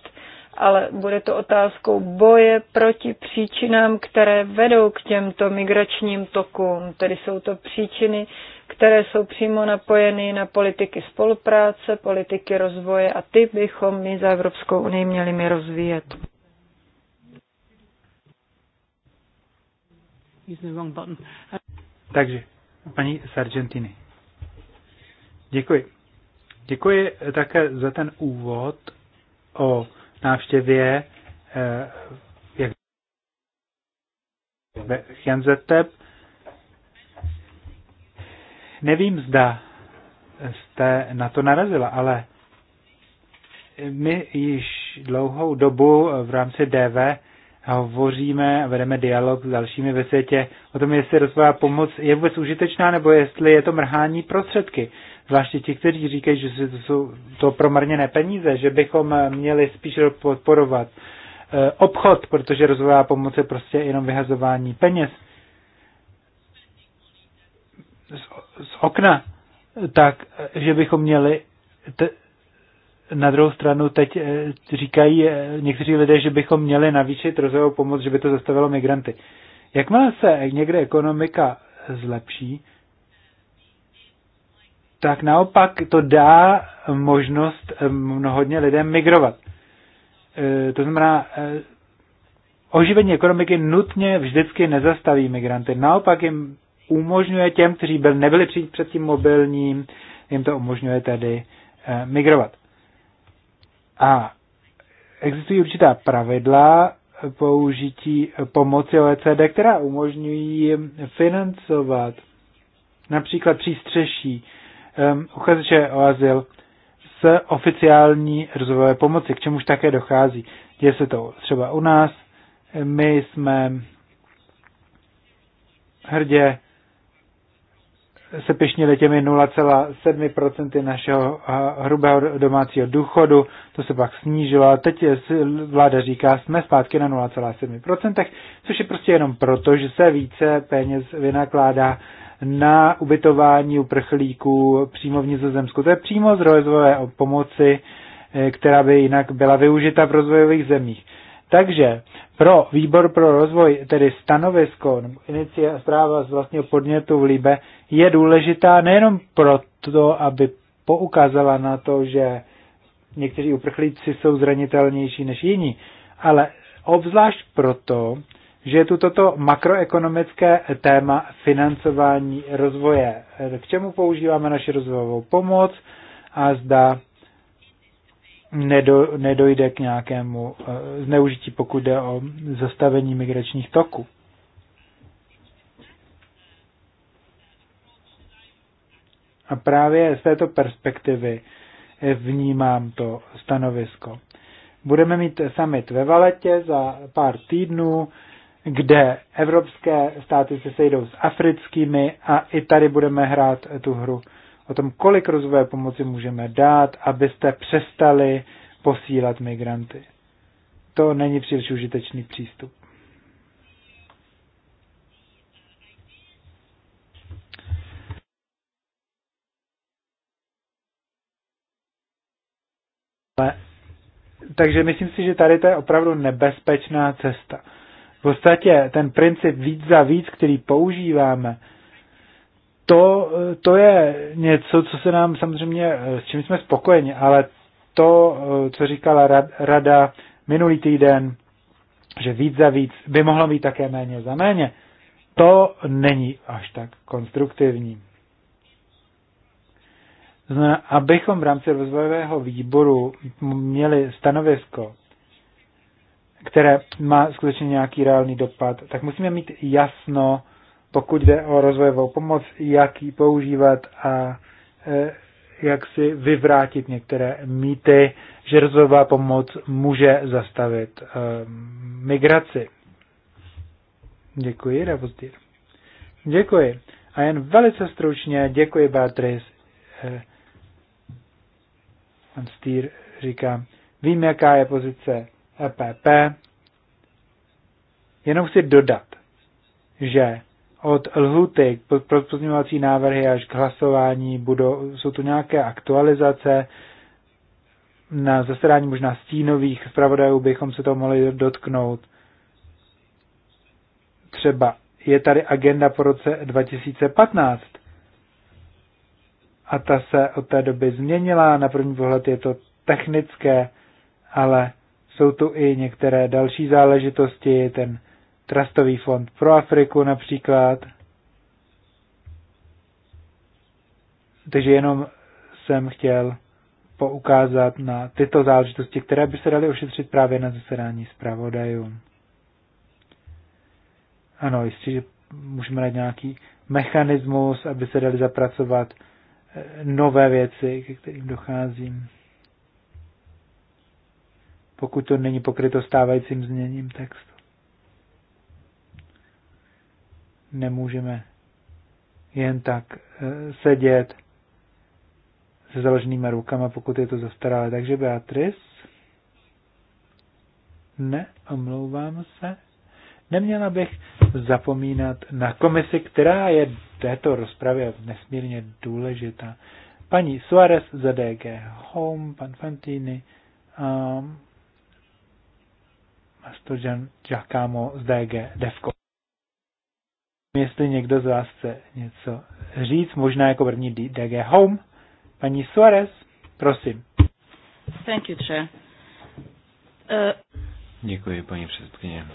ale bude to otázkou boje proti příčinám, které vedou k těmto migračním tokům. Tedy jsou to příčiny, které jsou přímo napojeny na politiky spolupráce, politiky rozvoje a ty bychom my za Evropskou unii měli mi rozvíjet. the wrong button. Takže, paní Sargentini. Děkuji. Děkuji také za ten úvod o návštěvě eh, jak Janzetep. Nevím, zda jste na to narazila, ale my již dlouhou dobu v rámci DV hovoříme a vedeme dialog s dalšími ve světě o tom, jestli rozvojová pomoc je vůbec užitečná, nebo jestli je to mrhání prostředky. Zvláště ti, kteří říkají, že to jsou to promarněné peníze, že bychom měli spíš podporovat eh, obchod, protože rozvojová pomoc je prostě jenom vyhazování peněz z, okna, tak, že bychom měli na druhou stranu teď eh, říkají eh, někteří lidé, že bychom měli navýšit rozvojovou pomoc, že by to zastavilo migranty. Jakmile se někde ekonomika zlepší, tak naopak to dá možnost eh, mnohodně lidem migrovat. To znamená, oživení ekonomiky nutně vždycky nezastaví migranty. Naopak jim umožňuje těm, kteří byl, nebyli předtím mobilním, jim to umožňuje tedy migrovat. A existují určitá pravidla použití pomoci OECD, která umožňují financovat například přístřeší um, uchazeče o azyl s oficiální rozvojové pomoci, k čemuž také dochází. Děje se to třeba u nás. My jsme hrdě se pišnili těmi 0,7% našeho eh, hrubého domácího důchodu, to se pak snížilo a teď eh, vláda říká, jsme zpátky na 0,7%, což je prostě jenom proto, že se více peněz vynakládá na ubytování uprchlíků přímo v Nizozemsku. To je přímo z rozvojové pomoci, eh, která by jinak byla využita v rozvojových zemích. Takže pro výbor pro rozvoj, tedy stanovisko, inicia, zpráva z vlastního podnětu v Líbe, je důležitá nejenom proto, aby poukázala na to, že někteří uprchlíci jsou zranitelnější než jiní, ale obzvlášť proto, že je tu toto makroekonomické téma financování rozvoje. K čemu používáme naši rozvojovou pomoc a zda nedo, nedojde k nějakému eh, zneužití, pokud jde o zastavení migračních toků. A právě z této perspektivy eh, vnímám to stanovisko. Budeme mít summit ve Valetě za pár týdnů, kde evropské státy se sejdou s africkými a i tady budeme hrát tu hru o tom, kolik rozvojové pomoci můžeme dát, abyste přestali posílat migranty. To není příliš užitečný přístup. Ale, takže myslím si, že tady to je opravdu nebezpečná cesta. V podstatě ten princip víc za víc, který používáme, to, to je něco, co se nám samozřejmě, s čím jsme spokojeni, ale to, co říkala rada minulý týden, že víc za víc by mohlo být také méně za méně, to není až tak konstruktivní. Znamená, abychom v rámci rozvojového výboru měli stanovisko, které má skutečně nějaký reálný dopad, tak musíme mít jasno pokud jde o rozvojovou pomoc, jak ji používat a e, jak si vyvrátit některé mýty, že rozvojová pomoc může zastavit e, migraci. Děkuji, Ravozdír. Děkuji. A jen velice stručně, děkuji, Beatrice. E, pan Stýr říká, vím, jaká je pozice EPP, jenom chci dodat, že od lhuty pro pozměňovací návrhy až k hlasování budou, jsou tu nějaké aktualizace. Na zasedání možná stínových zpravodajů bychom se toho mohli dotknout. Třeba je tady agenda po roce 2015 a ta se od té doby změnila. Na první pohled je to technické, ale jsou tu i některé další záležitosti, ten Trastový fond pro Afriku například. Takže jenom jsem chtěl poukázat na tyto záležitosti, které by se daly ošetřit právě na zasedání zpravodajů. Ano, jistě, že můžeme najít nějaký mechanismus, aby se daly zapracovat eh, nové věci, ke kterým docházím. Pokud to není pokryto stávajícím změním textu. Nemůžeme jen tak eh, sedět se založenýma rukama, pokud je to zastaralé. Takže Beatrice? Ne, omlouvám se. Neměla bych zapomínat na komisi, která je v této rozpravě nesmírně důležitá. Paní Suarez za DG Home, pan Fantini, um, Mastor Giacamo z DG Defco jestli někdo z vás chce něco říct, možná jako první DG Home. Paní Suarez, prosím. Thank you, chair. Uh... Děkuji, paní předsedkyně.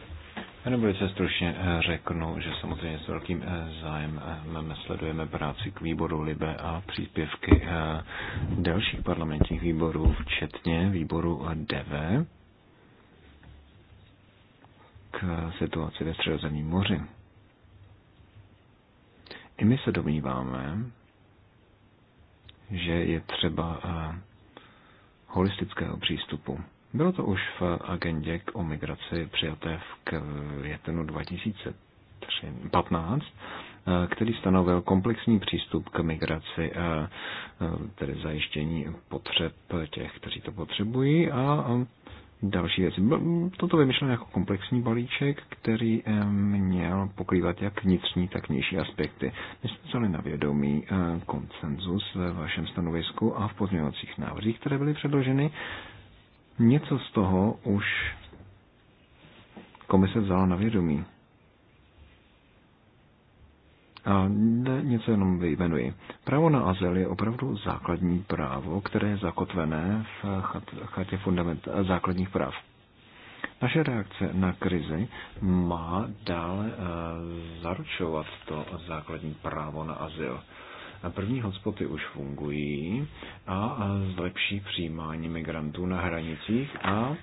nebudu se stručně eh, řeknu, že samozřejmě s velkým eh, zájmem eh, sledujeme práci k výboru Libe a příspěvky dalších parlamentních výborů, včetně výboru DV k situaci ve středozemním moři. I my se domníváme, že je třeba eh, holistického přístupu. Bylo to už v agendě k o migraci přijaté v květnu 2015, eh, který stanovil komplexní přístup k migraci, eh, tedy zajištění potřeb těch, kteří to potřebují a další věci. Toto vymyšleno jako komplexní balíček, který měl pokrývat jak vnitřní, tak vnější aspekty. My jsme vzali na vědomí eh, konsenzus ve vašem stanovisku a v pozměňovacích návrzích, které byly předloženy. Něco z toho už komise vzala na vědomí. A něco jenom vyjmenuji. Právo na azyl je opravdu základní právo, které je zakotvené v chatě fundament, eh, základních práv. Naše reakce na krizi má dále eh, zaručovat to základní právo na azyl. První hotspoty už fungují a zlepší přijímání migrantů na hranicích a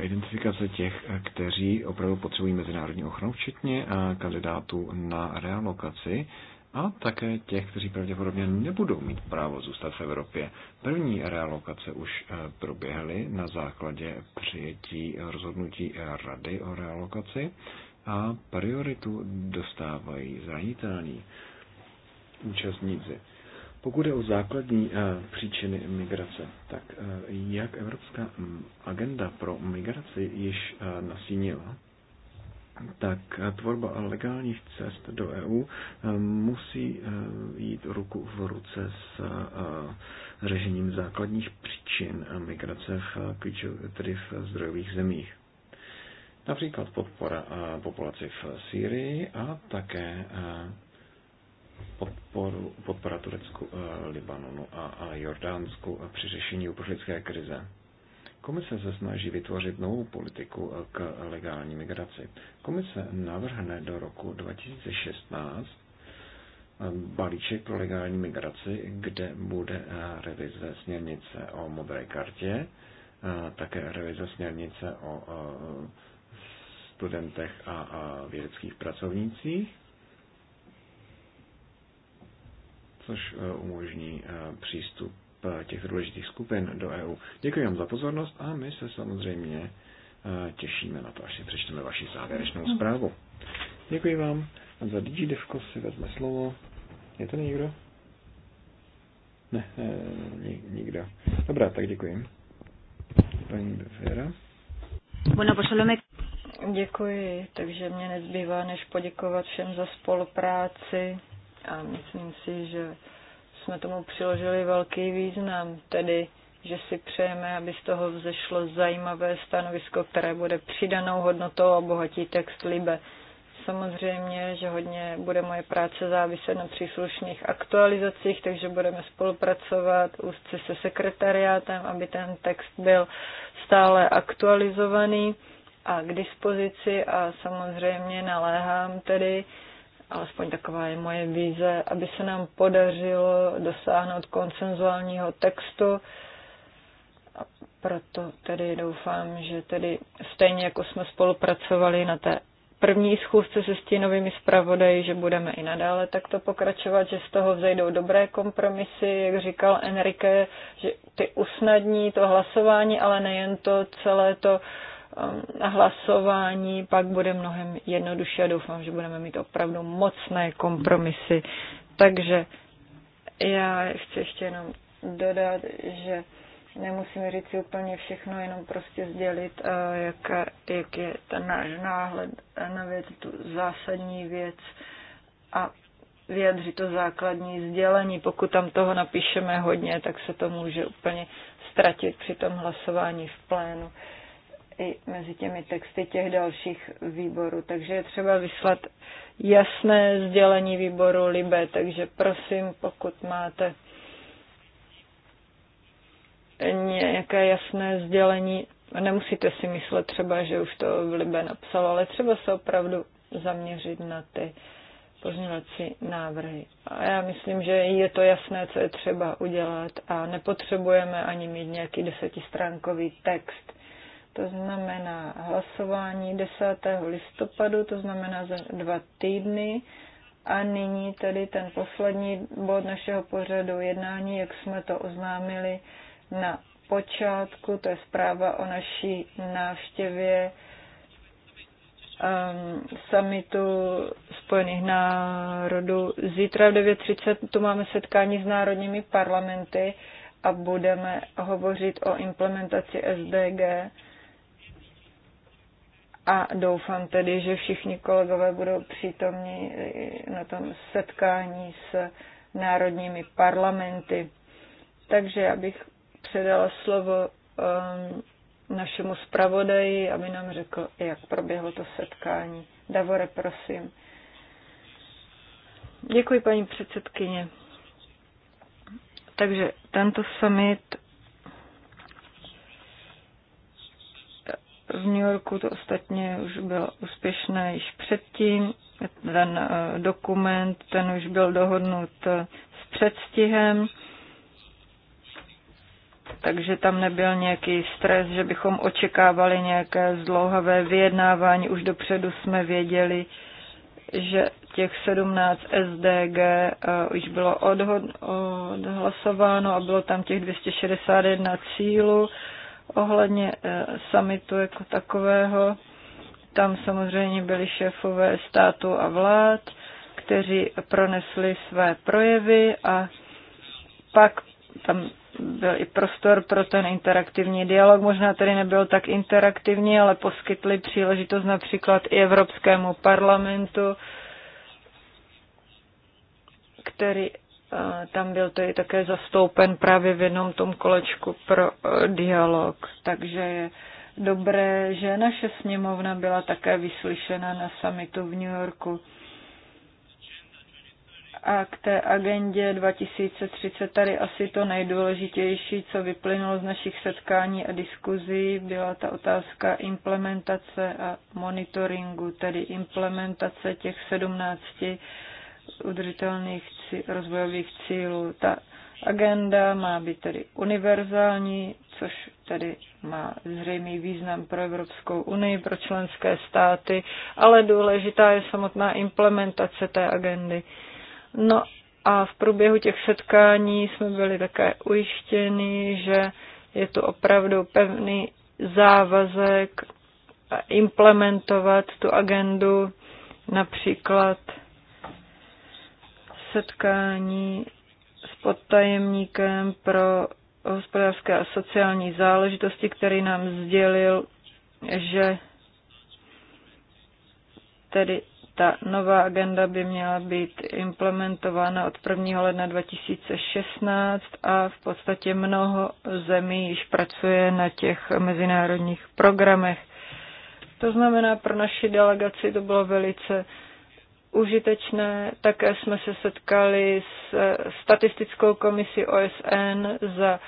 identifikace těch, eh, kteří opravdu potřebují mezinárodní ochranu, včetně eh, kandidátů na realokaci a také těch, kteří pravděpodobně nebudou mít právo zůstat v Evropě. První realokace už eh, proběhly na základě přijetí rozhodnutí Rady o realokaci a prioritu dostávají zranitelní účastníci. Pokud je o základní eh, příčiny migrace, tak eh, jak Evropská mm, agenda pro migraci již eh, nasínila, tak tvorba legálních cest do EU musí jít ruku v ruce s řešením základních příčin migrace v, tedy v zdrojových zemích. Například podpora populaci v Sýrii a také podporu, podpora Turecku, eh, Libanonu a, a Jordánsku eh, při řešení uprchlické krize. Komise se snaží vytvořit novou politiku eh, k legální migraci. Komise navrhne do roku 2016 balíček pro legální migraci, kde bude revize směrnice o modré kartě, také revize směrnice o studentech a vědeckých pracovnících což eh, umožní eh, přístup eh, těch důležitých skupin do EU. Děkuji vám za pozornost a my se samozřejmě těšíme na to, až si přečteme vaši závěrečnou mhm. zprávu. Děkuji vám. A za DG Devko si vezme slovo. Je to někdo? Ne, ne nikdo. Dobrá, tak děkuji. Paní Befera. Bueno, Děkuji, takže mě nezbývá, než poděkovat všem za spolupráci a myslím si, že jsme tomu přiložili velký význam, tedy že si přejeme, aby z toho vzešlo zajímavé stanovisko, které bude přidanou hodnotou a bohatí text Libe. Samozřejmě, že hodně bude moje práce záviset na příslušných aktualizacích, takže budeme spolupracovat úzce se sekretariátem, aby ten text byl stále aktualizovaný a k dispozici a samozřejmě naléhám tedy alespoň taková je moje vize, aby se nám podařilo dosáhnout koncenzuálního textu. A proto tedy doufám, že tedy stejně jako jsme spolupracovali na té první schůzce se stínovými zpravodaji, že budeme i nadále takto pokračovat, že z toho vzejdou dobré kompromisy, jak říkal Enrique, že ty usnadní to hlasování, ale nejen to, celé to uh, na hlasování pak bude mnohem jednodušší a doufám, že budeme mít opravdu mocné kompromisy. Takže já chci ještě jenom dodat, že nemusíme říct si úplně všechno, jenom prostě sdělit, eh, jak, jak je ten náš náhled na věc, tu zásadní věc a vyjadřit to základní sdělení. Pokud tam toho napíšeme hodně, tak se to může úplně ztratit při tom hlasování v plénu i mezi těmi texty těch dalších výborů. Takže je třeba vyslat jasné sdělení výboru Libe. Takže prosím, pokud máte nějaké jasné sdělení, nemusíte si myslet třeba, že už to v Libe napsalo, ale třeba se opravdu zaměřit na ty pozměňovací návrhy. A já myslím, že je to jasné, co je třeba udělat a nepotřebujeme ani mít nějaký desetistránkový text to znamená hlasování 10. listopadu, to znamená za dva týdny. A nyní tedy ten poslední bod našeho pořadu jednání, jak jsme to oznámili na počátku, to je zpráva o naší návštěvě um, summitu Spojených národů. Zítra v 9.30 tu máme setkání s národními parlamenty a budeme hovořit o implementaci SDG a doufám tedy, že všichni kolegové budou přítomni na tom setkání s národními parlamenty. Takže já bych předala slovo um, našemu zpravodaji, aby nám řekl, jak proběhlo to setkání. Davore, prosím. Děkuji, paní předsedkyně. Takže tento summit v New Yorku to ostatně už bylo úspěšné již předtím. Ten eh, dokument, ten už byl dohodnut eh, s předstihem, takže tam nebyl nějaký stres, že bychom očekávali nějaké zdlouhavé vyjednávání. Už dopředu jsme věděli, že těch 17 SDG uh, už bylo odhod, odhlasováno a bylo tam těch 261 cílů Ohledně eh, samitu jako takového, tam samozřejmě byli šéfové státu a vlád, kteří pronesli své projevy a pak tam byl i prostor pro ten interaktivní dialog. Možná tady nebyl tak interaktivní, ale poskytli příležitost například i Evropskému parlamentu, který tam byl to i také zastoupen právě v jednom tom kolečku pro e, dialog. Takže je dobré, že naše sněmovna byla také vyslyšena na summitu v New Yorku. A k té agendě 2030 tady asi to nejdůležitější, co vyplynulo z našich setkání a diskuzí, byla ta otázka implementace a monitoringu, tedy implementace těch 17 udržitelných rozvojových cílů. Ta agenda má být tedy univerzální, což tedy má zřejmý význam pro Evropskou unii, pro členské státy, ale důležitá je samotná implementace té agendy. No a v průběhu těch setkání jsme byli také ujištěni, že je to opravdu pevný závazek implementovat tu agendu například setkání s podtajemníkem pro hospodářské a sociální záležitosti, který nám sdělil, že tedy ta nová agenda by měla být implementována od 1. ledna 2016 a v podstatě mnoho zemí již pracuje na těch mezinárodních programech. To znamená, pro naši delegaci to bylo velice užitečné. Také jsme se setkali s eh, statistickou komisí OSN za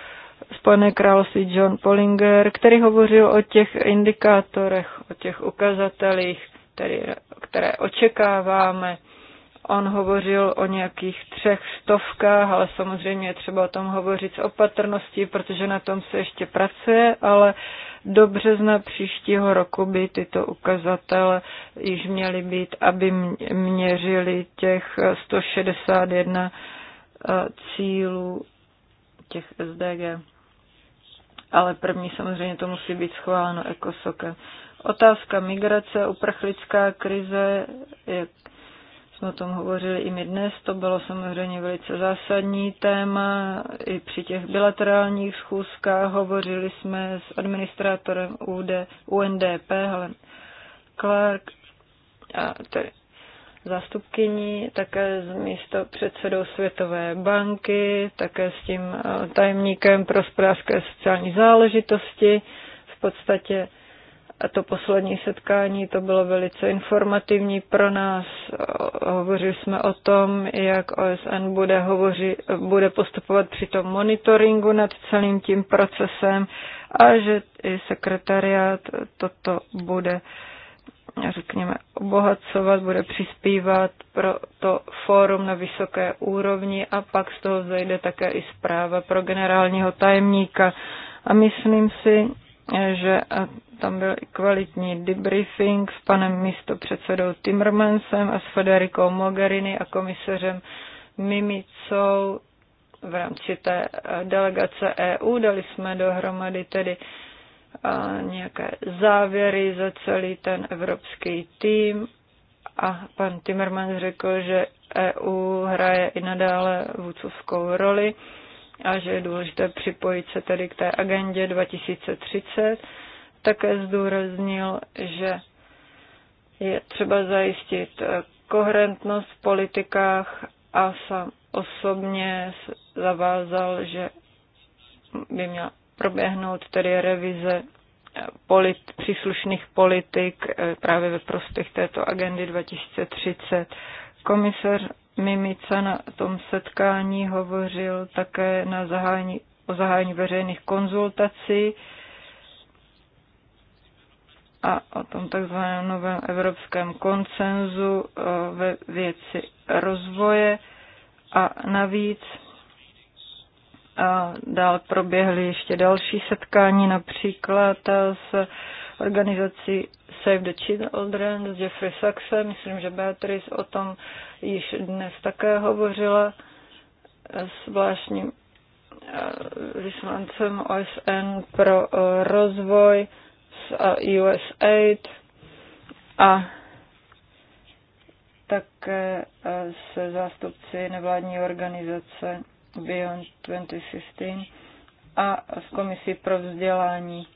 Spojené království John Pollinger, který hovořil o těch indikátorech, o těch ukazatelích, které, které očekáváme. On hovořil o nějakých třech stovkách, ale samozřejmě je třeba o tom hovořit s opatrností, protože na tom se ještě pracuje, ale do března příštího roku by tyto ukazatele již měly být, aby měřili těch 161 eh, cílů těch SDG. Ale první samozřejmě to musí být schváleno ekosokem. Otázka migrace, uprchlická krize, jak jsme o tom hovořili i my dnes, to bylo samozřejmě velice zásadní téma. I při těch bilaterálních schůzkách hovořili jsme s administrátorem UD, UNDP, Helen Clark, a tedy zástupkyní, také s místo předsedou Světové banky, také s tím eh, tajemníkem pro správské sociální záležitosti. V podstatě a to poslední setkání to bylo velice informativní pro nás. Hovořili jsme o tom, jak OSN bude, hovoři, bude postupovat při tom monitoringu nad celým tím procesem a že i sekretariát toto bude řekněme, obohacovat, bude přispívat pro to fórum na vysoké úrovni a pak z toho zajde také i zpráva pro generálního tajemníka. A myslím si, že tam byl i kvalitní debriefing s panem místopředsedou Timmermansem a s Federikou Mogherini a komisařem Mimicou v rámci té eh, delegace EU. Dali jsme dohromady tedy eh, nějaké závěry za celý ten evropský tým a pan Timmermans řekl, že EU hraje i nadále vůcovskou roli a že je důležité připojit se tedy k té agendě 2030 také zdůraznil, že je třeba zajistit eh, koherentnost v politikách a sám osobně zavázal, že by měla proběhnout tedy revize eh, polit, příslušných politik eh, právě ve prospěch této agendy 2030. Komisař Mimica na tom setkání hovořil také na zahájení, o zahájení veřejných konzultací a o tom takzvaném novém evropském koncenzu e, ve věci rozvoje a navíc a e, dál proběhly ještě další setkání, například s organizací Save the Children s Jeffrey Sachsem. Myslím, že Beatrice o tom již dnes také hovořila e, s vlastním vyslancem OSN pro rozvoj a USAID a také e, se zástupci nevládní organizace Beyond 2015 a s Komisí pro vzdělání.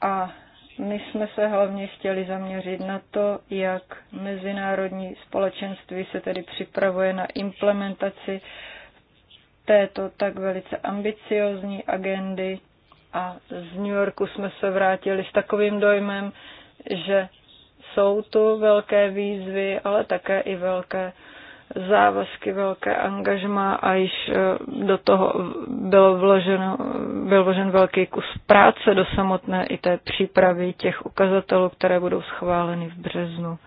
A my jsme se hlavně chtěli zaměřit na to, jak mezinárodní společenství se tedy připravuje na implementaci této tak velice ambiciozní agendy a z New Yorku jsme se vrátili s takovým dojmem, že jsou tu velké výzvy, ale také i velké závazky, velké angažma a již e, do toho bylo vloženo, byl vložen velký kus práce do samotné i té přípravy těch ukazatelů, které budou schváleny v březnu.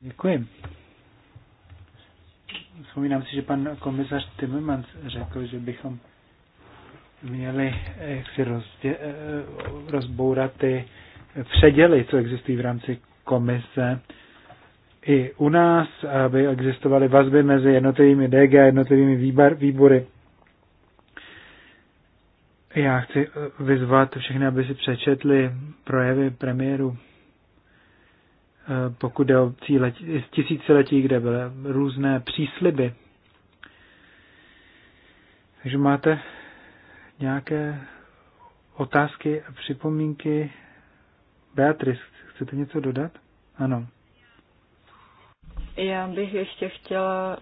Děkuji. Vzpomínám si, že pan komisař Timmermans řekl, že bychom měli eh, jaksi rozdě, eh, rozbourat ty předěly, co existují v rámci komise. I u nás, aby existovaly vazby mezi jednotlivými DG a jednotlivými výbar, výbory. Já chci eh, vyzvat všechny, aby si přečetli projevy premiéru, pokud jde o z tisíciletí, kde byly různé přísliby. Takže máte nějaké otázky a připomínky. Beatrice, chcete něco dodat? Ano. Já bych ještě chtěla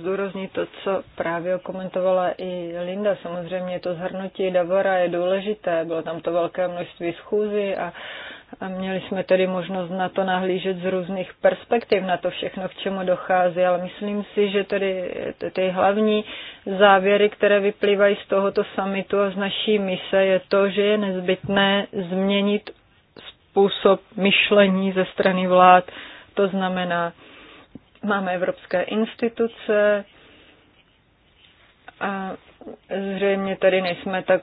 zdůraznit to, co právě komentovala i Linda. Samozřejmě to zhrnutí Davora je důležité, bylo tam to velké množství schůzí a uh, a měli jsme tedy možnost na to nahlížet z různých perspektiv, na to všechno, k čemu dochází, ale myslím si, že tedy ty hlavní závěry, které vyplývají z tohoto samitu a z naší mise, je to, že je nezbytné změnit způsob myšlení ze strany vlád. To znamená, máme evropské instituce, a Zřejmě tady nejsme tak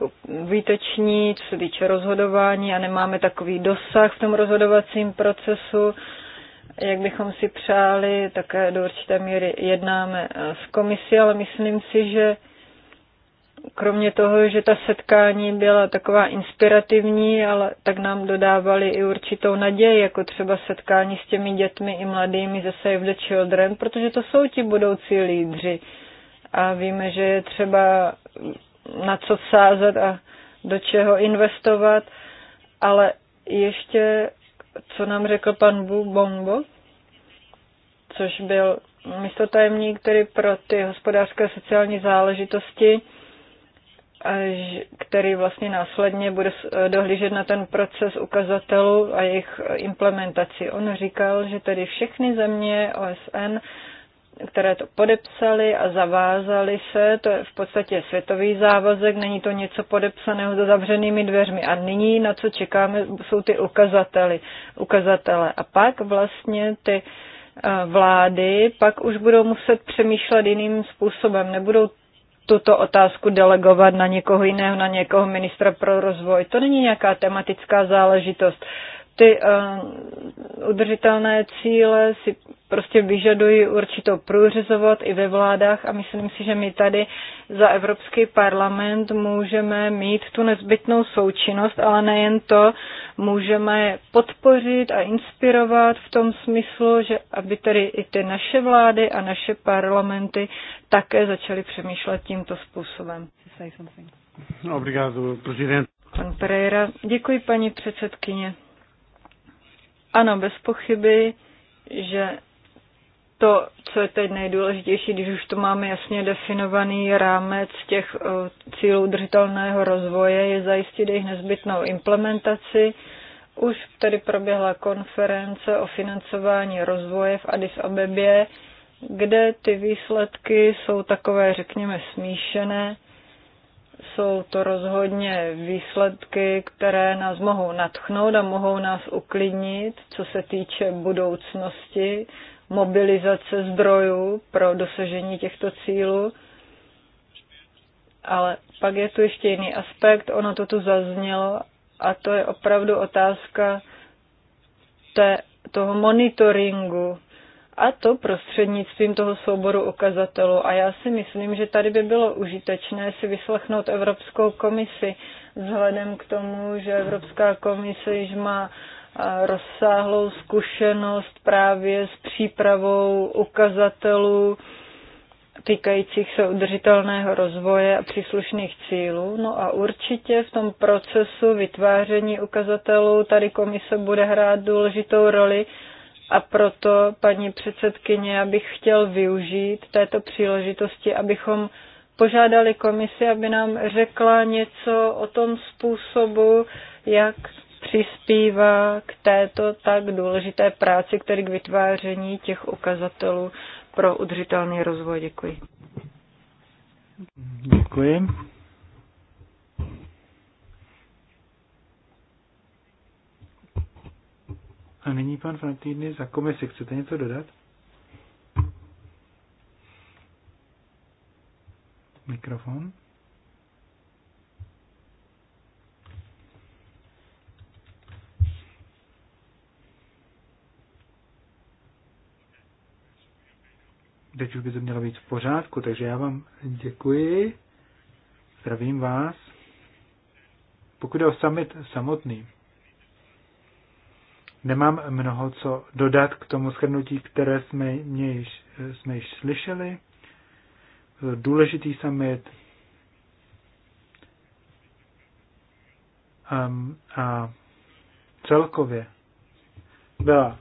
výteční, co se týče rozhodování a nemáme takový dosah v tom rozhodovacím procesu, jak bychom si přáli, také do určité míry jednáme eh, s komisí, ale myslím si, že kromě toho, že ta setkání byla taková inspirativní, ale tak nám dodávali i určitou naději, jako třeba setkání s těmi dětmi i mladými ze Save the Children, protože to jsou ti budoucí lídři a víme, že je třeba na co sázet a do čeho investovat, ale ještě, co nám řekl pan Bu Bombo, což byl místotajemník, který pro ty hospodářské a sociální záležitosti, který vlastně následně bude eh, dohlížet na ten proces ukazatelů a jejich implementaci. On říkal, že tedy všechny země OSN které to podepsali a zavázali se, to je v podstatě světový závazek, není to něco podepsaného za zavřenými dveřmi. A nyní na co čekáme, jsou ty ukazateli, ukazatele. A pak vlastně ty eh, vlády pak už budou muset přemýšlet jiným způsobem, nebudou tuto otázku delegovat na někoho jiného, na někoho ministra pro rozvoj. To není nějaká tematická záležitost ty uh, udržitelné cíle si prostě vyžadují určitou průřezovat i ve vládách a myslím si, že my tady za Evropský parlament můžeme mít tu nezbytnou součinnost, ale nejen to, můžeme podpořit a inspirovat v tom smyslu, že aby tedy i ty naše vlády a naše parlamenty také začaly přemýšlet tímto způsobem. Obrigado, Pan Pereira, děkuji paní předsedkyně. Ano, bez pochyby, že to, co je teď nejdůležitější, když už to máme jasně definovaný rámec těch eh, cílů udržitelného rozvoje, je zajistit jejich nezbytnou implementaci. Už tady proběhla konference o financování rozvoje v Addis Abebě, kde ty výsledky jsou takové, řekněme, smíšené. Jsou to rozhodně výsledky, které nás mohou natchnout a mohou nás uklidnit, co se týče budoucnosti, mobilizace zdrojů pro dosažení těchto cílů. Ale pak je tu ještě jiný aspekt, ono to tu zaznělo, a to je opravdu otázka té, toho monitoringu a to prostřednictvím toho souboru ukazatelů. A já si myslím, že tady by bylo užitečné si vyslechnout Evropskou komisi, vzhledem k tomu, že Evropská komise již má rozsáhlou zkušenost právě s přípravou ukazatelů týkajících se udržitelného rozvoje a příslušných cílů. No a určitě v tom procesu vytváření ukazatelů tady komise bude hrát důležitou roli a proto, paní předsedkyně, já bych chtěl využít této příležitosti, abychom požádali komisi, aby nám řekla něco o tom způsobu, jak přispívá k této tak důležité práci, který k vytváření těch ukazatelů pro udržitelný rozvoj. Děkuji. Děkuji. A nyní pan Frantýny za komisi. Chcete něco dodat? Mikrofon. teď už by to mělo být v pořádku, takže já vám děkuji, zdravím vás. Pokud je o summit samotný, Nemám mnoho co dodat k tomu shrnutí, které jsme, mě již, jsme již slyšeli. Důležitý summit. Um, a celkově byla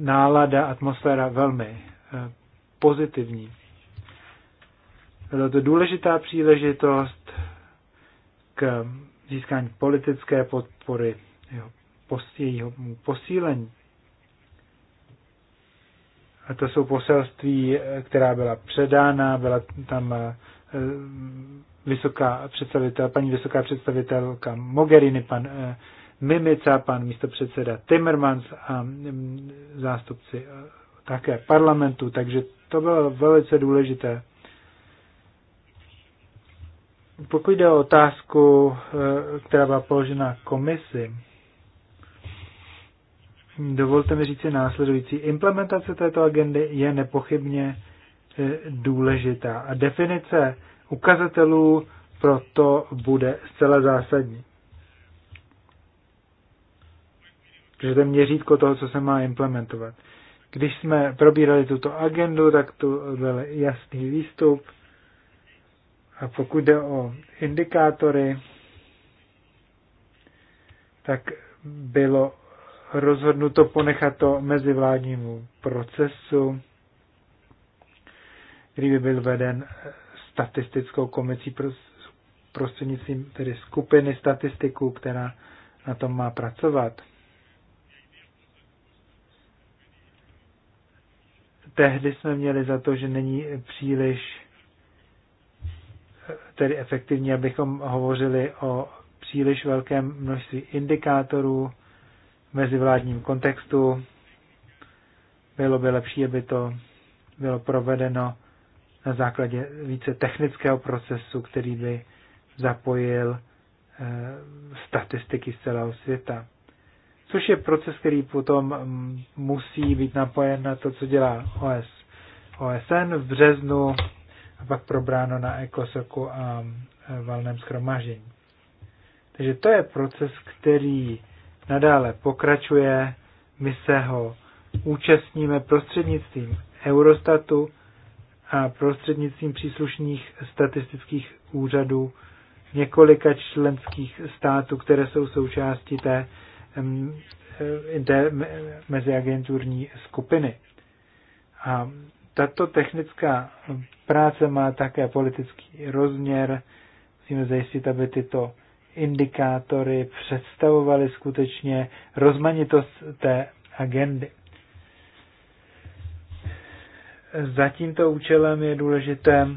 nálada, atmosféra velmi pozitivní. Byla to důležitá příležitost k získání politické podpory jejímu posílení. A to jsou poselství, která byla předána, byla tam eh, vysoká představitel, paní vysoká představitelka Mogherini, pan eh, Mimica, pan místopředseda Timmermans a mm, zástupci eh, také parlamentu, takže to bylo velice důležité. Pokud jde o otázku, která byla položena komisi, Dovolte mi říci následující. Implementace této agendy je nepochybně e, důležitá a definice ukazatelů proto bude zcela zásadní. Takže to je měřítko toho, co se má implementovat. Když jsme probírali tuto agendu, tak tu byl jasný výstup. A pokud jde o indikátory, tak bylo rozhodnuto ponechat to mezivládnímu procesu, který by byl veden statistickou komisí prostřednictvím tedy skupiny statistiků, která na tom má pracovat. Tehdy jsme měli za to, že není příliš tedy efektivní, abychom hovořili o příliš velkém množství indikátorů, mezivládním kontextu. Bylo by lepší, aby to bylo provedeno na základě více technického procesu, který by zapojil eh, statistiky z celého světa. Což je proces, který potom mm, musí být napojen na to, co dělá OS. OSN v březnu a pak probráno na ekosoku a eh, valném schromažení. Takže to je proces, který nadále pokračuje, my se ho účastníme prostřednictvím Eurostatu a prostřednictvím příslušných statistických úřadů několika členských států, které jsou součástí té, eh, té meziagenturní skupiny. A tato technická práce má také politický rozměr. Musíme zajistit, aby tyto indikátory představovaly skutečně rozmanitost té agendy. Za tímto účelem je důležité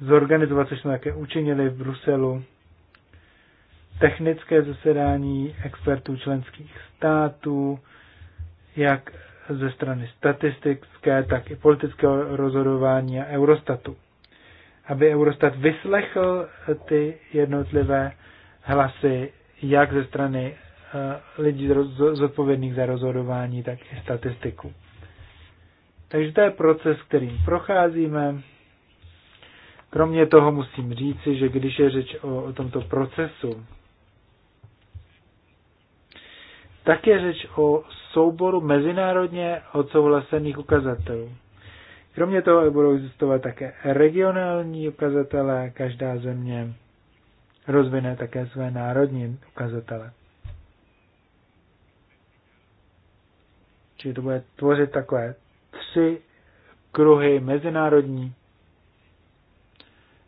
zorganizovat, což jsme také učinili v Bruselu, technické zasedání expertů členských států, jak ze strany statistické, tak i politického rozhodování a Eurostatu aby Eurostat vyslechl eh, ty jednotlivé hlasy, jak ze strany eh, lidí zodpovědných za rozhodování, tak i statistiku. Takže to je proces, kterým procházíme. Kromě toho musím říci, že když je řeč o, o tomto procesu, tak je řeč o souboru mezinárodně odsouhlasených ukazatelů. Kromě toho budou existovat také regionální ukazatele, každá země rozvine také své národní ukazatele. Čili to bude tvořit takové tři kruhy mezinárodní,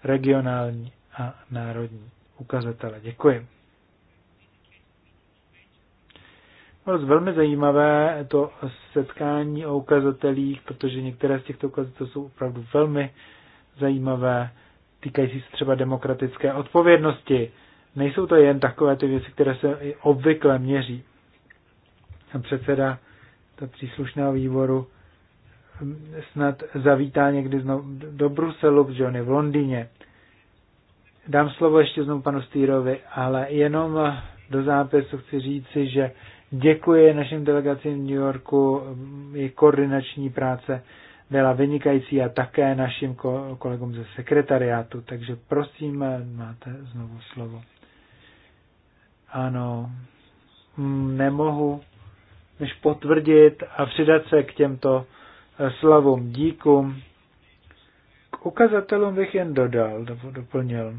regionální a národní ukazatele. Děkuji. Bylo velmi zajímavé to setkání o ukazatelích, protože některé z těchto ukazatelů jsou opravdu velmi zajímavé, týkající se třeba demokratické odpovědnosti. Nejsou to jen takové ty věci, které se obvykle měří. A předseda to příslušného výboru hm, snad zavítá někdy znovu do Bruselu, protože on je v Londýně. Dám slovo ještě znovu panu Stýrovi, ale jenom do zápisu chci říci, že Děkuji našim delegacím v New Yorku, i koordinační práce byla vynikající a také našim kolegům ze sekretariátu, takže prosím, máte znovu slovo. Ano, mm, nemohu než potvrdit a přidat se k těmto slovům díku. K ukazatelům bych jen dodal, doplnil,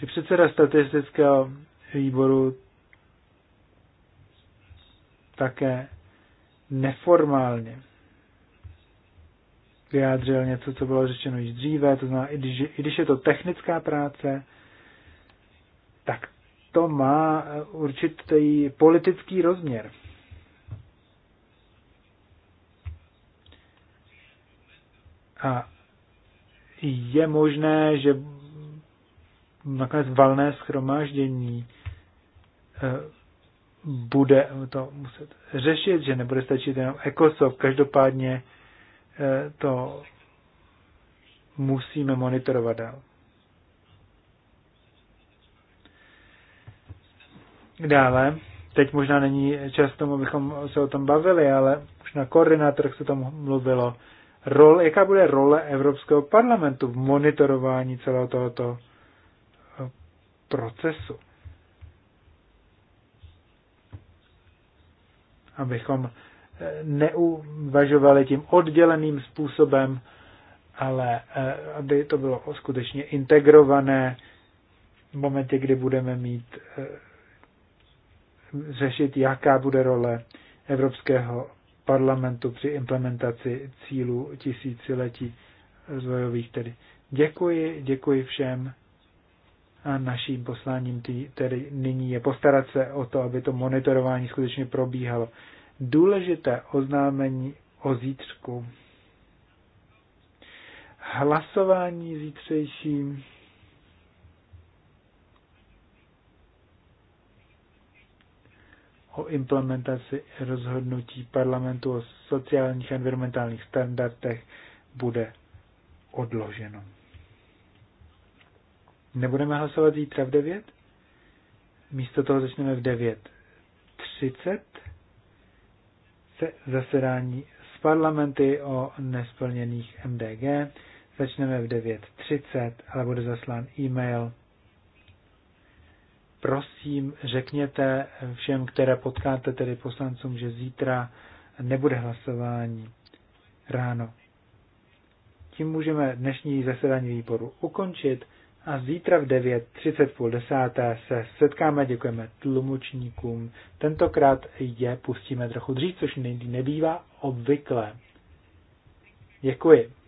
že předseda statistického výboru také neformálně vyjádřil něco, co bylo řečeno již dříve, to znamená, i když, i když je to technická práce, tak to má eh, určitý politický rozměr. A je možné, že nakonec valné schromáždění Eh, bude to muset řešit, že nebude stačit jenom ECOSOP. Každopádně eh, to musíme monitorovat dál. Dále, teď možná není čas tomu, abychom se o tom bavili, ale už na koordinátorech se tam mluvilo, rol, jaká bude role Evropského parlamentu v monitorování celého tohoto eh, procesu. abychom eh, neuvažovali tím odděleným způsobem, ale eh, aby to bylo skutečně integrované v momentě, kdy budeme mít eh, řešit, jaká bude role Evropského parlamentu při implementaci cílů tisíciletí rozvojových tedy. Děkuji, děkuji všem a naším posláním tý, tedy nyní je postarat se o to, aby to monitorování skutečně probíhalo. Důležité oznámení o zítřku. Hlasování zítřejším. o implementaci rozhodnutí parlamentu o sociálních a environmentálních standardech bude odloženo. Nebudeme hlasovat zítra v 9? Místo toho začneme v 9.30 se zasedání z parlamenty o nesplněných MDG. Začneme v 9.30, ale bude zaslán e-mail. Prosím, řekněte všem, které potkáte, tedy poslancům, že zítra nebude hlasování ráno. Tím můžeme dnešní zasedání výboru ukončit a zítra v 9.30 půl desáté se setkáme, děkujeme tlumočníkům. Tentokrát je pustíme trochu dřív, což nebývá obvykle. Děkuji.